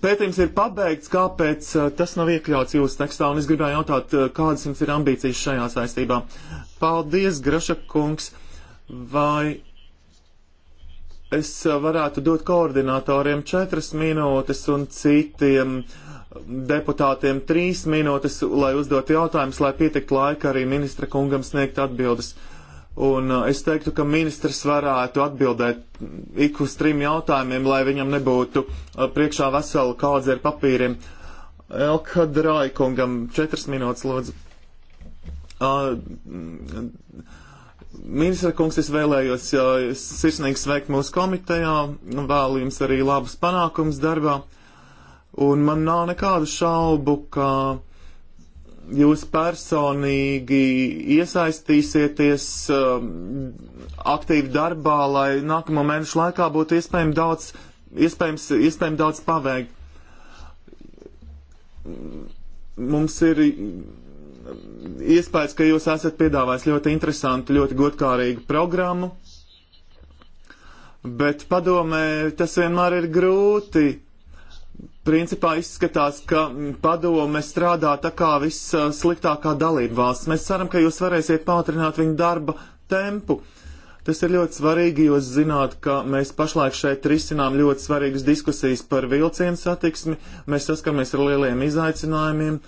pētījums ir pabeigts, kāpēc uh, tas nav iekļauts jūsu tekstā, un es gribēju jautāt, uh, kādas jums ir ambīcijas šajā saistībā. Paldies, Graša kungs, vai es uh, varētu dot koordinatoriem četras minūtes un citiem uh, deputātiem trīs minūtes, lai uzdot jautājumus, lai pietiktu laika arī ministra kungam sniegt atbildes. Un uh, es teiktu, ka ministrs varētu atbildēt ik uz trim jautājumiem, lai viņam nebūtu uh, priekšā vesela kaudze ar papīriem. Elka Draikungam četras minūtes, lūdzu. Uh, Ministra kungs, es vēlējos uh, sirsnīgi sveikt mūsu komitejā, vēlu jums arī labus panākumus darbā. Uh, Un man nav nekādu šaubu, ka jūs personīgi iesaistīsieties um, aktīvi darbā, lai nākamo mēnešu laikā būtu iespējams daudz, iespējams, iespējams daudz paveikt. Mums ir iespējas, ka jūs esat piedāvājis ļoti interesantu, ļoti godkārīgu programmu, bet padomē, tas vienmēr ir grūti principā izskatās, ka mm, padome strādā tā kā vissliktākā dalība valsts. Mēs ceram, ka jūs varēsiet pātrināt viņu darba tempu. Tas ir ļoti svarīgi, jo zināt, ka mēs pašlaik šeit risinām ļoti svarīgas diskusijas par vilcienu satiksmi, mēs saskaramies ar lieliem izaicinājumiem,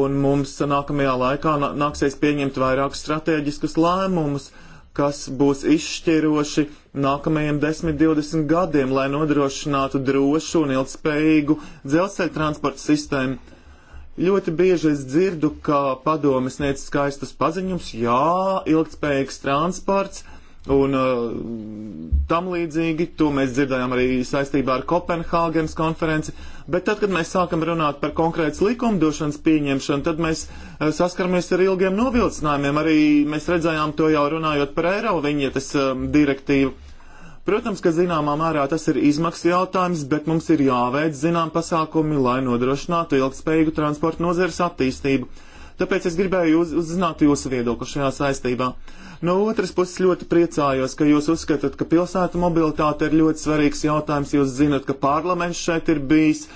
un mums nākamajā laikā nāksies pieņemt vairākus strateģiskus lēmumus, kas būs izšķiroši nākamajiem 10-20 gadiem, lai nodrošinātu drošu un ilgspējīgu dzelzceļa transporta sistēmu. Ļoti bieži es dzirdu, ka padomi sniedz skaistus paziņums, jā, ilgspējīgs transports un uh, tam līdzīgi, to mēs dzirdējām arī saistībā ar Kopenhāgenes konferenci, bet tad, kad mēs sākam runāt par konkrētas likumdošanas pieņemšanu, tad mēs uh, saskaramies ar ilgiem novilcinājumiem, arī mēs redzējām to jau runājot par Eiroviņietes uh, um, direktīvu Protams, ka zināmā mērā tas ir izmaksu jautājums, bet mums ir jāveic zinām pasākumi, lai nodrošinātu ilgspējīgu transporta nozares attīstību. Tāpēc es gribēju uz, uzzināt jūsu viedokli šajā saistībā. No otras puses ļoti priecājos, ka jūs uzskatāt, ka pilsētu mobilitāte ir ļoti svarīgs jautājums. Jūs zinat, ka parlaments šeit ir bijis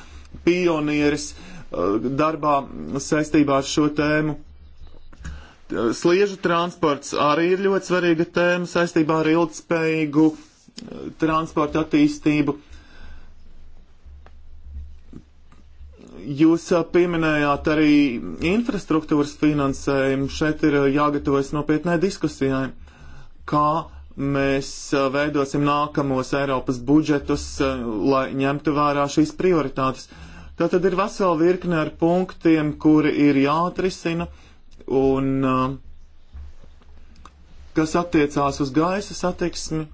pionieris uh, darbā saistībā ar šo tēmu. Sliežu transports arī ir ļoti svarīga tēma saistībā ar ilgspējīgu transporta attīstību. Jūs uh, pieminējāt arī infrastruktūras finansējumu. Šeit ir uh, jāgatavojas nopietnai diskusijai, kā mēs uh, veidosim nākamos Eiropas budžetus, lai ņemtu vērā šīs prioritātes. Tā tad ir vesela virkne ar punktiem, kuri ir jāatrisina, un kas attiecās uz gaisa satiksmi,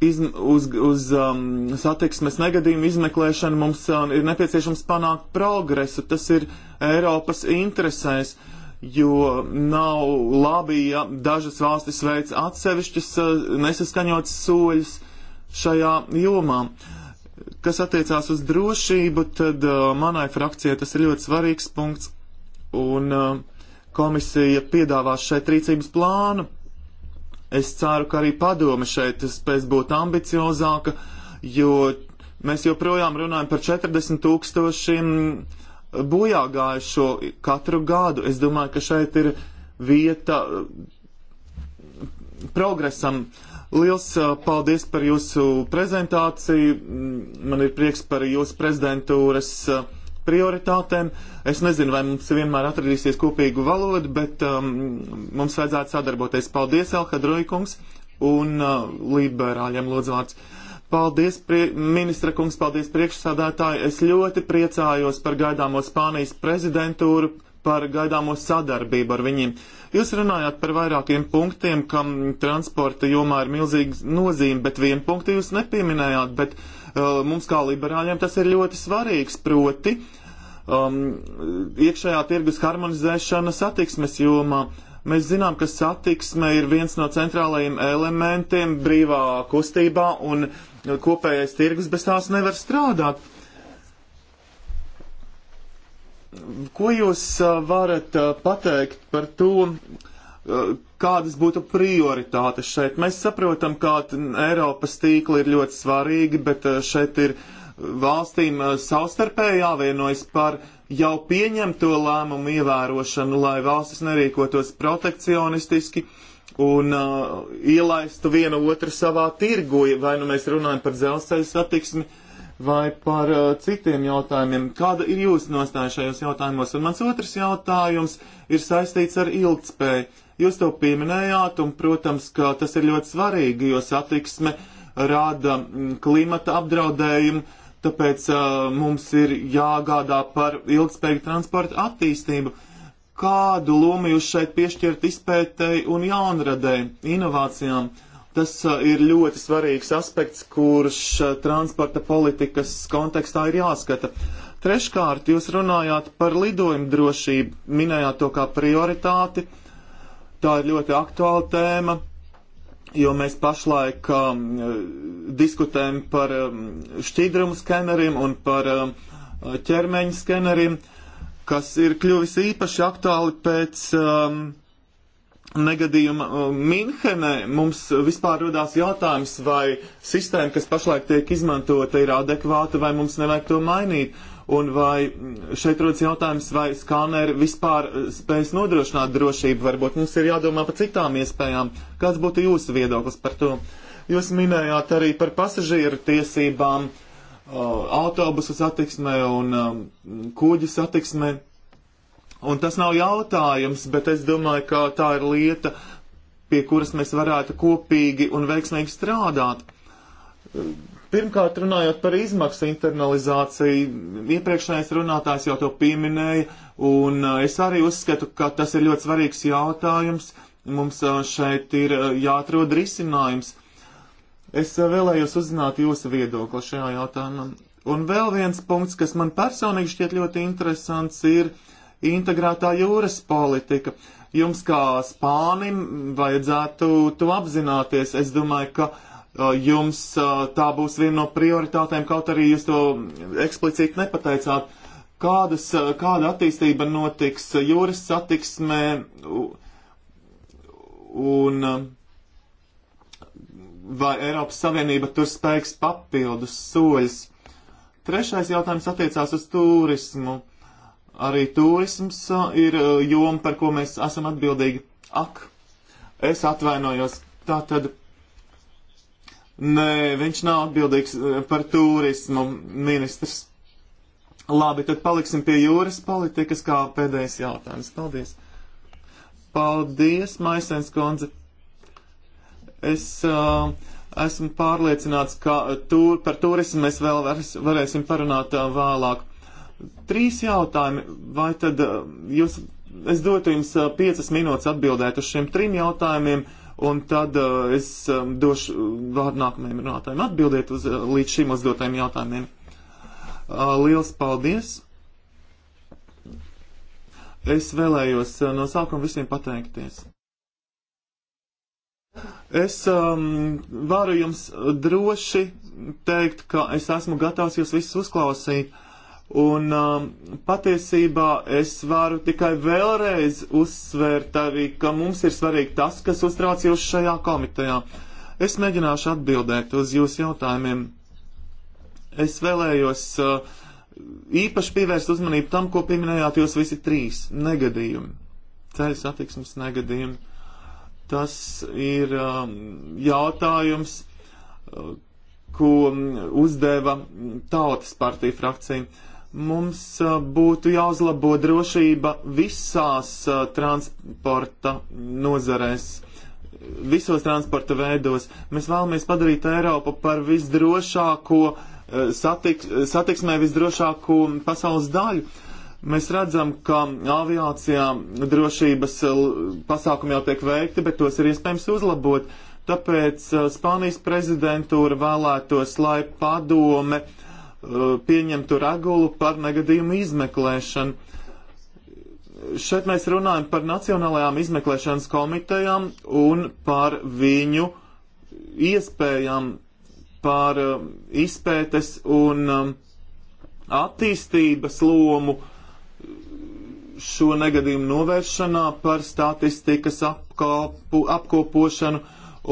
iz, uz, uz um, satiksmes negadījumu izmeklēšanu mums um, ir nepieciešams panākt progresu. Tas ir Eiropas interesēs, jo nav labi, ja dažas valstis veic atsevišķus uh, nesaskaņots soļus šajā jomā. Kas attiecās uz drošību, tad uh, manai frakcijai tas ir ļoti svarīgs punkts, un uh, komisija piedāvās šeit rīcības plānu Es ceru, ka arī padome šeit spēs būt ambiciozāka, jo mēs joprojām runājam par 40 tūkstošiem bojā gājušo katru gadu. Es domāju, ka šeit ir vieta progresam. Liels uh, paldies par jūsu prezentāciju. Man ir prieks par jūsu prezidentūras uh, prioritātēm. Es nezinu, vai mums vienmēr atradīsies kopīgu valodu, bet um, mums vajadzētu sadarboties. Paldies, Elka Drojkungs un uh, liberāļiem lūdzu vārds. Paldies, prie, ministra kungs, paldies priekšsādātāji. Es ļoti priecājos par gaidāmo Spānijas prezidentūru, par gaidāmo sadarbību ar viņiem. Jūs runājāt par vairākiem punktiem, kam transporta jomā ir milzīga nozīme, bet vienu punktu jūs nepieminējāt, bet uh, Eh, mums kā liberāļiem tas ir ļoti svarīgs, proti um, iekšējā tirgus harmonizēšana satiksmes jomā. Mēs zinām, ka satiksme ir viens no centrālajiem elementiem brīvā kustībā un kopējais tirgus bez tās nevar strādāt. Ko jūs eh, varat eh, pateikt par to, kādas būtu prioritātes šeit. Mēs saprotam, ka Eiropas tīkli ir ļoti svarīgi, bet eh, šeit ir valstīm eh, savstarpēji jāvienojas par jau pieņemto lēmumu ievērošanu, lai valstis nerīkotos protekcionistiski un uh, ielaistu vienu otru savā tirgu, vai nu mēs runājam par dzelzceļa satiksmi vai par uh, citiem jautājumiem. Kāda ir jūsu nostāja šajos jautājumos? Un mans otrs jautājums ir saistīts ar ilgtspēju Jūs to pieminējāt, un, protams, ka tas ir ļoti svarīgi, jo satiksme rāda mm, klimata apdraudējumu, tāpēc uh, mums ir jāgādā par ilgspējīgu transporta attīstību. Kādu lomu jūs šeit piešķirt izpētēji un jaunradēji, inovācijām? Tas ir ļoti svarīgs aspekts, kurš transporta politikas kontekstā ir jāskata. Treškārt, jūs runājāt par lidojumu drošību, minējāt to kā prioritāti. Uh, Tā ir ļoti aktuāla tēma, jo mēs pašlaik um, diskutējam par um, šķidrumu skeneriem un par um, ķermeņa skeneriem, kas ir kļuvis īpaši aktuāli pēc. Um, negadījuma uh, Minhenē mums vispār rodās jautājums, vai sistēma, kas pašlaik tiek izmantota, ir adekvāta, vai mums nevajag to mainīt. Un vai mm, šeit rodas jautājums, vai skaneri vispār eh, spēs nodrošināt drošību? Varbūt mums ir jādomā par citām iespējām. Kāds būtu jūsu viedoklis par to? Jūs minējāt arī par pasažieru tiesībām, eh, autobusu satiksmē un eh, kuģi satiksmē. Un tas nav jautājums, bet es domāju, ka tā ir lieta, pie kuras mēs varētu kopīgi un veiksmīgi strādāt Pirmkārt, runājot par izmaksu internalizāciju, iepriekšējais runātājs jau to pieminēja, un uh, es arī uzskatu, ka tas ir ļoti svarīgs jautājums. Mums uh, šeit ir uh, jāatrod risinājums. Es vēlējos uzzināt jūsu viedokli šajā jautājumā. Un vēl viens punkts, kas man personīgi šķiet ļoti interesants, ir integrētā jūras politika. Jums kā spānim vajadzētu to apzināties. Es domāju, ka Uh, jums uh, tā būs viena no prioritātēm, kaut arī jūs to eksplicīti nepateicāt. Kādas, uh, kāda attīstība notiks jūras satiksmē un vai Eiropas Savienība tur spēks papildus soļus? Trešais jautājums attiecās uz turismu. Arī turisms ir joma, par ko mēs esam atbildīgi. Ak, es atvainojos. Tātad Nē, viņš nav atbildīgs eh, par turismu ministrs. Labi, tad paliksim pie jūras politikas kā pēdējais jautājums. Paldies. Paldies, Maisens Konze. Es uh, esmu pārliecināts, ka tur, par turismu mēs vēl varas, varēsim parunāt uh, vēlāk. Trīs jautājumi. Vai tad uh, jūs, es dotu jums uh, piecas minūtes atbildēt uz šiem trim jautājumiem. Uh, Un tad uh, es um, došu vārdu nākamajam runātājiem atbildēt uz uh, līdz šim uzdotajiem jautājumiem. Uh, liels paldies! Es vēlējos uh, no sākuma visiem pateikties. Es um, varu jums droši teikt, ka es esmu gatavs jūs visus uzklausīt. Uh, Un um, patiesībā es varu tikai vēlreiz uzsvērt arī, ka mums ir svarīgi tas, kas uztrauc jūs šajā komitejā. Es mēģināšu atbildēt uz jūsu jautājumiem. Es vēlējos uh, īpaši pievērst uzmanību tam, ko pieminējāt jūs visi trīs - negadījumi, ceļu satiksmes negadījumi. Tas ir um, jautājums, uh, ko mm, uzdeva Tautas partija frakcija. Uh, mums būtu jāuzlabo drošība visās transporta nozarēs, visos transporta veidos. Mēs vēlamies padarīt Eiropu par visdrošāko satik, satiksmē, visdrošāko pasaules daļu. Mēs redzam, ka aviācijā drošības pasākumi jau tiek veikti, bet tos ir iespējams uzlabot. Tāpēc Spānijas prezidentūra vēlētos, lai padome uh, Uh, pieņemtu regulu par negadījumu izmeklēšanu. Šeit mēs runājam par nacionālajām izmeklēšanas komitejām un par viņu iespējām, par uh, izpētes un um, attīstības lomu šo negadījumu novēršanā, par statistikas apkopu, apkopošanu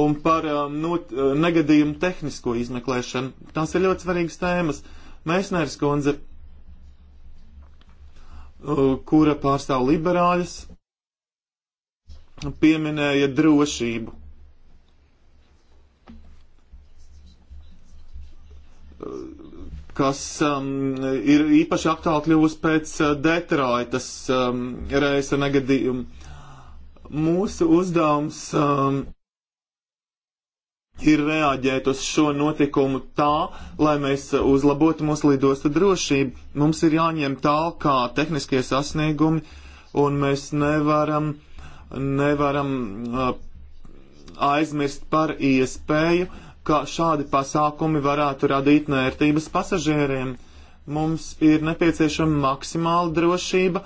un par uh, not, negadījumu tehnisko izmeklēšanu. Tās ir ļoti svarīgas tēmas. Uh, Meisners kundze, uh, kura pārstāv liberāļus, pieminēja drošību. kas um, ir īpaši aktuāli kļuvusi pēc uh, Detroitas um, reisa negadījuma. Mūsu uzdevums um, ir reaģēt uz šo notikumu tā, lai mēs uzlabotu mūsu lidostu drošību. Mums ir jāņem tālāk kā tehniskie sasniegumi, un mēs nevaram, nevaram uh, aizmirst par iespēju, ka šādi pasākumi varētu radīt nērtības pasažieriem. Mums ir nepieciešama maksimāla drošība,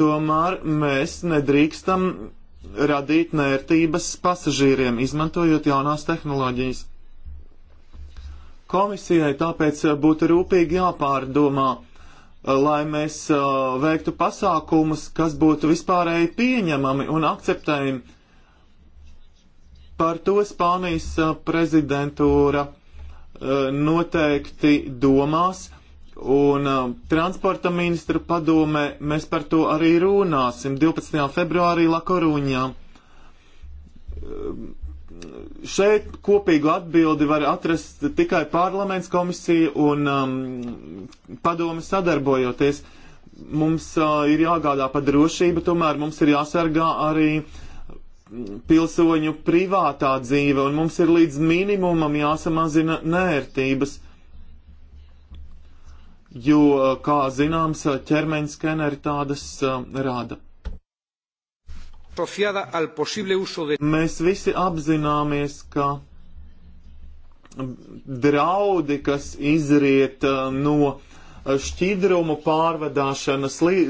tomēr mēs nedrīkstam radīt nērtības pasažīriem, izmantojot jaunās tehnoloģijas. Komisijai tāpēc eh, būtu rūpīgi jāpārdomā, eh, lai mēs eh, veiktu pasākumus, kas būtu vispārēji pieņemami un akceptējami. Par to Spānijas prezidentūra noteikti domās Un uh, transporta ministra padomē mēs par to arī runāsim 12. februārī Lakorūņā. Uh, um, šeit kopīgu atbildi var atrast tikai parlaments komisija un um, padome sadarbojoties. Mums uh, ir jāgādā par drošību, tomēr mums ir jāsargā arī pilsoņu privātā dzīve, un mums ir līdz minimumam jāsamazina nērtības jo, kā zināms, ķermeņa skeneri tādas rada. Mēs visi apzināmies, ka draudi, kas izriet no šķidrumu pārvadāšanas li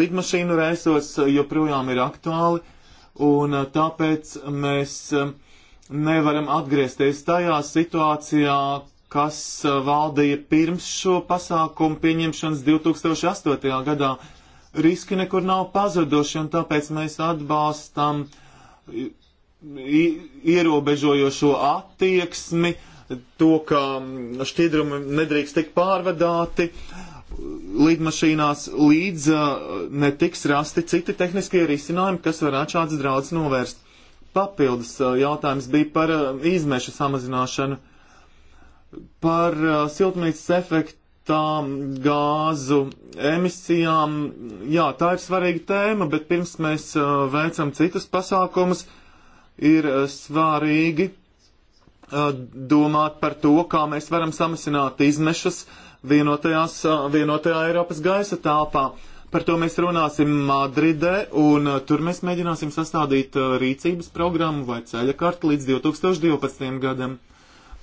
lidmašīnu reisos, joprojām ir aktuāli, un tāpēc mēs nevaram atgriezties tajā situācijā, kas uh, valdīja pirms šo pasākumu pieņemšanas 2008. gadā. Riski nekur nav pazuduši, un tāpēc mēs atbalstam ierobežojošo attieksmi, to, ka mm, šķidrumi nedrīkst tikt pārvadāti lidmašīnās, līdz uh, netiks rasti citi tehniskie risinājumi, kas varētu šāds draudz novērst. Papildus uh, jautājums bija par izmešu samazināšanu par uh, siltumnīcas efekta gāzu emisijām. Jā, tā ir svarīga tēma, bet pirms mēs uh, veicam citus pasākumus, ir uh, svarīgi domāt par to, kā mēs varam samazināt izmešas vienotajās, vienotajā Eiropas gaisa telpā. Par to mēs runāsim Madridē, un tur mēs mēģināsim sastādīt rīcības programmu vai ceļa kartu līdz 2012. gadam.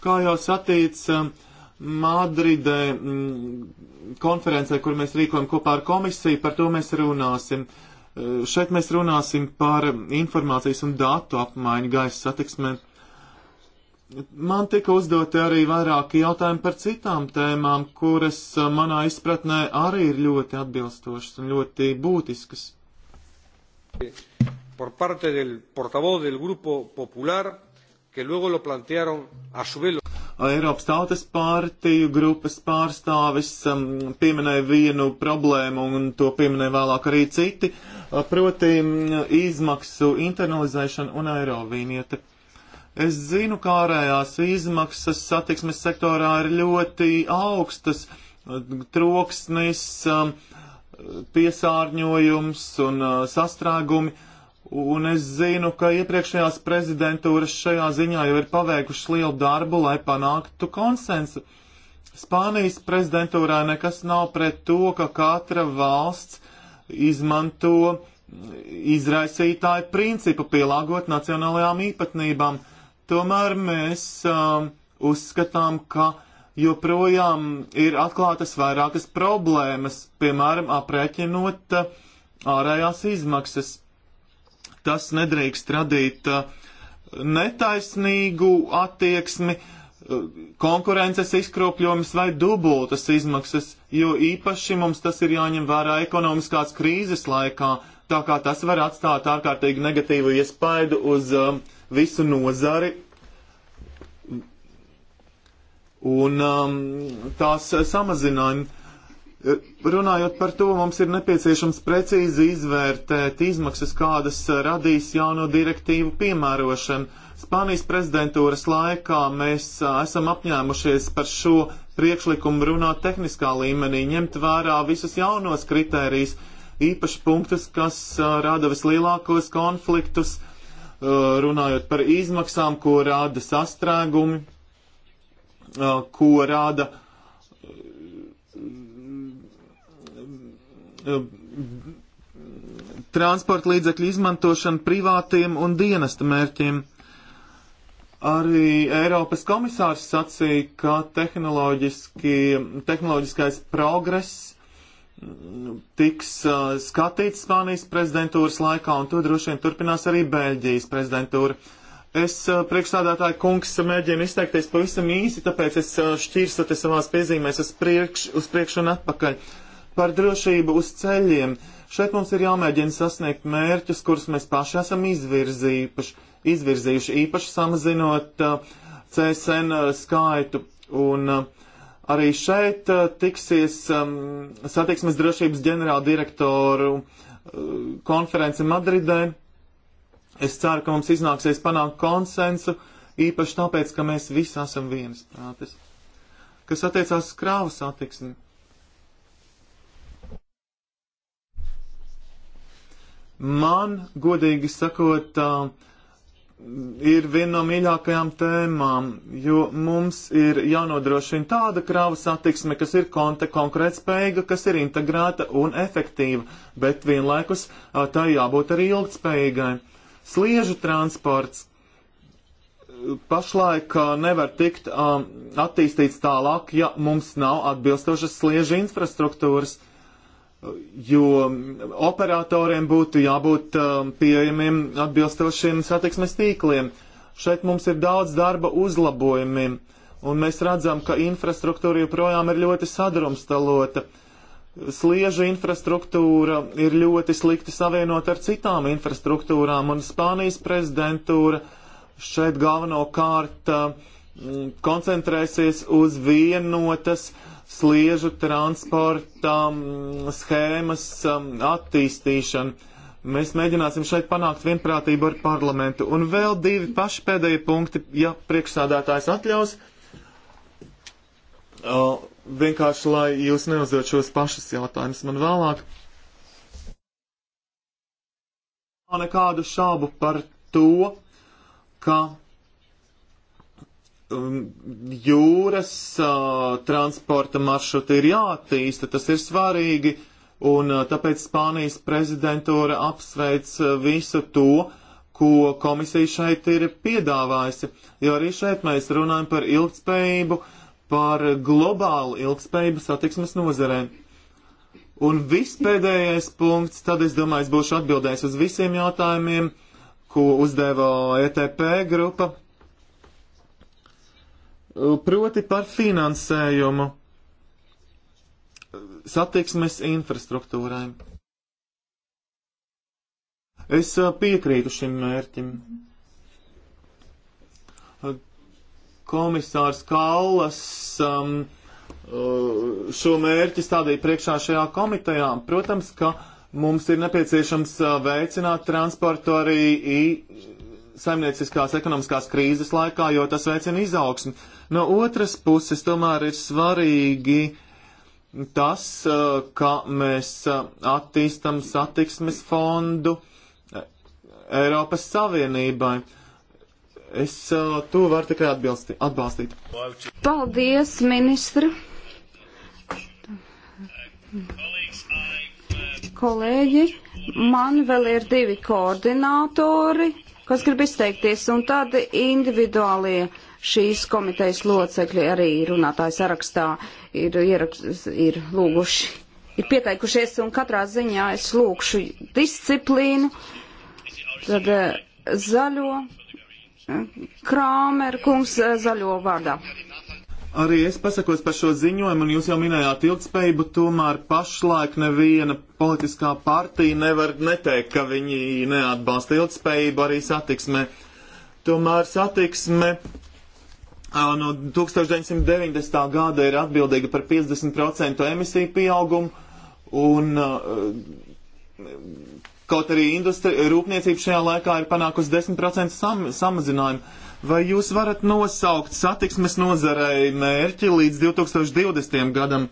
Kā jau satīts, um, Madridē mm, konferencē, kur mēs rīkojam kopā ar komisiju, par to mēs runāsim. Uh, šeit mēs runāsim par informācijas un datu apmaiņu gaisa satiksmē. Man tika uzdoti arī vairāki jautājumi par citām tēmām, kuras uh, manā izpratnē arī ir ļoti atbilstošas un ļoti būtiskas. Por parte del portavoz del Grupo Popular que luego lo plantearon a su vez. Eiropas Tautas partiju grupas pārstāvis um, pieminēja vienu problēmu, un to pieminēja vēlāk arī citi, uh, proti um, izmaksu internalizēšana un eiro vīnieta. Es zinu, kā ārējās izmaksas satiksmes sektorā ir ļoti augstas, troksnis, um, piesārņojums un uh, sastrēgumi. Uh, Un es zinu, ka iepriekšējās prezidentūras šajā ziņā jau ir paveikušas lielu darbu, lai panāktu konsensu. Spānijas prezidentūrā nekas nav pret to, ka katra valsts izmanto izraisītāju principu pielāgot nacionālajām īpatnībām. Tomēr mēs um, uzskatām, ka joprojām ir atklātas vairākas problēmas, piemēram, aprēķinot uh, ārējās izmaksas tas nedrīkst radīt uh, netaisnīgu attieksmi, uh, konkurences izkropļojumus vai dubultas izmaksas, jo īpaši mums tas ir jāņem vērā ekonomiskās krīzes laikā, tā kā tas var atstāt ārkārtīgi negatīvu iespaidu uz um, visu nozari un um, tās samazinājumi. E, runājot par to, mums ir nepieciešams precīzi izvērtēt izmaksas, kādas radīs jauno direktīvu piemērošana. Spānijas prezidentūras laikā mēs esam apņēmušies par šo priekšlikumu runāt tehniskā līmenī, ņemt vērā visus jaunos kritērijus, īpaši punktus, kas rada vislielākos konfliktus, runājot par izmaksām, ko rada sastrēgumi, ko rada Eh, transporta līdzekļu izmantošanu privātiem un dienesta mērķiem. Arī Eiropas komisārs sacīja, ka tehnoloģiskais progress mm, tiks uh, skatīts Spānijas prezidentūras laikā, un to droši vien turpinās arī Bēļģijas prezidentūra. Es, uh, eh, priekšstādātāji kungs, mēģinu izteikties pavisam īsi, tāpēc es uh, šķirstu te savās piezīmēs uz priekšu uz priekš un atpakaļ. Uh, Par drošību uz ceļiem. Šeit mums ir jāmēģina sasniegt mērķus, kurus mēs paši esam izvirzījuši, izvirzījuši īpaši samazinot uh, CSN uh, skaitu. Un uh, arī šeit uh, tiksies um, satiksmes drošības ģenerāla direktoru uh, konference Madridē. Es ceru, ka mums iznāksies panākt konsensu, īpaši tāpēc, ka mēs visi esam vienas prātes. Kas attiecās uz krāvas attiksmi, Man, godīgi sakot, ir viena no mīļākajām tēmām, jo mums ir jānodrošina tāda kravas attiksme, kas ir konta konkurētspējīga, kas ir integrēta un efektīva, bet vienlaikus tā jābūt arī ilgtspējīgai. Sliežu transports pašlaik nevar tikt um, attīstīts tālāk, ja mums nav atbilstošas sliežu infrastruktūras. Uh, jo operatoriem būtu jābūt um, pieejamiem atbilstošiem satiksmes tīkliem. Šeit mums ir daudz darba uzlabojumiem, un mēs redzam, ka infrastruktūra joprojām ir ļoti sadrumstalota. Sliežu infrastruktūra ir ļoti slikti savienot ar citām infrastruktūrām, un Spānijas prezidentūra šeit galvenokārt um, koncentrēsies uz vienotas uh, sliežu transportam, schēmas um, attīstīšanu. Mēs mēģināsim šeit panākt vienprātību ar parlamentu. Un vēl divi paši pēdējie punkti, ja priekšsādātājs atļaus. Uh, vienkārši, lai jūs neuzdot šos pašus jautājumus man vēlāk. Nav nekādu šaubu par to, ka Um, jūras uh, transporta maršruti ir jātīsta, tas ir svarīgi, un uh, tāpēc Spānijas prezidentūra apsveic uh, visu to, ko komisija šeit ir piedāvājusi, jo arī šeit mēs runājam par ilgspējību, par globālu ilgspējību satiksmes nozarē. Un vispēdējais punkts, tad es domāju, es būšu atbildējis uz visiem jautājumiem, ko uzdeva ETP grupa proti par finansējumu satiksmes infrastruktūrai. Es uh, piekrītu šim mērķim. Komisārs Kallas um, uh, šo mērķi stādīja priekšā šajā komitejā. Protams, ka mums ir nepieciešams uh, veicināt transportu arī saimnieciskās ekonomiskās krīzes laikā, jo tas veicina izaugsmu. Uh, No otras puses, tomēr ir svarīgi tas, eh, ka mēs eh, attīstam satiksmes fondu eh, Eiropas Savienībai. Es to varu tikai atbilsti, atbalstīt. Paldies, ministra! Kolēģi, man vēl ir divi koordinātori, kas grib izteikties, un tad individuālie šīs komitejas locekļi arī runātāju sarakstā ir, ierakst, ir lūguši, ir pieteikušies, un katrā ziņā es lūkšu disciplīnu, tad eh, zaļo eh, krāmer kungs eh, zaļo vārdā. Arī es pasakos par šo ziņojumu, un jūs jau minējāt ilgspējību, tomēr pašlaik neviena politiskā partija nevar neteikt, ka viņi neatbalsta ilgspējību arī satiksmē. Tomēr satiksme no 1990. gada ir atbildīga par 50% emisiju pieaugumu, un eh, kaut arī industri, rūpniecība šajā laikā ir panākusi 10% sam, samazinājumu. Vai jūs varat nosaukt satiksmes nozarei mērķi līdz 2020. gadam?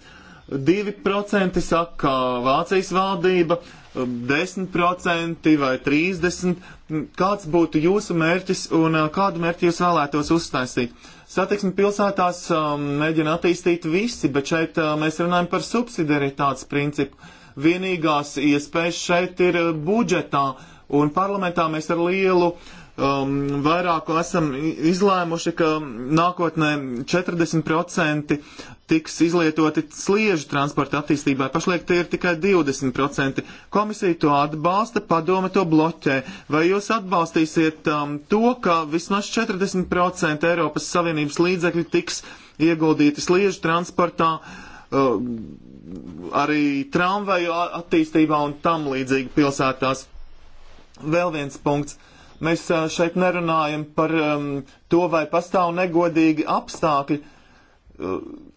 2% saka Vācijas valdība, 10% vai 30%. Kāds būtu jūsu mērķis un eh, kādu mērķi jūs vēlētos uztaisīt? Satiksmi pilsētās um, mēģina attīstīt visi, bet šeit uh, mēs runājam par subsidiaritātes principu. Vienīgās iespējas šeit ir uh, budžetā, un parlamentā mēs ar lielu um, vairāku esam izlēmuši, ka nākotnē 40% tiks izlietoti sliežu transporta attīstībai. Pašlaik tie ir tikai 20%. Komisija to atbalsta, padome to bloķē. Vai jūs atbalstīsiet um, to, ka vismaz 40% Eiropas Savienības līdzekļu tiks ieguldīti sliežu transportā, uh, arī tramvaju attīstībā un tam līdzīgi pilsētās? Vēl viens punkts. Mēs uh, šeit nerunājam par um, to, vai pastāv negodīgi apstākļi. Uh,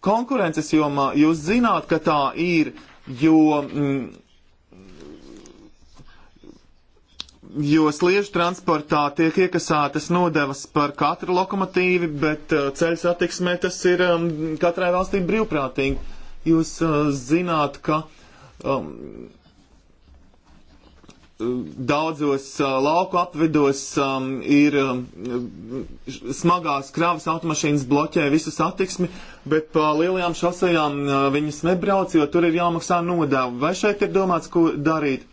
konkurences jomā jūs zināt, ka tā ir, jo, mm, jo sliežu transportā tiek iekasētas nodevas par katru lokomotīvi, bet uh, ceļu satiksmē tas ir um, katrai valstī brīvprātīgi. Jūs uh, zināt, ka um, daudzos uh, lauku apvidos um, ir um, smagās kravas automašīnas bloķē visu satiksmi, bet pa lielajām šosejām uh, viņas nebrauc, jo tur ir jāmaksā nodevu. Vai šeit ir domāts, ko darīt?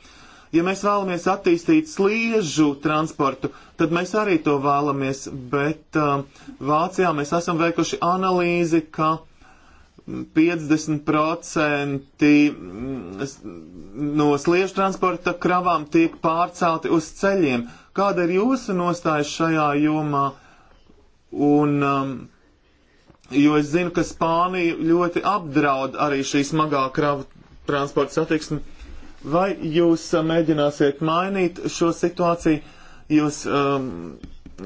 Ja mēs vēlamies attīstīt sliežu transportu, tad mēs arī to vēlamies, bet uh, Vācijā mēs esam veikuši analīzi, ka uh, 50% mm, no sliežu transporta kravām tiek pārcelti uz ceļiem. Kāda ir jūsu nostāja šajā jomā? Un, um, jo es zinu, ka Spānija ļoti apdraud arī šī smagā kravu transporta satiksmi. Vai jūs uh, mēģināsiet mainīt šo situāciju? Jūs, um,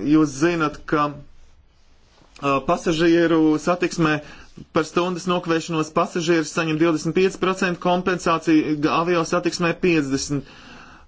jūs zinat, ka uh, pasažieru satiksmē uh, par stundas nokavēšanos pasažieris saņem 25% kompensāciju, avio satiksmē 50%.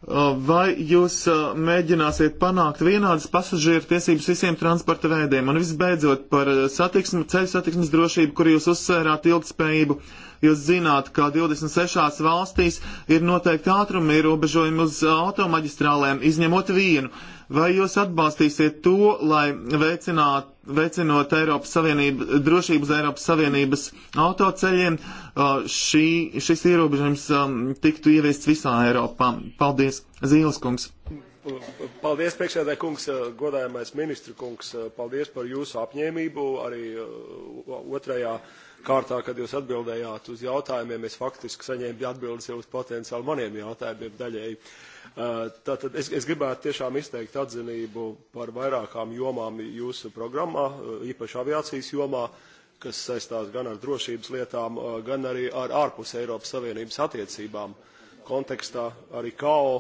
Uh, vai jūs uh, mēģināsiet panākt vienādas pasažieru tiesības visiem transporta veidiem? Un visbeidzot par uh, satiksmi, ceļu satiksmes drošību, kur jūs uzsvērāt ilgspējību. Jūs zināt, ka 26 valstīs ir noteikti ātrumi ierobežojumi uz automaģistrālēm, izņemot vienu. Uh, Vai jūs atbalstīsiet to, lai veicināt, veicinot Eiropas Savienību, drošības Eiropas Savienības autoceļiem, šī, šis ierobežojums tiktu ieviests visā Eiropā? Paldies, Zīles kungs! Paldies, priekšsēdē kungs, godājamais ministru kungs, paldies par jūsu apņēmību arī otrajā kārtā, kad jūs atbildējāt uz jautājumiem, es faktiski saņēmu atbildes jau uz potenciāli maniem jautājumiem daļēji. Uh, Tātad es, es gribētu tiešām izteikt atzinību par vairākām jomām jūsu programmā, īpaši aviācijas jomā, kas saistās gan ar drošības lietām, gan arī ar ārpus Eiropas Savienības attiecībām kontekstā arī KAO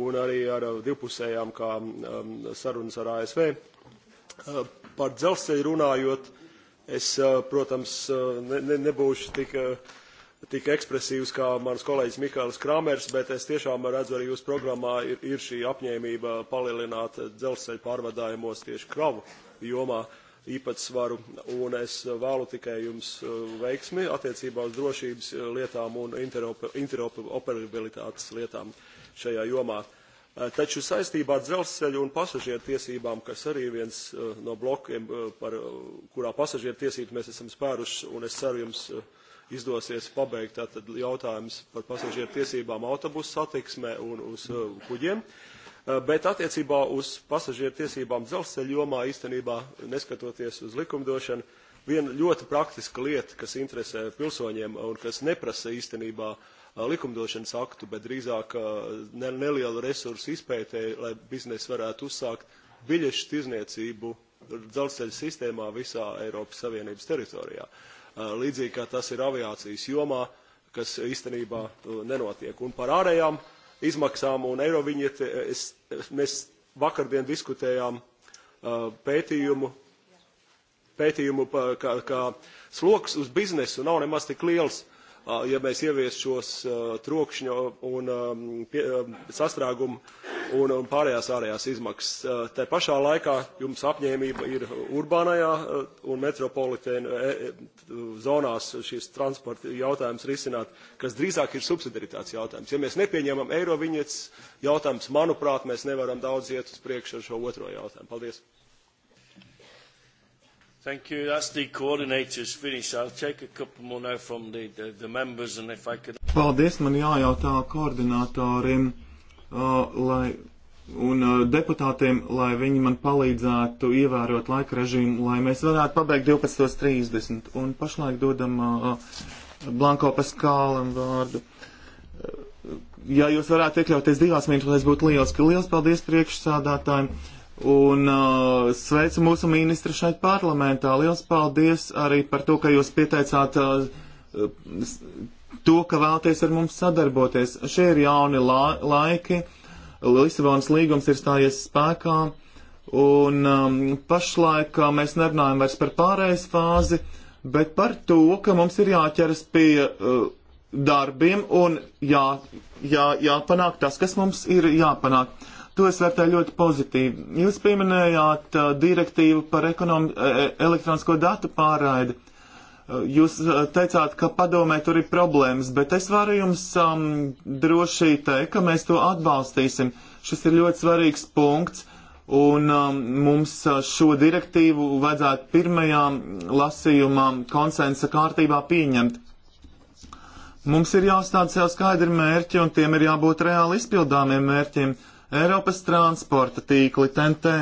un arī ar divpusējām kā um, sarunas ar ASV. Par dzelzceļu runājot, es, protams, ne, ne, nebūšu tik uh, tik ekspresīvs kā mans kolēģis Mikāls Kramers, bet es tiešām redzu arī jūsu programmā ir, ir šī apņēmība palielināt dzelzceļa pārvadājumos tieši kravu jomā īpatsvaru, un es vēlu tikai jums uh, veiksmi attiecībā uz drošības uh, lietām un interoperabilitātes lietām šajā jomā. Uh, taču saistībā ar dzelzceļu un pasažieru tiesībām, kas arī viens no blokiem, par kurā pasažieru tiesības mēs esam spēruši, un es ceru jums uh, izdosies pabeigt tātad jautājums par pasažieru tiesībām autobusu satiksmē un uz uh, kuģiem. Uh, bet attiecībā uz pasažieru tiesībām dzelzceļa jomā īstenībā, neskatoties uz likumdošanu, viena ļoti praktiska lieta, kas interesē pilsoņiem un kas neprasa īstenībā uh, likumdošanas aktu, bet drīzāk ne, nelielu resursu izpētēji, lai biznes varētu uzsākt biļešu tirzniecību dzelzceļa sistēmā visā Eiropas Savienības teritorijā. Uh, līdzīgi kā tas ir aviācijas jomā, kas īstenībā nenotiek. Un par ārējām izmaksām un eiroviņieti es, mēs vakardien diskutējām pētījumu, pētījumu kā, kā sloks uz biznesu nav nemaz tik liels ja mēs ievies šos trokšņu un pie, sastrēgumu un, un pārējās ārējās izmaksas. Te pašā laikā jums apņēmība ir urbānajā un metropolitēna e, e, zonās šīs transporta jautājums risināt, kas drīzāk ir subsidaritāts jautājums. Ja mēs nepieņemam eiroviņets jautājums, manuprāt, mēs nevaram daudz iet uz priekšu ar šo otro jautājumu. Paldies! Thank you. That's the coordinators finish. I'll take a couple more now from the, the, the members and if I could... Paldies, man jājautā koordinātoriem, uh, lai, un uh, deputātiem, lai viņi man palīdzētu ievērot laika režīmu, lai mēs varētu pabeigt 12.30. Un pašlaik dodam uh, uh Blanko Paskālam vārdu. Uh, ja jūs varētu iekļauties divās minūtēs, būtu lieliski. Liels paldies priekšsādātājiem. Un uh, sveicu mūsu ministru šeit parlamentā. Liels paldies arī par to, ka jūs pieteicāt uh, to, ka vēlties ar mums sadarboties. Šie ir jauni la laiki. Lisabonas līgums ir stājies spēkā. Un um, pašlaik uh, mēs nerunājam vairs par pārējais fāzi, bet par to, ka mums ir jāķeras pie uh, darbiem un jā, jā, jāpanāk tas, kas mums ir jāpanāk. Uh, To es vērtēju ļoti pozitīvi. Jūs pieminējāt uh, direktīvu par ekonom, e, e, elektronisko datu pārraidi. Uh, jūs uh, teicāt, ka padomē tur ir problēmas, bet es varu jums um, droši teikt, ka mēs to atbalstīsim. Šis ir ļoti svarīgs punkts, un um, mums uh, šo direktīvu vajadzētu pirmajām lasījumām konsensa kārtībā pieņemt. Mums ir jāstāda sev skaidri mērķi, un tiem ir jābūt reāli izpildāmiem mērķiem. Uh, Eiropas transporta tīkli TNT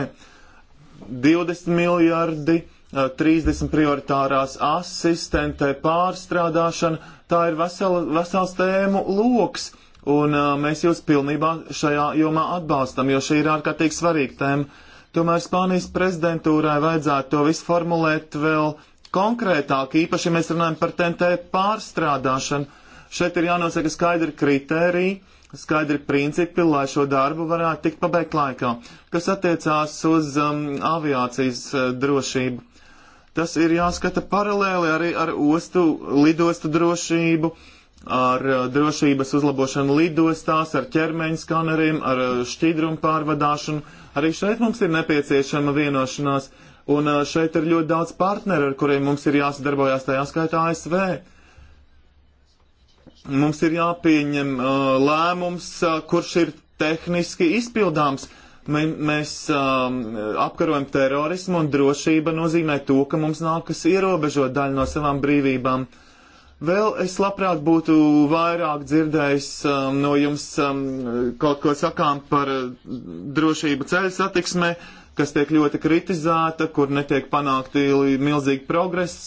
20 miljardi, 30 prioritārās asis, TNT pārstrādāšana, tā ir vesela, vesels tēmu loks. Un uh, mēs jūs pilnībā šajā jomā atbalstam, jo šī ir ārkārtīgi svarīga tēma. Tomēr Spānijas prezidentūrai vajadzētu to visu formulēt vēl konkrētāk, īpaši, ja mēs runājam par TNT pārstrādāšanu. Šeit ir jānosaka skaidri kriteriji, skaidri principi, lai šo darbu varētu tikt pabeigt laikā, kas attiecās uz um, aviācijas uh, drošību. Tas ir jāskata paralēli arī ar ostu lidostu drošību, ar uh, drošības uzlabošanu lidostās, ar ķermeņa skaneriem, ar uh, šķidrumu pārvadāšanu. Arī šeit mums ir nepieciešama vienošanās, un uh, šeit ir ļoti daudz partneru, ar kuriem mums ir jāsadarbojas, tajā skaitā ASV mums ir jāpieņem uh, lēmums, uh, kurš ir tehniski izpildāms. M mēs um, apkarojam terorismu un drošība nozīmē to, ka mums nākas ierobežot daļu no savām brīvībām. Vēl es labprāt būtu vairāk dzirdējis um, no jums um, kaut ko sakām par uh, drošību ceļu satiksmē, kas tiek ļoti kritizēta, kur netiek panākti milzīgi progress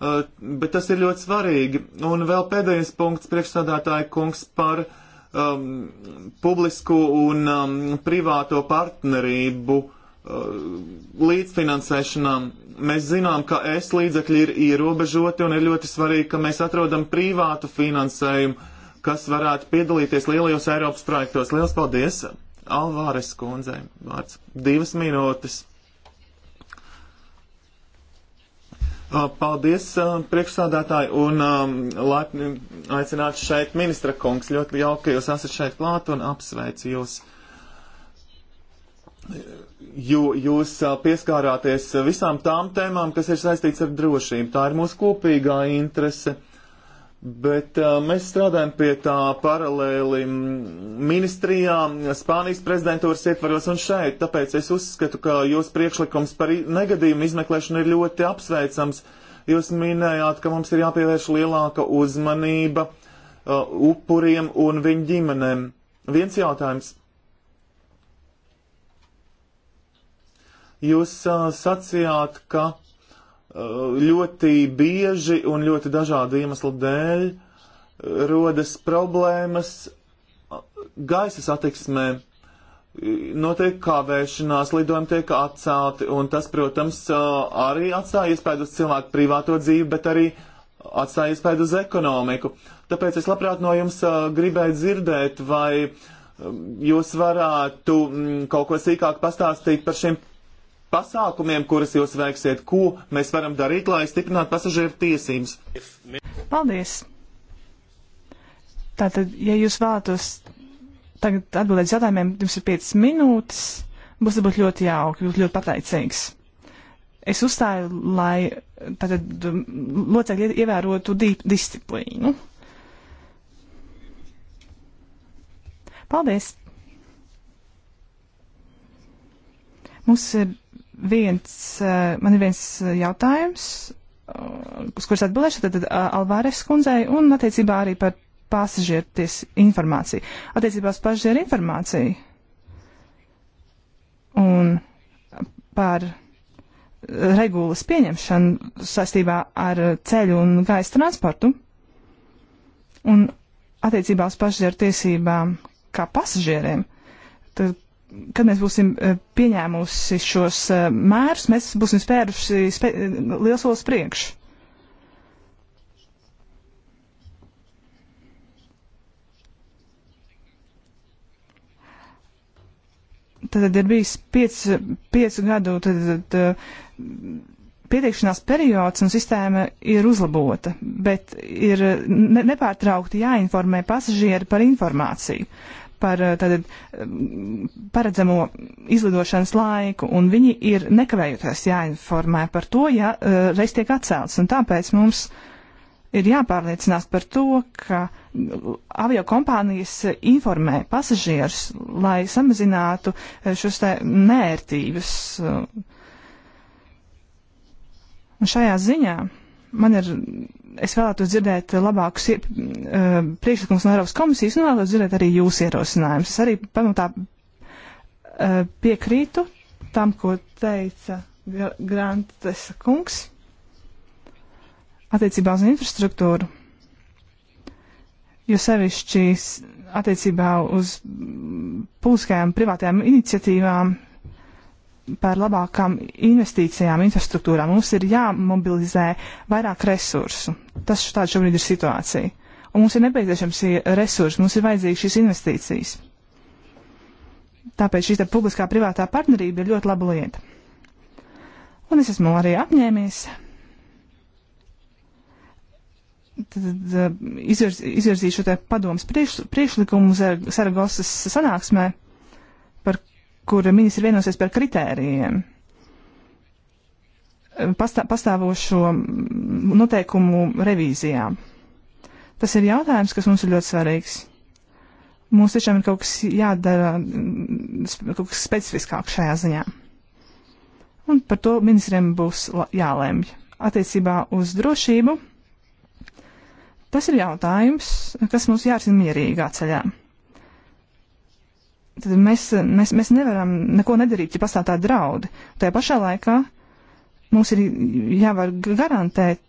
Eh, bet tas ir ļoti svarīgi. Un vēl pēdējais punkts priekšsādātāja kungs par um, publisku un um, privāto partnerību um, eh, līdzfinansēšanām. Mēs zinām, ka es līdzekļi ir ierobežoti un ir ļoti svarīgi, ka mēs atrodam privātu finansējumu, kas varētu piedalīties lielajos Eiropas projektos. Liels paldies! Alvāres kundzei vārds. Divas minūtes. Uh, paldies, uh, priekšsādātāji, un um, laipni aicināts šeit ministra kungs. Ļoti jauki, ka jūs esat šeit klāt un apsveicu jūs. Jo jūs uh, pieskārāties visām tām tēmām, kas ir saistīts ar drošību. Tā ir mūsu kopīgā interese. Uh, Bet uh, mēs strādājam pie tā paralēli ministrijām, Spānijas prezidentūras ietvaros un šeit, tāpēc es uzskatu, ka jūs priekšlikums par negadījumu izmeklēšanu ir ļoti apsveicams. Jūs minējāt, ka mums ir jāpievērš lielāka uzmanība uh, upuriem un viņu ģimenēm. Viens jautājums. Jūs uh, sacījāt, ka Eh, ļoti bieži un ļoti dažādu iemeslu dēļ eh, rodas problēmas eh, gaisa satiksmē. Notiek kavēšanās, lidojumi tiek atcelti, un tas, protams, arī atstāja iespēju uz cilvēku privāto dzīvi, bet arī atstāja iespēju uz ekonomiku. Tāpēc es labprāt no jums gribēju dzirdēt, vai jūs varētu mm, kaut ko sīkāk pastāstīt par šiem pasākumiem, kuras jūs veiksiet, ko mēs varam darīt, lai stiprinātu pasažieru tiesības. Paldies! Tātad, ja jūs vēlatos tagad atbildēt jautājumiem, jums ir 5 minūtes, būs būt ļoti jauki, būs ļoti pateicīgs. Es uzstāju, lai tātad locekļi ievērotu di disciplīnu. Paldies! Mums ir viens, eh, man ir viens eh, jautājums, eh, uz kuras atbildēšu, tad, tad Alvāres kundzei un attiecībā arī par pasažieru ties informāciju. Attiecībā uz pasažieru informāciju un par regulas pieņemšanu saistībā ar ceļu un gaisa transportu un attiecībā uz pasažieru tiesībām kā pasažieriem. Tad kad mēs būsim eh, pieņēmusi šos eh, mērus, mēs būsim spēruši spē, eh, liels solis priekš. Tad ir bijis piecu, piecu gadu tad, tad, pieteikšanās periods un sistēma ir uzlabota, bet ir ne, nepārtraukti jāinformē pasažieri par informāciju par eh, tātad, mm, paredzamo izlidošanas laiku, un viņi ir nekavējoties jāinformē par to, ja eh, reiz tiek atcelts. Un tāpēc mums ir jāpārliecinās par to, ka mm, avio kompānijas informē pasažierus, lai samazinātu eh, šos te nērtības. Un šajā ziņā man ir es vēlētos dzirdēt labākus uh, priekšlikumus no Eiropas komisijas, un vēlētos dzirdēt arī jūsu ierosinājumus. Es arī pamatā uh, piekrītu tam, ko teica Grantes kungs attiecībā uz infrastruktūru, jo sevišķi attiecībā uz publiskajām privātajām iniciatīvām par labākām investīcijām infrastruktūrā. Mums ir jāmobilizē vairāk resursu. Tas tāda šobrīd ir situācija. Un mums ir nepieciešams šie resursi, mums ir vajadzīgas šīs investīcijas. Tāpēc šī publiskā privātā partnerība ir ļoti laba lieta. Un es esmu arī apņēmies tad, izvirz, izvirzīšu te padomus priekš, priekšlikumu Saragosas sanāksmē, par kur ministri vienosies par kritērijiem pastā, pastāvošo noteikumu revīzijā. Tas ir jautājums, kas mums ir ļoti svarīgs. Mums tiešām ir kaut kas jādara, kaut kas specifiskāk šajā ziņā. Un par to ministriem būs jālēmj. Attiecībā uz drošību tas ir jautājums, kas mums jārisina mierīgā ceļā tad mēs, mēs, mēs nevaram neko nedarīt, ja pastāv tā draudi. Tajā pašā laikā mums ir jāvar garantēt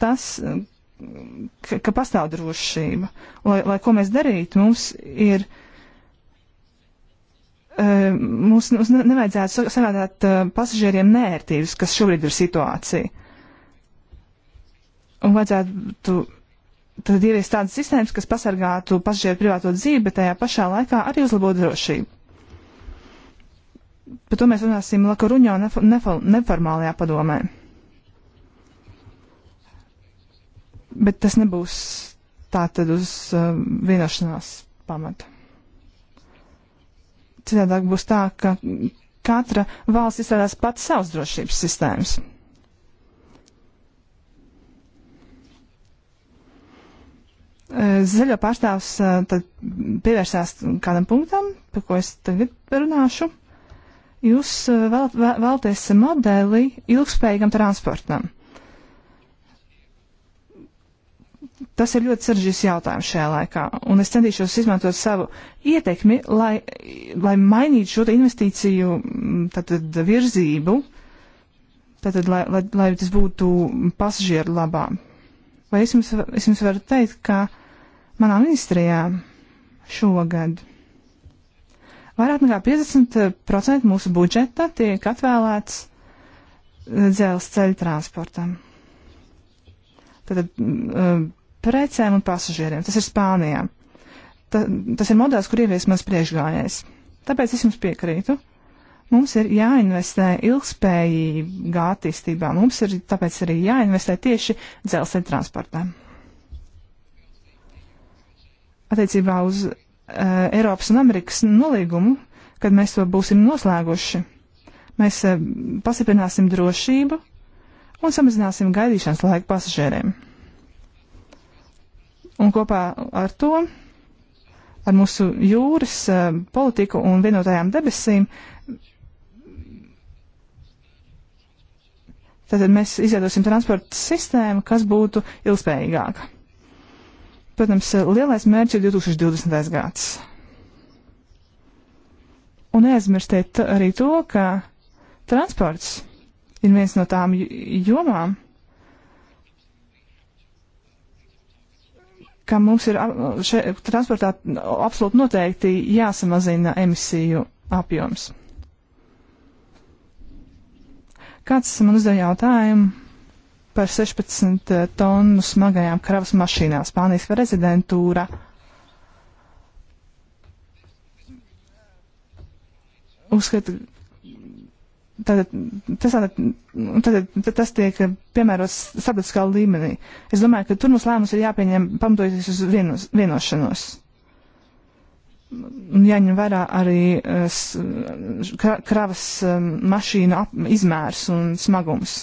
tas, ka, ka pastāv drošība. Lai, lai ko mēs darītu, mums ir. Eh, mums, mums nevajadzētu sagādāt eh, pasažieriem nērtības, kas šobrīd ir situācija. Un vajadzētu tad ievies tādas sistēmas, kas pasargātu pasažieru privāto dzīvi, bet tajā pašā laikā arī uzlabotu drošību. Par to mēs runāsim Lakaruņā nef nef neformālajā padomē. Bet tas nebūs tā tad uz uh, vienošanās pamata. Citādāk būs tā, ka katra valsts izstrādās pats savas drošības sistēmas. Zaļo pārstāvs eh, tad pievērsās kādam punktam, par ko es tagad runāšu. Jūs eh, vēl, vēl, vēlaties modeli ilgspējīgam transportam. Tas ir ļoti saržģīts jautājums šajā laikā, un es centīšos izmantot savu ietekmi, lai, lai mainītu šo investīciju mm, tātad, virzību, tātad, lai, lai, lai tas būtu pasažieru labām. Vai es jums, es jums varu teikt, ka manā ministrijā šogad vairāk nekā 50% mūsu budžeta tiek atvēlēts eh, dzelzceļa transportam. Tātad eh, precēm un pasažieriem. Tas ir Spānijā. Ta, tas ir modelis, kur ievies mans priekšgājējs. Tāpēc es jums piekrītu. Mums ir jāinvestē ilgspējīgā attīstībā, mums ir tāpēc arī jāinvestē tieši dzelzceļa transportā. Attiecībā uz uh, Eiropas un Amerikas nolīgumu, kad mēs to būsim noslēguši, mēs uh, eh, pasiprināsim drošību un samazināsim gaidīšanas laiku pasažieriem. Un kopā ar to, ar mūsu jūras uh, politiku un vienotajām debesīm, uh, Tātad mēs izveidosim transporta sistēmu, kas būtu ilgspējīgāka. Protams, lielais mērķis ir 2020. gads. Un neaizmirstiet arī to, ka transports ir viens no tām jomām, ka mums ir šeit transportā absolūti noteikti jāsamazina emisiju apjoms. Kāds man uzdeva jautājumu par 16 eh, tonu smagajām kravas mašīnām Spānijas rezidentūra. Uzskatu, Tātad tas, tātad, nu, tas tiek piemērots starptautiskā līmenī. Es domāju, ka tur mums lēmums ir jāpieņem pamatojoties uz vieno, vienošanos jāņem vērā arī eh, kravas eh, mašīnu ap, izmērs un smagums.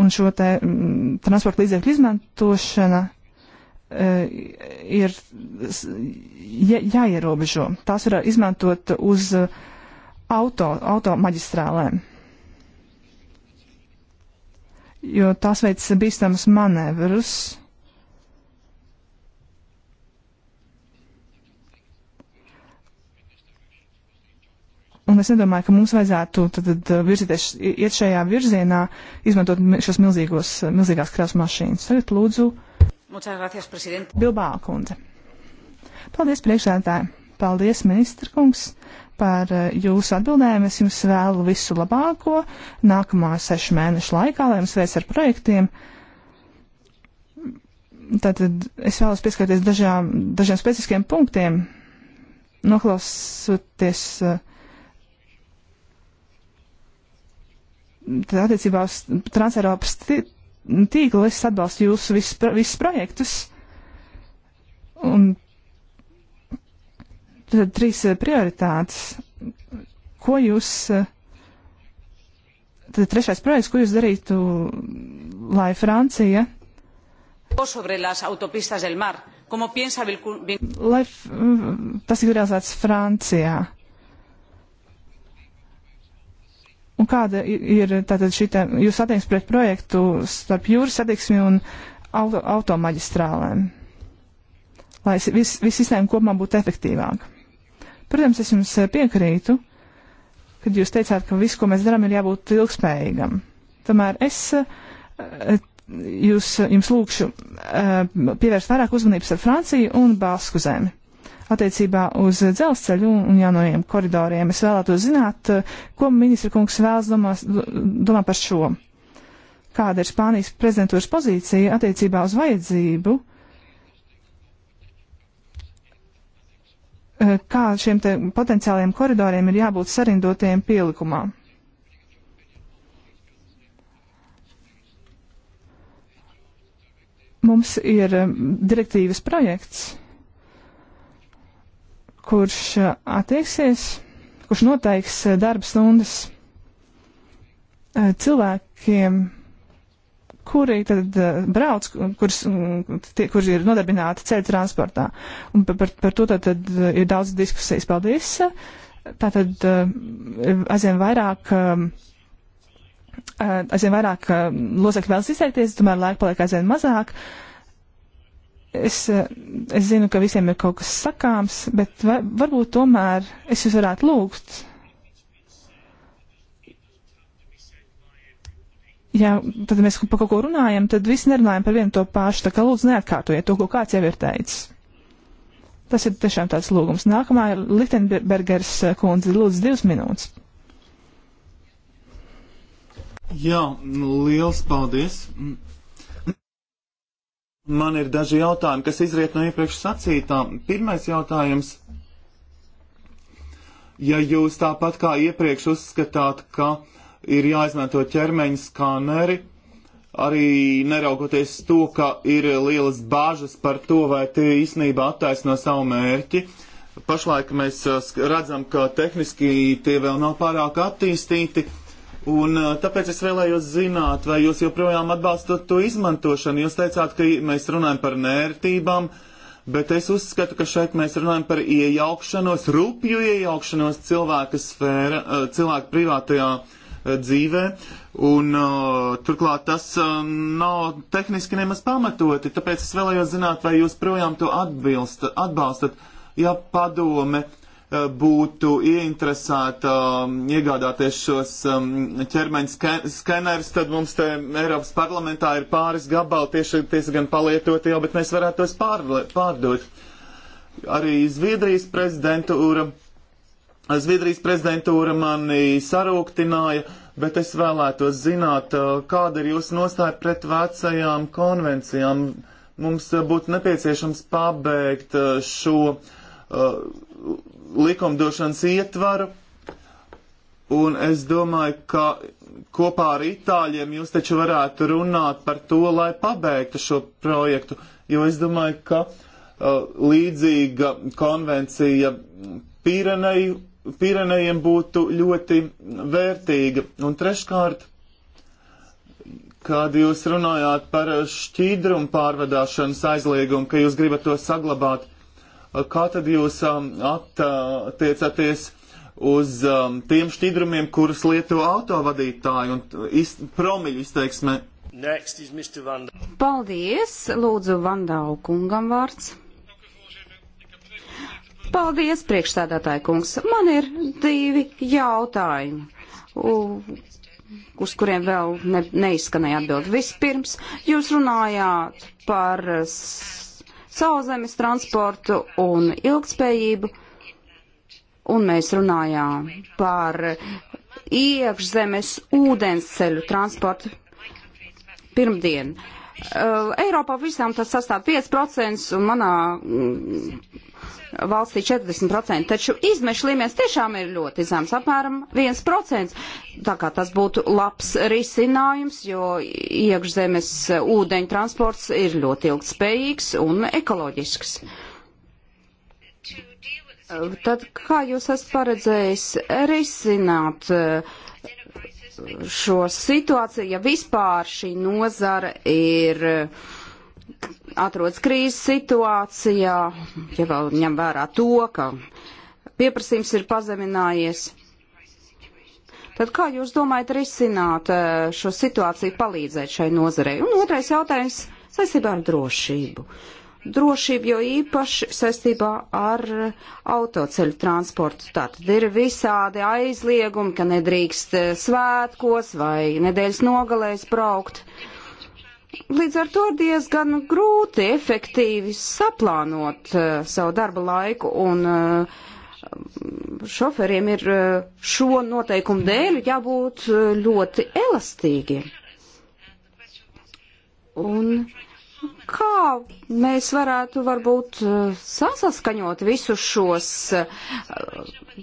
Un šo te mm, transporta līdzekļu izmantošana eh, ir jā, jāierobežo. Tās var izmantot uz auto, auto maģistrālēm. Jo tās veids bīstamus manevrus. Un es nedomāju, ka mums vajadzētu tad, tad eh, virzīties, iet šajā virzienā, izmantot šos milzīgos, eh, milzīgās krāsas mašīnas. Tagad lūdzu. Gracias, Bilbao kundze. Paldies, priekšsēdētāji. Paldies, ministra kungs, par eh, jūsu atbildēm. Es jums vēlu visu labāko nākamā sešu mēnešu laikā, lai jums veids ar projektiem tātad es vēlos pieskarties dažām, dažiem specifiskiem punktiem, noklausoties uh, tad attiecībā uz Transeiropas tīklu es atbalstu jūsu visus, visus projektus. Un tad trīs eh, prioritātes. Ko jūs, eh, tad trešais projekts, ko jūs darītu, lai Francija. Sobre las autopistas del mar. Como piensa Lai tas ir realizēts Francijā. Un kāda ir tātad šī jūsu attieksme pret projektu starp jūras satiksmi un auto, automaģistrālēm, lai viss vis sistēma kopumā būtu efektīvāka? Protams, es jums eh, piekrītu, kad jūs teicāt, ka viss, ko mēs darām, ir jābūt ilgspējīgam. Tomēr es eh, eh, jūs, jums lūkšu pievērst vairāk uzmanības ar Franciju un Basku zemi attiecībā uz dzelzceļu un jaunajiem koridoriem. Es vēlētos zināt, ko ministra kungs vēlas domās, domā par šo. Kāda ir Spānijas prezidentūras pozīcija attiecībā uz vajadzību? Kā šiem potenciāliem koridoriem ir jābūt sarindotiem pielikumā? Mums ir um, direktīvas projekts kurš eh, attieksies, kurš noteiks eh, darba stundas eh, cilvēkiem, kuri tad brauc, kurš, mm, tie, kurš ir nodarbināti ceļu transportā. Un par, par to tad, tad ir daudz diskusijas. Paldies! Tātad aizvien vairāk aizvien vairāk locekļi vēlas izteikties, tomēr laika paliek aizvien mazāk. Uh, Es, eh, es zinu, ka visiem ir kaut kas sakāms, bet va, varbūt tomēr es jūs varētu lūgt. Jā, tad mēs par kaut ko runājam, tad visi nerunājam par vienu to pašu, tā kā lūdzu neatkārtojiet to, ko kāds jau ir teicis. Tas ir tiešām tāds lūgums. Nākamā ir Litenbergers eh, kundze, lūdzu divas minūtes. Jā, nu, liels paldies. Mm. Man ir daži jautājumi, kas izriet no iepriekš sacītā. Pirmais jautājums. Ja jūs tāpat kā iepriekš uzskatāt, ka ir jāizmanto ķermeņa skaneri, arī neraugoties to, ka ir lielas bāžas par to, vai tie īsnībā attaisno savu mērķi. Pašlaik mēs eh, redzam, ka tehniski tie vēl nav pārāk attīstīti Un tāpēc es vēlējos zināt, vai jūs joprojām atbalstat to izmantošanu. Jūs teicāt, ka mēs runājam par nērtībām, bet es uzskatu, ka šeit mēs runājam par iejaukšanos, rupju iejaukšanos cilvēka sfēra, cilvēka privātajā dzīvē. Un turklāt tas nav tehniski nemaz pamatoti, tāpēc es vēlējos zināt, vai jūs projām to atbilst, atbalstat, ja padome būtu ieinteresēta um, iegādāties šos um, ķermeņa skenerus, tad mums te Eiropas parlamentā ir pāris gabali tieši, tieši gan palietot jau, bet mēs varētu tos pār, pārdot. Arī Zviedrijas prezidentūra, Zviedrijas prezidentūra mani sarūktināja, bet es vēlētos zināt, uh, kāda ir jūsu nostāja pret vecajām konvencijām. Mums uh, būtu nepieciešams pabeigt uh, šo likumdošanas ietvaru, un es domāju, ka kopā ar itāļiem jūs taču varētu runāt par to, lai pabeigtu šo projektu, jo es domāju, ka uh, līdzīga konvencija Pireneju, Pirenejiem būtu ļoti vērtīga. Un treškārt, kad jūs runājāt par šķīdrumu pārvadāšanas aizliegumu, ka jūs gribat to saglabāt, kā tad jūs um, attiecaties uz um, tiem šķidrumiem, kurus lieto autovadītāji un iz, promiļu izteiksme? Paldies, lūdzu, Vandau kungam vārds. Paldies, priekšstādātāji kungs. Man ir divi jautājumi, uz kuriem vēl ne, neizskanēja atbild. Vispirms, jūs runājāt par sauszemes transportu un ilgspējību, un mēs runājām par iekšzemes ūdensceļu transportu pirmdien. Uh, Eiropā visām tas sastāv 5%, un manā mm, valstī 40%, taču izmešu līmenis tiešām ir ļoti zems, apmēram 1%. Tā kā tas būtu labs risinājums, jo iekšzemes ūdeņu transports ir ļoti ilgspējīgs un ekoloģisks. Tad kā jūs esat paredzējis risināt uh, šo situāciju, ja vispār šī nozara ir atrodas krīzes situācijā, ja vēl ņem vērā to, ka pieprasījums ir pazeminājies. Tad kā jūs domājat risināt e, šo situāciju, palīdzēt šai nozarei? Un otrais jautājums saistībā ar drošību. Drošība jau īpaši saistībā ar autoceļu transportu. Tātad ir visādi aizliegumi, ka nedrīkst e, svētkos vai nedēļas nogalēs braukt. Uh, Līdz ar to diezgan grūti efektīvi saplānot uh, savu darba laiku un uh, šoferiem ir uh, šo noteikumu dēļ jābūt uh, ļoti elastīgiem. Un kā mēs varētu varbūt sasaskaņot visus šos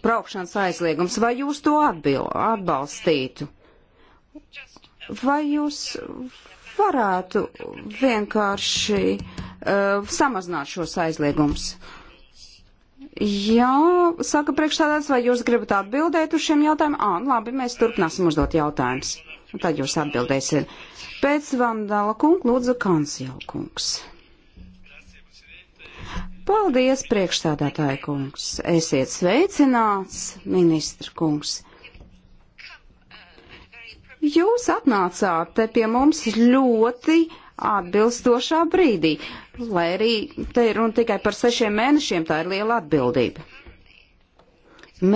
braukšanas aizliegums, vai jūs to atbil, atbalstītu? Vai jūs varētu vienkārši uh, samazināt šos aizliegumus. Jā, saka priekšstādāts, vai jūs gribat atbildēt uz šiem jautājumiem? Ā, nu labi, mēs turpināsim uzdot jautājumus. Tad jūs atbildēsiet. Pēc Vandala kunga lūdzu Kansjau kungs. Paldies, priekšstādātāja kungs. Esiet sveicināts, ministra kungs. Jūs atnācāt te pie mums ļoti atbilstošā brīdī, lai arī te ir runa tikai par sešiem mēnešiem, tā ir liela atbildība.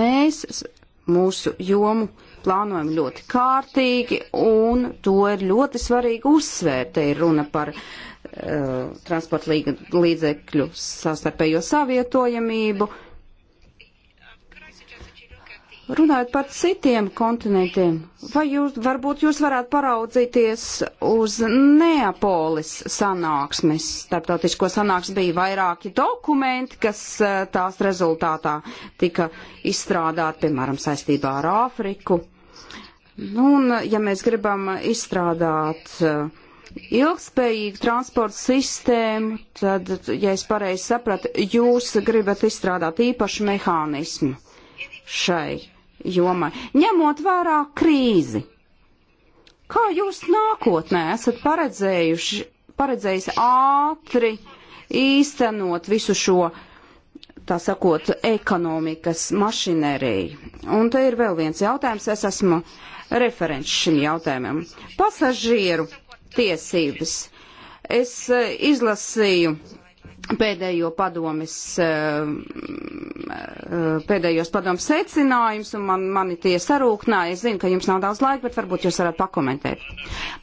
Mēs mūsu jomu plānojam ļoti kārtīgi, un to ir ļoti svarīgi uzsvērt. Te ir runa par uh, transporta līdzekļu savstarpējo savietojamību, uh, Runājot par citiem kontinentiem, vai jūs, varbūt jūs varētu paraudzīties uz Neapolis sanāksmes? Starptautisko sanāksmes bija vairāki dokumenti, kas eh, tās rezultātā tika izstrādāti, piemēram, saistībā ar Āfriku. Nu, un, ja mēs gribam izstrādāt eh, ilgspējīgu transporta sistēmu, tad, ja es pareizi sapratu, jūs gribat izstrādāt īpašu mehānismu šai jomai, ņemot vērā krīzi. Kā jūs nākotnē esat paredzējuši, paredzējis ātri īstenot visu šo, tā sakot, ekonomikas mašinēriju? Un te ir vēl viens jautājums, es esmu referents šim jautājumam. Pasažieru tiesības. Es eh, izlasīju pēdējo padomis, eh, eh, pēdējos padomis secinājums, un man, mani tie sarūknāja. Es zinu, ka jums nav daudz laika, bet varbūt jūs varat pakomentēt.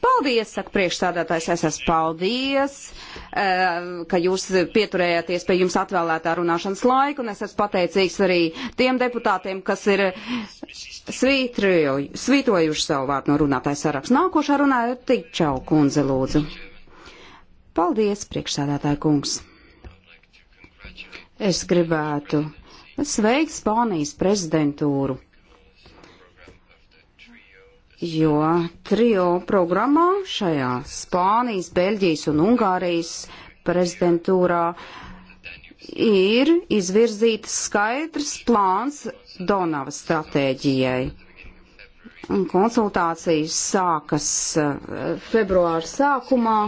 Paldies, saka priekšstādātājs, es esmu paldies, eh, ka jūs pieturējāties pie jums atvēlētā runāšanas laika, un es esmu pateicīgs arī tiem deputātiem, kas ir svītrojuši savu vārdu no runātājs saraksts. Nākošā runāja Tikčau kundze, lūdzu. Paldies, priekšsādātāja kungs! Es gribētu sveikt Spānijas prezidentūru, jo trio programmā šajā Spānijas, Beļģijas un Ungārijas prezidentūrā ir izvirzīts skaidrs plāns Donavas stratēģijai. Konsultācijas sākas eh, februāra sākumā.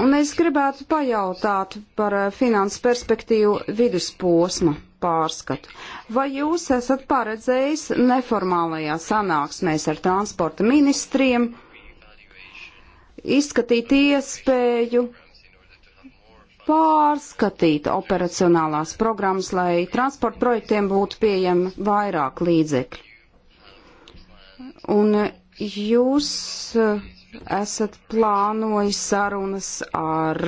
Un es gribētu pajautāt par eh, finanses perspektīvu vidusposma pārskatu. Vai jūs esat paredzējis neformālajā sanāksmēs ar transporta ministriem izskatīt iespēju pārskatīt operacionālās programmas, lai transporta projektiem būtu pieejami vairāk līdzekļu? Un eh, jūs eh, esat plānojis sarunas ar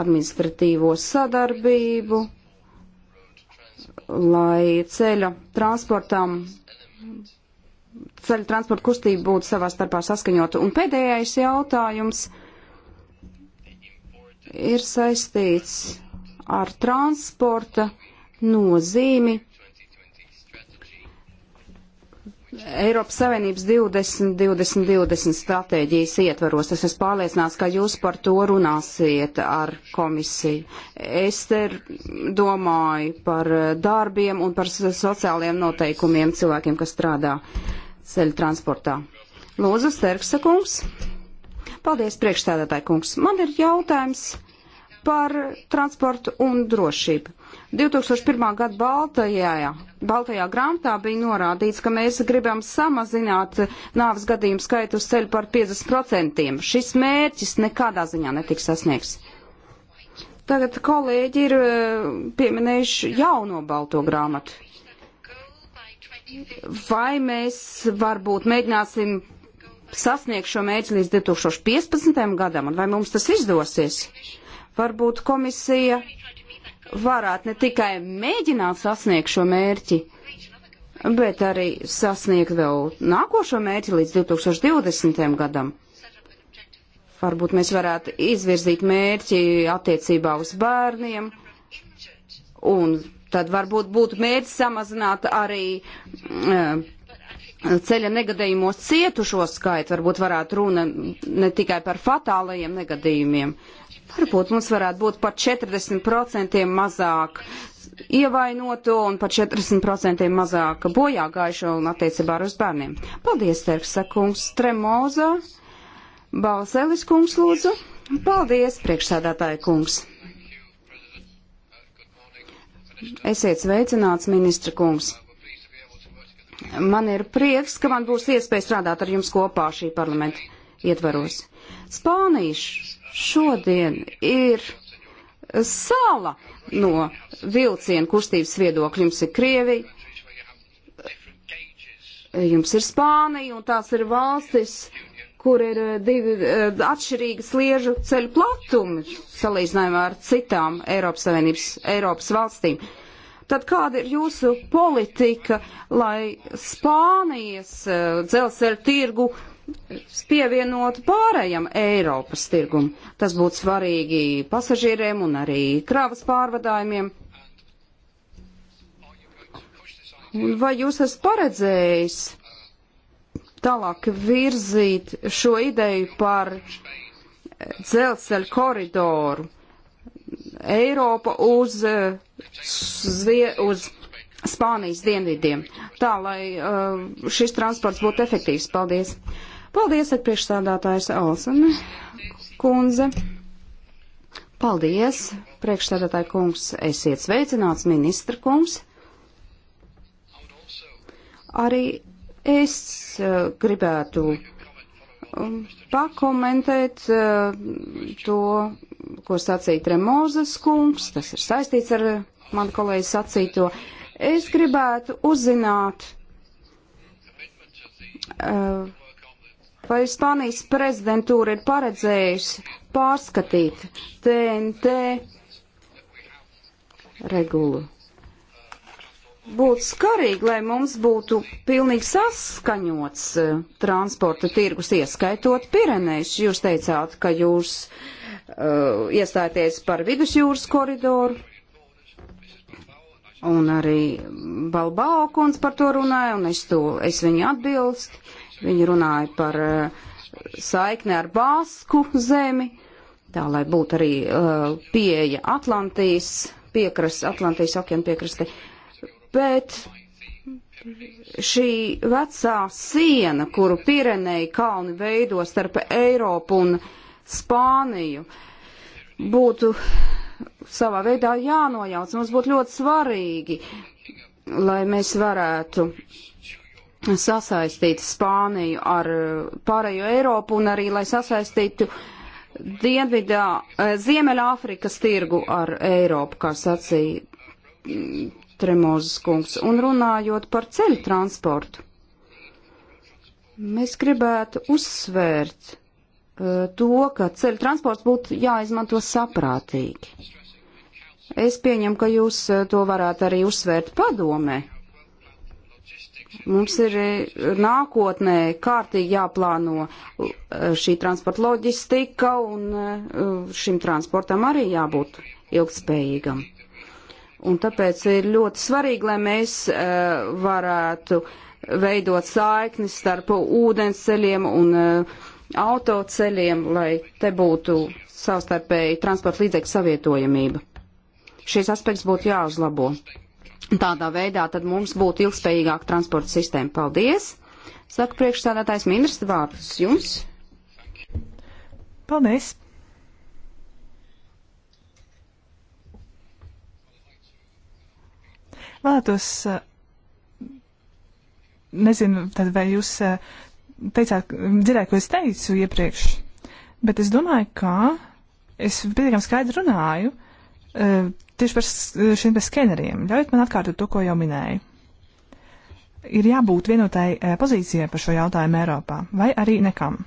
administratīvo sadarbību, lai ceļa transportam, ceļa transporta kustība būtu savā starpā saskaņota. Un pēdējais jautājums ir saistīts ar transporta nozīmi Eiropas Savienības 20, 20, 20 stratēģijas ietvaros. Es esmu pārliecināts, ka jūs par to runāsiet ar komisiju. Es te domāju par darbiem un par sociālajiem noteikumiem cilvēkiem, kas strādā ceļu transportā. Lūdzu, Sterksa kungs. Paldies, priekšstādātāji kungs. Man ir jautājums par transportu un drošību. 2001. gada Baltajā, Baltajā grāmatā bija norādīts, ka mēs gribam samazināt nāves gadījumu skaitu uz ceļu par 50%. Šis mērķis nekādā ziņā netiks sasniegts. Tagad kolēģi ir eh, pieminējuši jauno balto grāmatu. Vai mēs varbūt mēģināsim sasniegt šo mērķi līdz 2015. gadam, un vai mums tas izdosies? Varbūt komisija varētu ne tikai mēģināt sasniegt šo mērķi, bet arī sasniegt vēl nākošo mērķi līdz 2020. gadam. Varbūt mēs varētu izvirzīt mērķi attiecībā uz bērniem, un tad varbūt būtu mērķis samazināt arī uh, ceļa negadījumos cietušo skaitu, varbūt varētu runa ne tikai par fatālajiem negadījumiem, Varbūt mums varētu būt par 40% mazāk ievainoto un par 40% mazāk bojā gājušo un attiecībā uz bērniem. Paldies, Terksa kungs, Tremozā, Balselis kungs lūdzu. Paldies, priekšsēdētāja kungs. Esiet sveicināts, ministra kungs. Man ir prieks, ka man būs iespēja strādāt ar jums kopā šī parlamenta ietvaros. Spānīšu šodien ir sala no vilcienu kustības viedokļa. Jums ir Krievija, jums ir Spānija un tās ir valstis, kur ir eh, divi eh, atšķirīgi sliežu ceļu platumi salīdzinājumā ar citām Eiropas Savienības Eiropas valstīm. Tad kāda ir jūsu politika, lai Spānijas eh, dzelzceļa tirgu uh, pievienot pārējam Eiropas tirgum. Tas būtu svarīgi pasažieriem un arī kravas pārvadājumiem. Vai jūs esat paredzējis tālāk virzīt šo ideju par dzelzceļa koridoru Eiropa uz, zvie, uz Spānijas dienvidiem, tā lai uh, šis transports būtu efektīvs? Paldies! Paldies, ak priekšstādātājs Alsana kundze. Paldies, priekšstādātāja kungs. Esiet sveicināts, ministra kungs. Arī es uh, gribētu um, pakomentēt uh, to, ko sacīja Tremozes kungs. Tas ir saistīts ar uh, manu kolēģi sacīto. Es gribētu uzzināt. Uh, Vai Spānijas prezidentūra ir paredzējusi pārskatīt TNT regulu? Būtu skarīgi, lai mums būtu pilnīgi saskaņots eh, transporta tirgus, ieskaitot Pirenejus. Jūs teicāt, ka jūs uh, eh, iestāties par vidusjūras koridoru, un arī Balbao kundze par to runāja, un es, to, es viņu atbilstu Viņi runāja par eh, saikni ar Basku zemi, tā lai būtu arī uh, pieeja Atlantijas piekras, Atlantijas okeāna piekraste. Bet šī vecā siena, kuru Pirenei kalni veido starp Eiropu un Spāniju, būtu savā veidā jānojauc. Mums būtu ļoti svarīgi, lai mēs varētu uh, sasaistītu Spāniju ar eh, pārējo Eiropu un arī, lai sasaistītu Dienvidā, eh, Ziemeļāfrikas tirgu ar Eiropu, kā sacīja mm, Tremozes kungs. Un runājot par ceļu transportu, mēs gribētu uzsvērt eh, to, ka ceļu transports būtu jāizmanto saprātīgi. Es pieņemu, ka jūs to varētu arī uzsvērt padomē Mums ir eh, nākotnē kārtīgi jāplāno eh, šī transporta loģistika un eh, šim transportam arī jābūt ilgspējīgam. Un tāpēc ir ļoti svarīgi, lai mēs varētu veidot saikni starp ūdensceļiem un autoceļiem, lai te būtu savstarpēji transporta līdzekļu savietojamība. Šis aspekts būtu jāuzlabo. Tādā veidā tad mums būtu ilgspējīgāka transporta sistēma. Paldies! Saka priekšstādātājs ministrs vārdus jums. Paldies! Vēlētos, eh, nezinu, tad vai jūs eh, teicāt, dzirdēju, ko es teicu iepriekš, bet es domāju, ka es pietiekami skaidri runāju Eh, tieši par eh, šiem skeneriem. Ļaujiet man atkārtot to, ko jau minēju. Ir jābūt vienotai eh, pozīcijai par šo jautājumu Eiropā, vai arī nekam.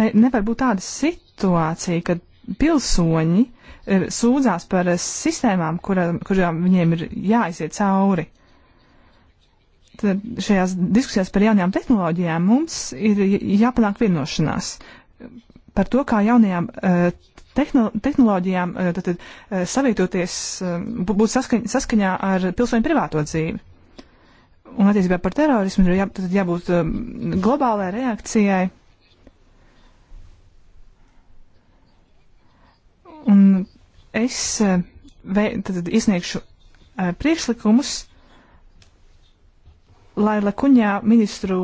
Mē, nevar būt tāda situācija, kad pilsoņi e, sūdzās par sistēmām, kura, kurām viņiem ir jāiziet cauri. Tad šajās diskusijās par jaunajām tehnoloģijām mums ir jāpanāk vienošanās par to, kā jaunajām eh, tehno, tehnoloģijām eh, tad, tad eh, savietoties, būt saskaņ, saskaņā ar pilsoņu privāto dzīvi. Un attiecībā par terorismu ir jā, tad jābūt globālai reakcijai. Un es vei, tad, tad izniegšu priekšlikumus, lai Lakuņā ministru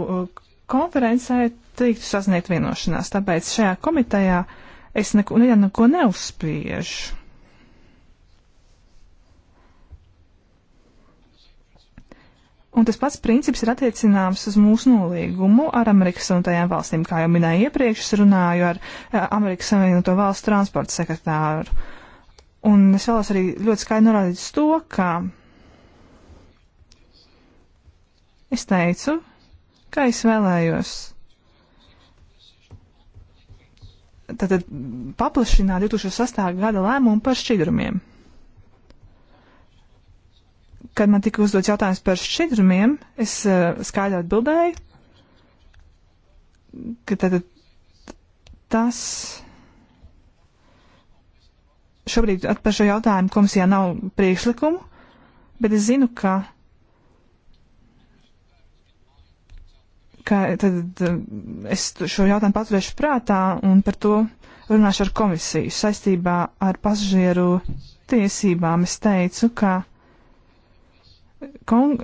konferencē tiktu sasniegt vienošanās. Tāpēc šajā komitejā es neko, nu neko neuzspiežu. Un tas pats princips ir attiecināms uz mūsu nolīgumu ar Amerikas Savienotajām valstīm, kā jau minēju iepriekš, es runāju ar eh, Amerikas Savienoto valstu transporta sekretāru. Un es vēlos arī ļoti skaidri norādīt uz to, ka es teicu, ka es vēlējos tātad paplašināt 2008. gada lēmumu par šķidrumiem. Kad man tika uzdots jautājums par šķidrumiem, es uh, skaidri atbildēju, ka tātad tas šobrīd par šo jautājumu komisijā nav priekšlikumu, bet es zinu, ka ka tad eh, es šo jautājumu paturēšu prātā un par to runāšu ar komisiju saistībā ar pasažieru tiesībām. Es teicu, ka kon...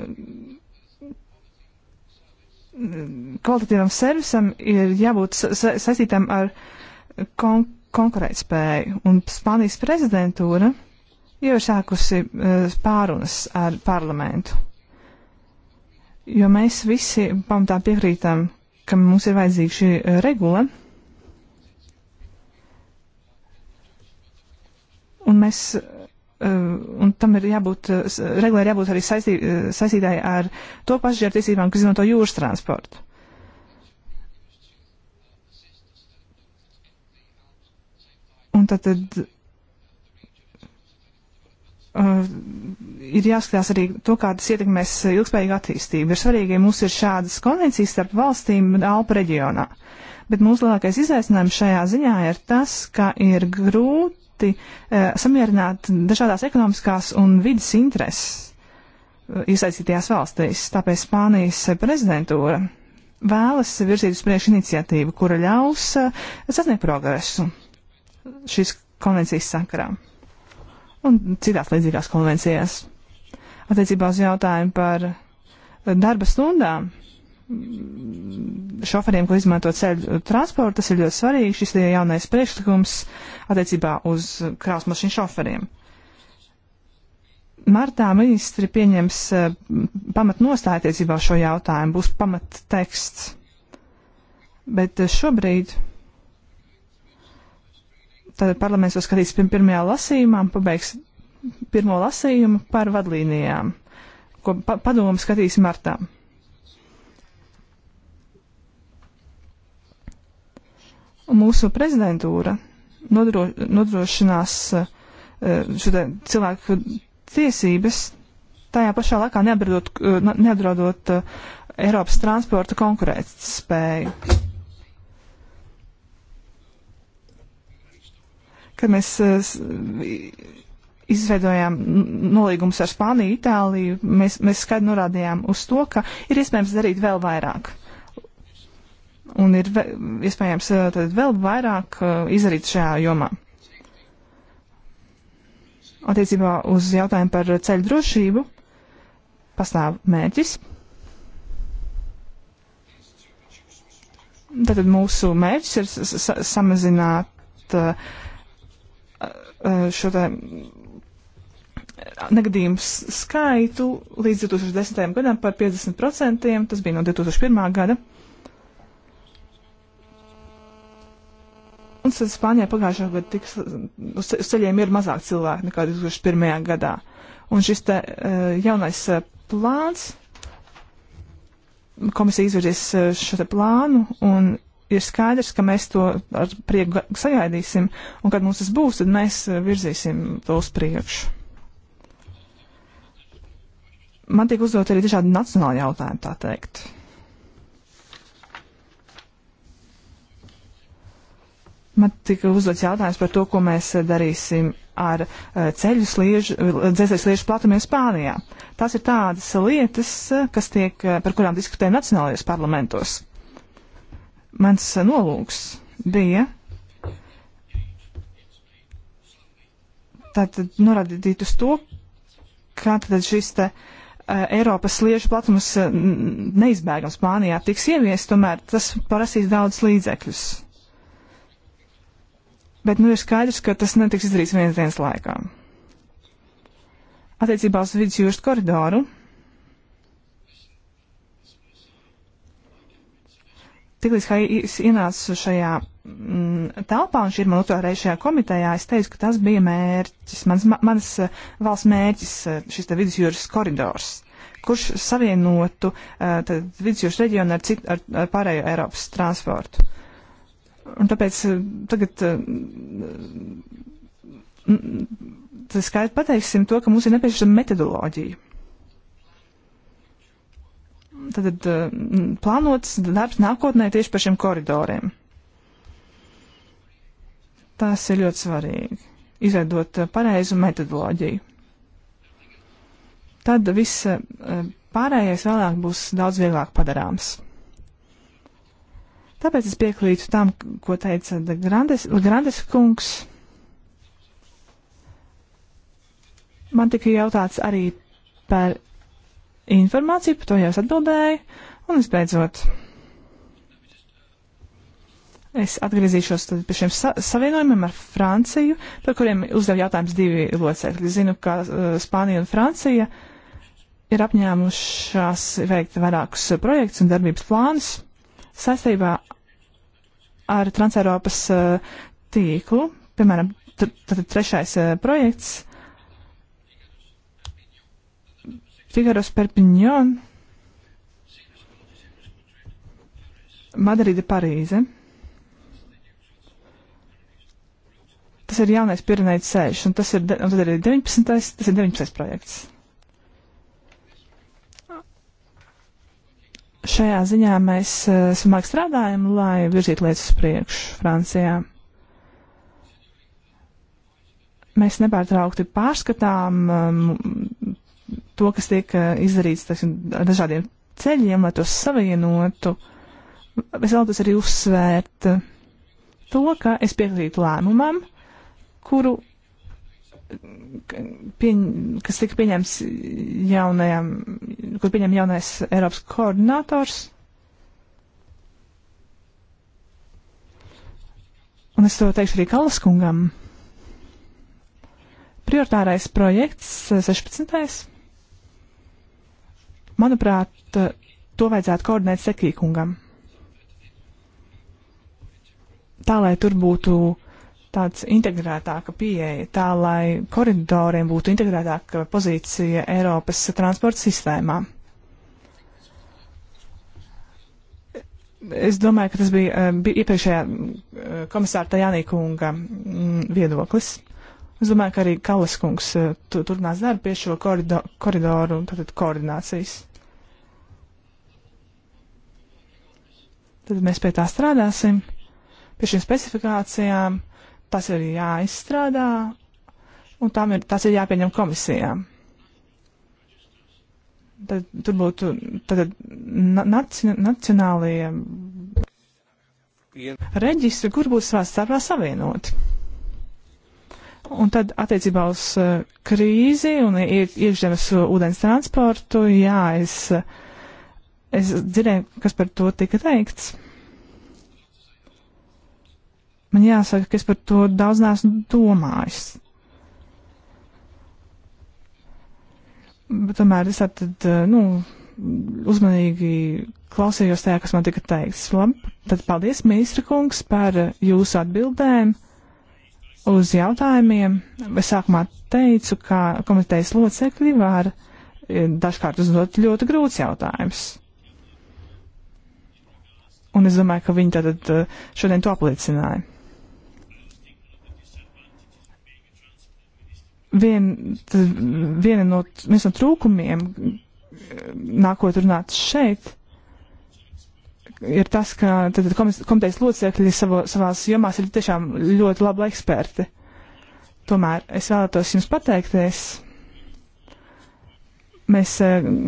kvalitatīvam servisam ir jābūt sa sa saistītam ar kon konkurētspēju. Un Spānijas prezidentūra jau ir sākusi uh, pārunas ar parlamentu jo mēs visi pamatā piekrītam, ka mums ir vajadzīga šī e, regula. Un mēs Uh, un tam ir jābūt, uh, regulē ir jābūt arī saistī, uh, saistītāji ar to pasažieru tiesībām, kas izmanto jūras transportu. Un tad, tad uh, ir jāskatās arī to, kā tas ietekmēs ilgspējīgu attīstību. Ir svarīgi, ja mums ir šādas konvencijas starp valstīm Alpu reģionā. Bet mūsu lielākais izaicinājums šajā ziņā ir tas, ka ir grūti e, samierināt dažādās ekonomiskās un vidas intereses eh, iesaistītajās valstīs. Tāpēc Spānijas prezidentūra vēlas virzīt uz priekšu iniciatīvu, kura ļaus uh, sasniegt progresu šīs konvencijas sakarā un citās līdzīgās konvencijās attiecībā uz jautājumu par darba stundām šoferiem, ko izmanto ceļu transportu, tas ir ļoti svarīgi. Šis ir jaunais priekšlikums attiecībā uz krāsmas mašīnu šoferiem. Martā ministri pieņems eh, pamat nostājotiesībā šo jautājumu, būs pamat teksts. Bet eh, šobrīd tad parlaments to skatīs pirmajā lasījumā un pabeigs pirmo lasījumu par vadlīnijām, ko pa padomu skatīs martā. Un mūsu prezidentūra nodro, nodrošinās uh, cilvēku tiesības, tajā pašā laikā neapdraudot, uh, eh, neapdraudot uh, eh, Eiropas transporta konkurētspēju. Kad mēs izveidojām nolīgumus ar Spāniju, Itāliju, mēs, mēs skaidri norādījām uz to, ka ir iespējams darīt vēl vairāk. Un ir vē, iespējams eh, tad vēl vairāk uh, izdarīt šajā jomā. Attiecībā uz jautājumu par ceļu drošību pastāv mērķis. Tātad mūsu mērķis ir sa samazināt uh, šo te negadījumu skaitu līdz 2010. gadam par 50%, tas bija no 2001. gada. Un tad Spānijā pagājušā gada tiks, uz ceļiem ir mazāk cilvēku nekā 2001. gadā. Un šis te, e, jaunais e, plāns, komisija izvirzīs e, šo te plānu un ir skaidrs, ka mēs to ar prieku sagaidīsim, un kad mums tas būs, tad mēs virzīsim to uz priekšu man tiek uzdot arī dažādi nacionāli jautājumi, tā teikt. Man tika uzdots jautājums par to, ko mēs darīsim ar eh, ceļu sliežu, eh, dzēsēju sliežu platumiem Spānijā. Tās ir tādas lietas, eh, kas tiek, par kurām diskutē nacionālajos parlamentos. Mans nolūks bija tātad norādīt uz to, kā tad šis te uh, Eh, Eiropas sliežu platums eh, neizbēgams Spānijā tiks ieviest, tomēr tas prasīs daudz līdzekļus. Bet nu ir skaidrs, ka tas netiks izdarīts vienas dienas laikā. Attiecībā uz vidus jūras koridoru tiklīdz kā ienācu šajā mm, telpā un šī ir man otrā reize šajā komitejā, es teicu, ka tas bija mērķis, mans, ma, mans eh, valsts mērķis, eh, šis te vidusjūras koridors, kurš savienotu eh, tad vidusjūras reģionu ar, cit, ar, ar pārējo Eiropas transportu. Un tāpēc tagad. Mm, mm Tas skaidri pateiksim to, ka mums ir nepieciešama metodoloģija tad, eh, plānots darbs nākotnē tieši par šiem koridoriem. Tas ir ļoti svarīgi. Izveidot eh, pareizu metodoloģiju. Tad viss eh, pārējais vēlāk būs daudz vieglāk padarāms. Tāpēc es piekrītu tam, ko teica Grandes, Grandes kungs. Man tika jautāts arī par informāciju, par to jau es atbildēju. Un visbeidzot, es atgriezīšos pie šiem sa savienojumiem ar Franciju, par kuriem uzdev jautājums divi locekļi. Zinu, ka uh, Spānija un Francija ir apņēmušās veikt vairākus projektus un darbības plānus saistībā ar Transeiropas uh, tīklu, piemēram, tad trešais uh, projekts Figaros Perpignan, Madrīda Parīze. Tas ir jaunais Pirinēts sēž, un tas ir, un tad ir 19. tas ir 19. projekts. Šajā ziņā mēs uh, eh, smagi strādājam, lai virzītu lietas uz priekšu Francijā. Mēs nepārtraukti pārskatām um, to, kas tiek eh, izdarīts teiksim, ar dažādiem ceļiem, lai tos savienotu. Es vēlos arī uzsvērt eh, to, ka es piekrītu lēmumam, kuru pieņ, kas tika pieņemts jaunajam, kur pieņem jaunais Eiropas koordinators. Un es to teikšu arī Kalas kungam. Prioritārais projekts 16. Eh, Manuprāt, to vajadzētu koordinēt sekīkungam. Tā, lai tur būtu tāds integrētāka pieeja, tā, lai koridoriem būtu integrētāka pozīcija Eiropas transporta sistēmā. Es domāju, ka tas bija, eh, bija iepriekšējā eh, komisāra Tajānī kunga mm, viedoklis. Es domāju, ka arī Kalas kungs eh, tu, turpinās darbu pie šo korido, koridoru un tātad koordinācijas. Tad mēs pie tā strādāsim, pie šīm specifikācijām, tas ir jāizstrādā, un tām ir, tas ir jāpieņem komisijām. Tad tur būtu tad, naci, nacionālie reģistri, kur būs savā starpā savienoti. Un tad attiecībā uz eh, krīzi un iekšzemes eh, ūdens transportu, jā, es, eh, es dzirdēju, kas par to tika teikts. Man jāsaka, ka es par to daudz neesmu domājis. Bet tomēr es tad, nu, uzmanīgi klausījos tajā, kas man tika teikts. Labi, tad paldies, ministra kungs, par jūsu atbildēm uz jautājumiem. Es sākumā teicu, ka komitejas locekļi var e, dažkārt uzdot ļoti grūts jautājums. Un es domāju, ka viņi tātad e, šodien to apliecināja. Vien, tad, viena no, viens no trūkumiem, e, nākot runāt šeit, ir tas, ka tad, komitejas locekļi savo, savās jomās ir tiešām ļoti labi eksperti. Tomēr es vēlētos jums pateikties. Mēs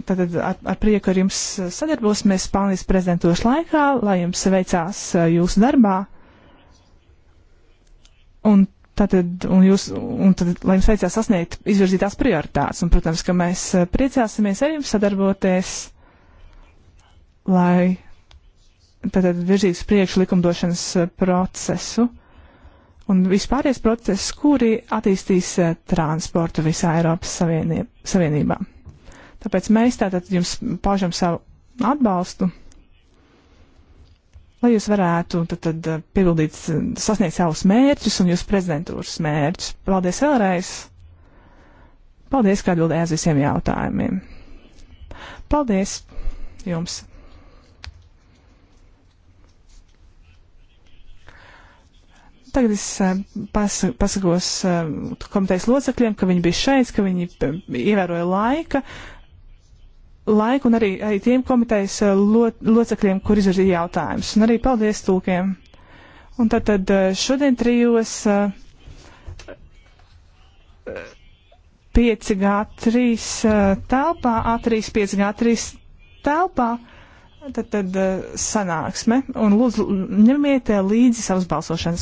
tātad e, ar, ar prieku ar jums sadarbosimies Spānijas prezidentošu laikā, lai jums veicās e, jūsu darbā. Un Tātad, un jūs, un tad, lai jums veicās sasniegt izvirzītās prioritātes, un, protams, ka mēs e, priecāsimies ar jums sadarboties, lai tātad virzīs priekš likumdošanas eh, procesu un vispārējais process, kuri attīstīs eh, transportu visā Eiropas Savienībā. Tāpēc mēs tātad jums paužam savu atbalstu, lai jūs varētu tad, tad eh, piebildīt, sasniegt savus mērķus un jūsu prezidentūras mērķus. Paldies vēlreiz! Paldies, ka atbildējāt visiem jautājumiem! Paldies jums! Tagad es eh, pasakos eh, komitejas locekļiem, ka viņi bija šeit, ka viņi eh, ievēroja laika, laiku un arī, arī tiem komitejas lo, locekļiem, kur izvirzīja jautājumus. Un arī paldies tūkiem. Un tad, tad šodien trijos 5G3 telpā, A3 5G3 telpā, tad, tad sanāksme. Un lūdzu, ņemiet līdzi savas balsošanas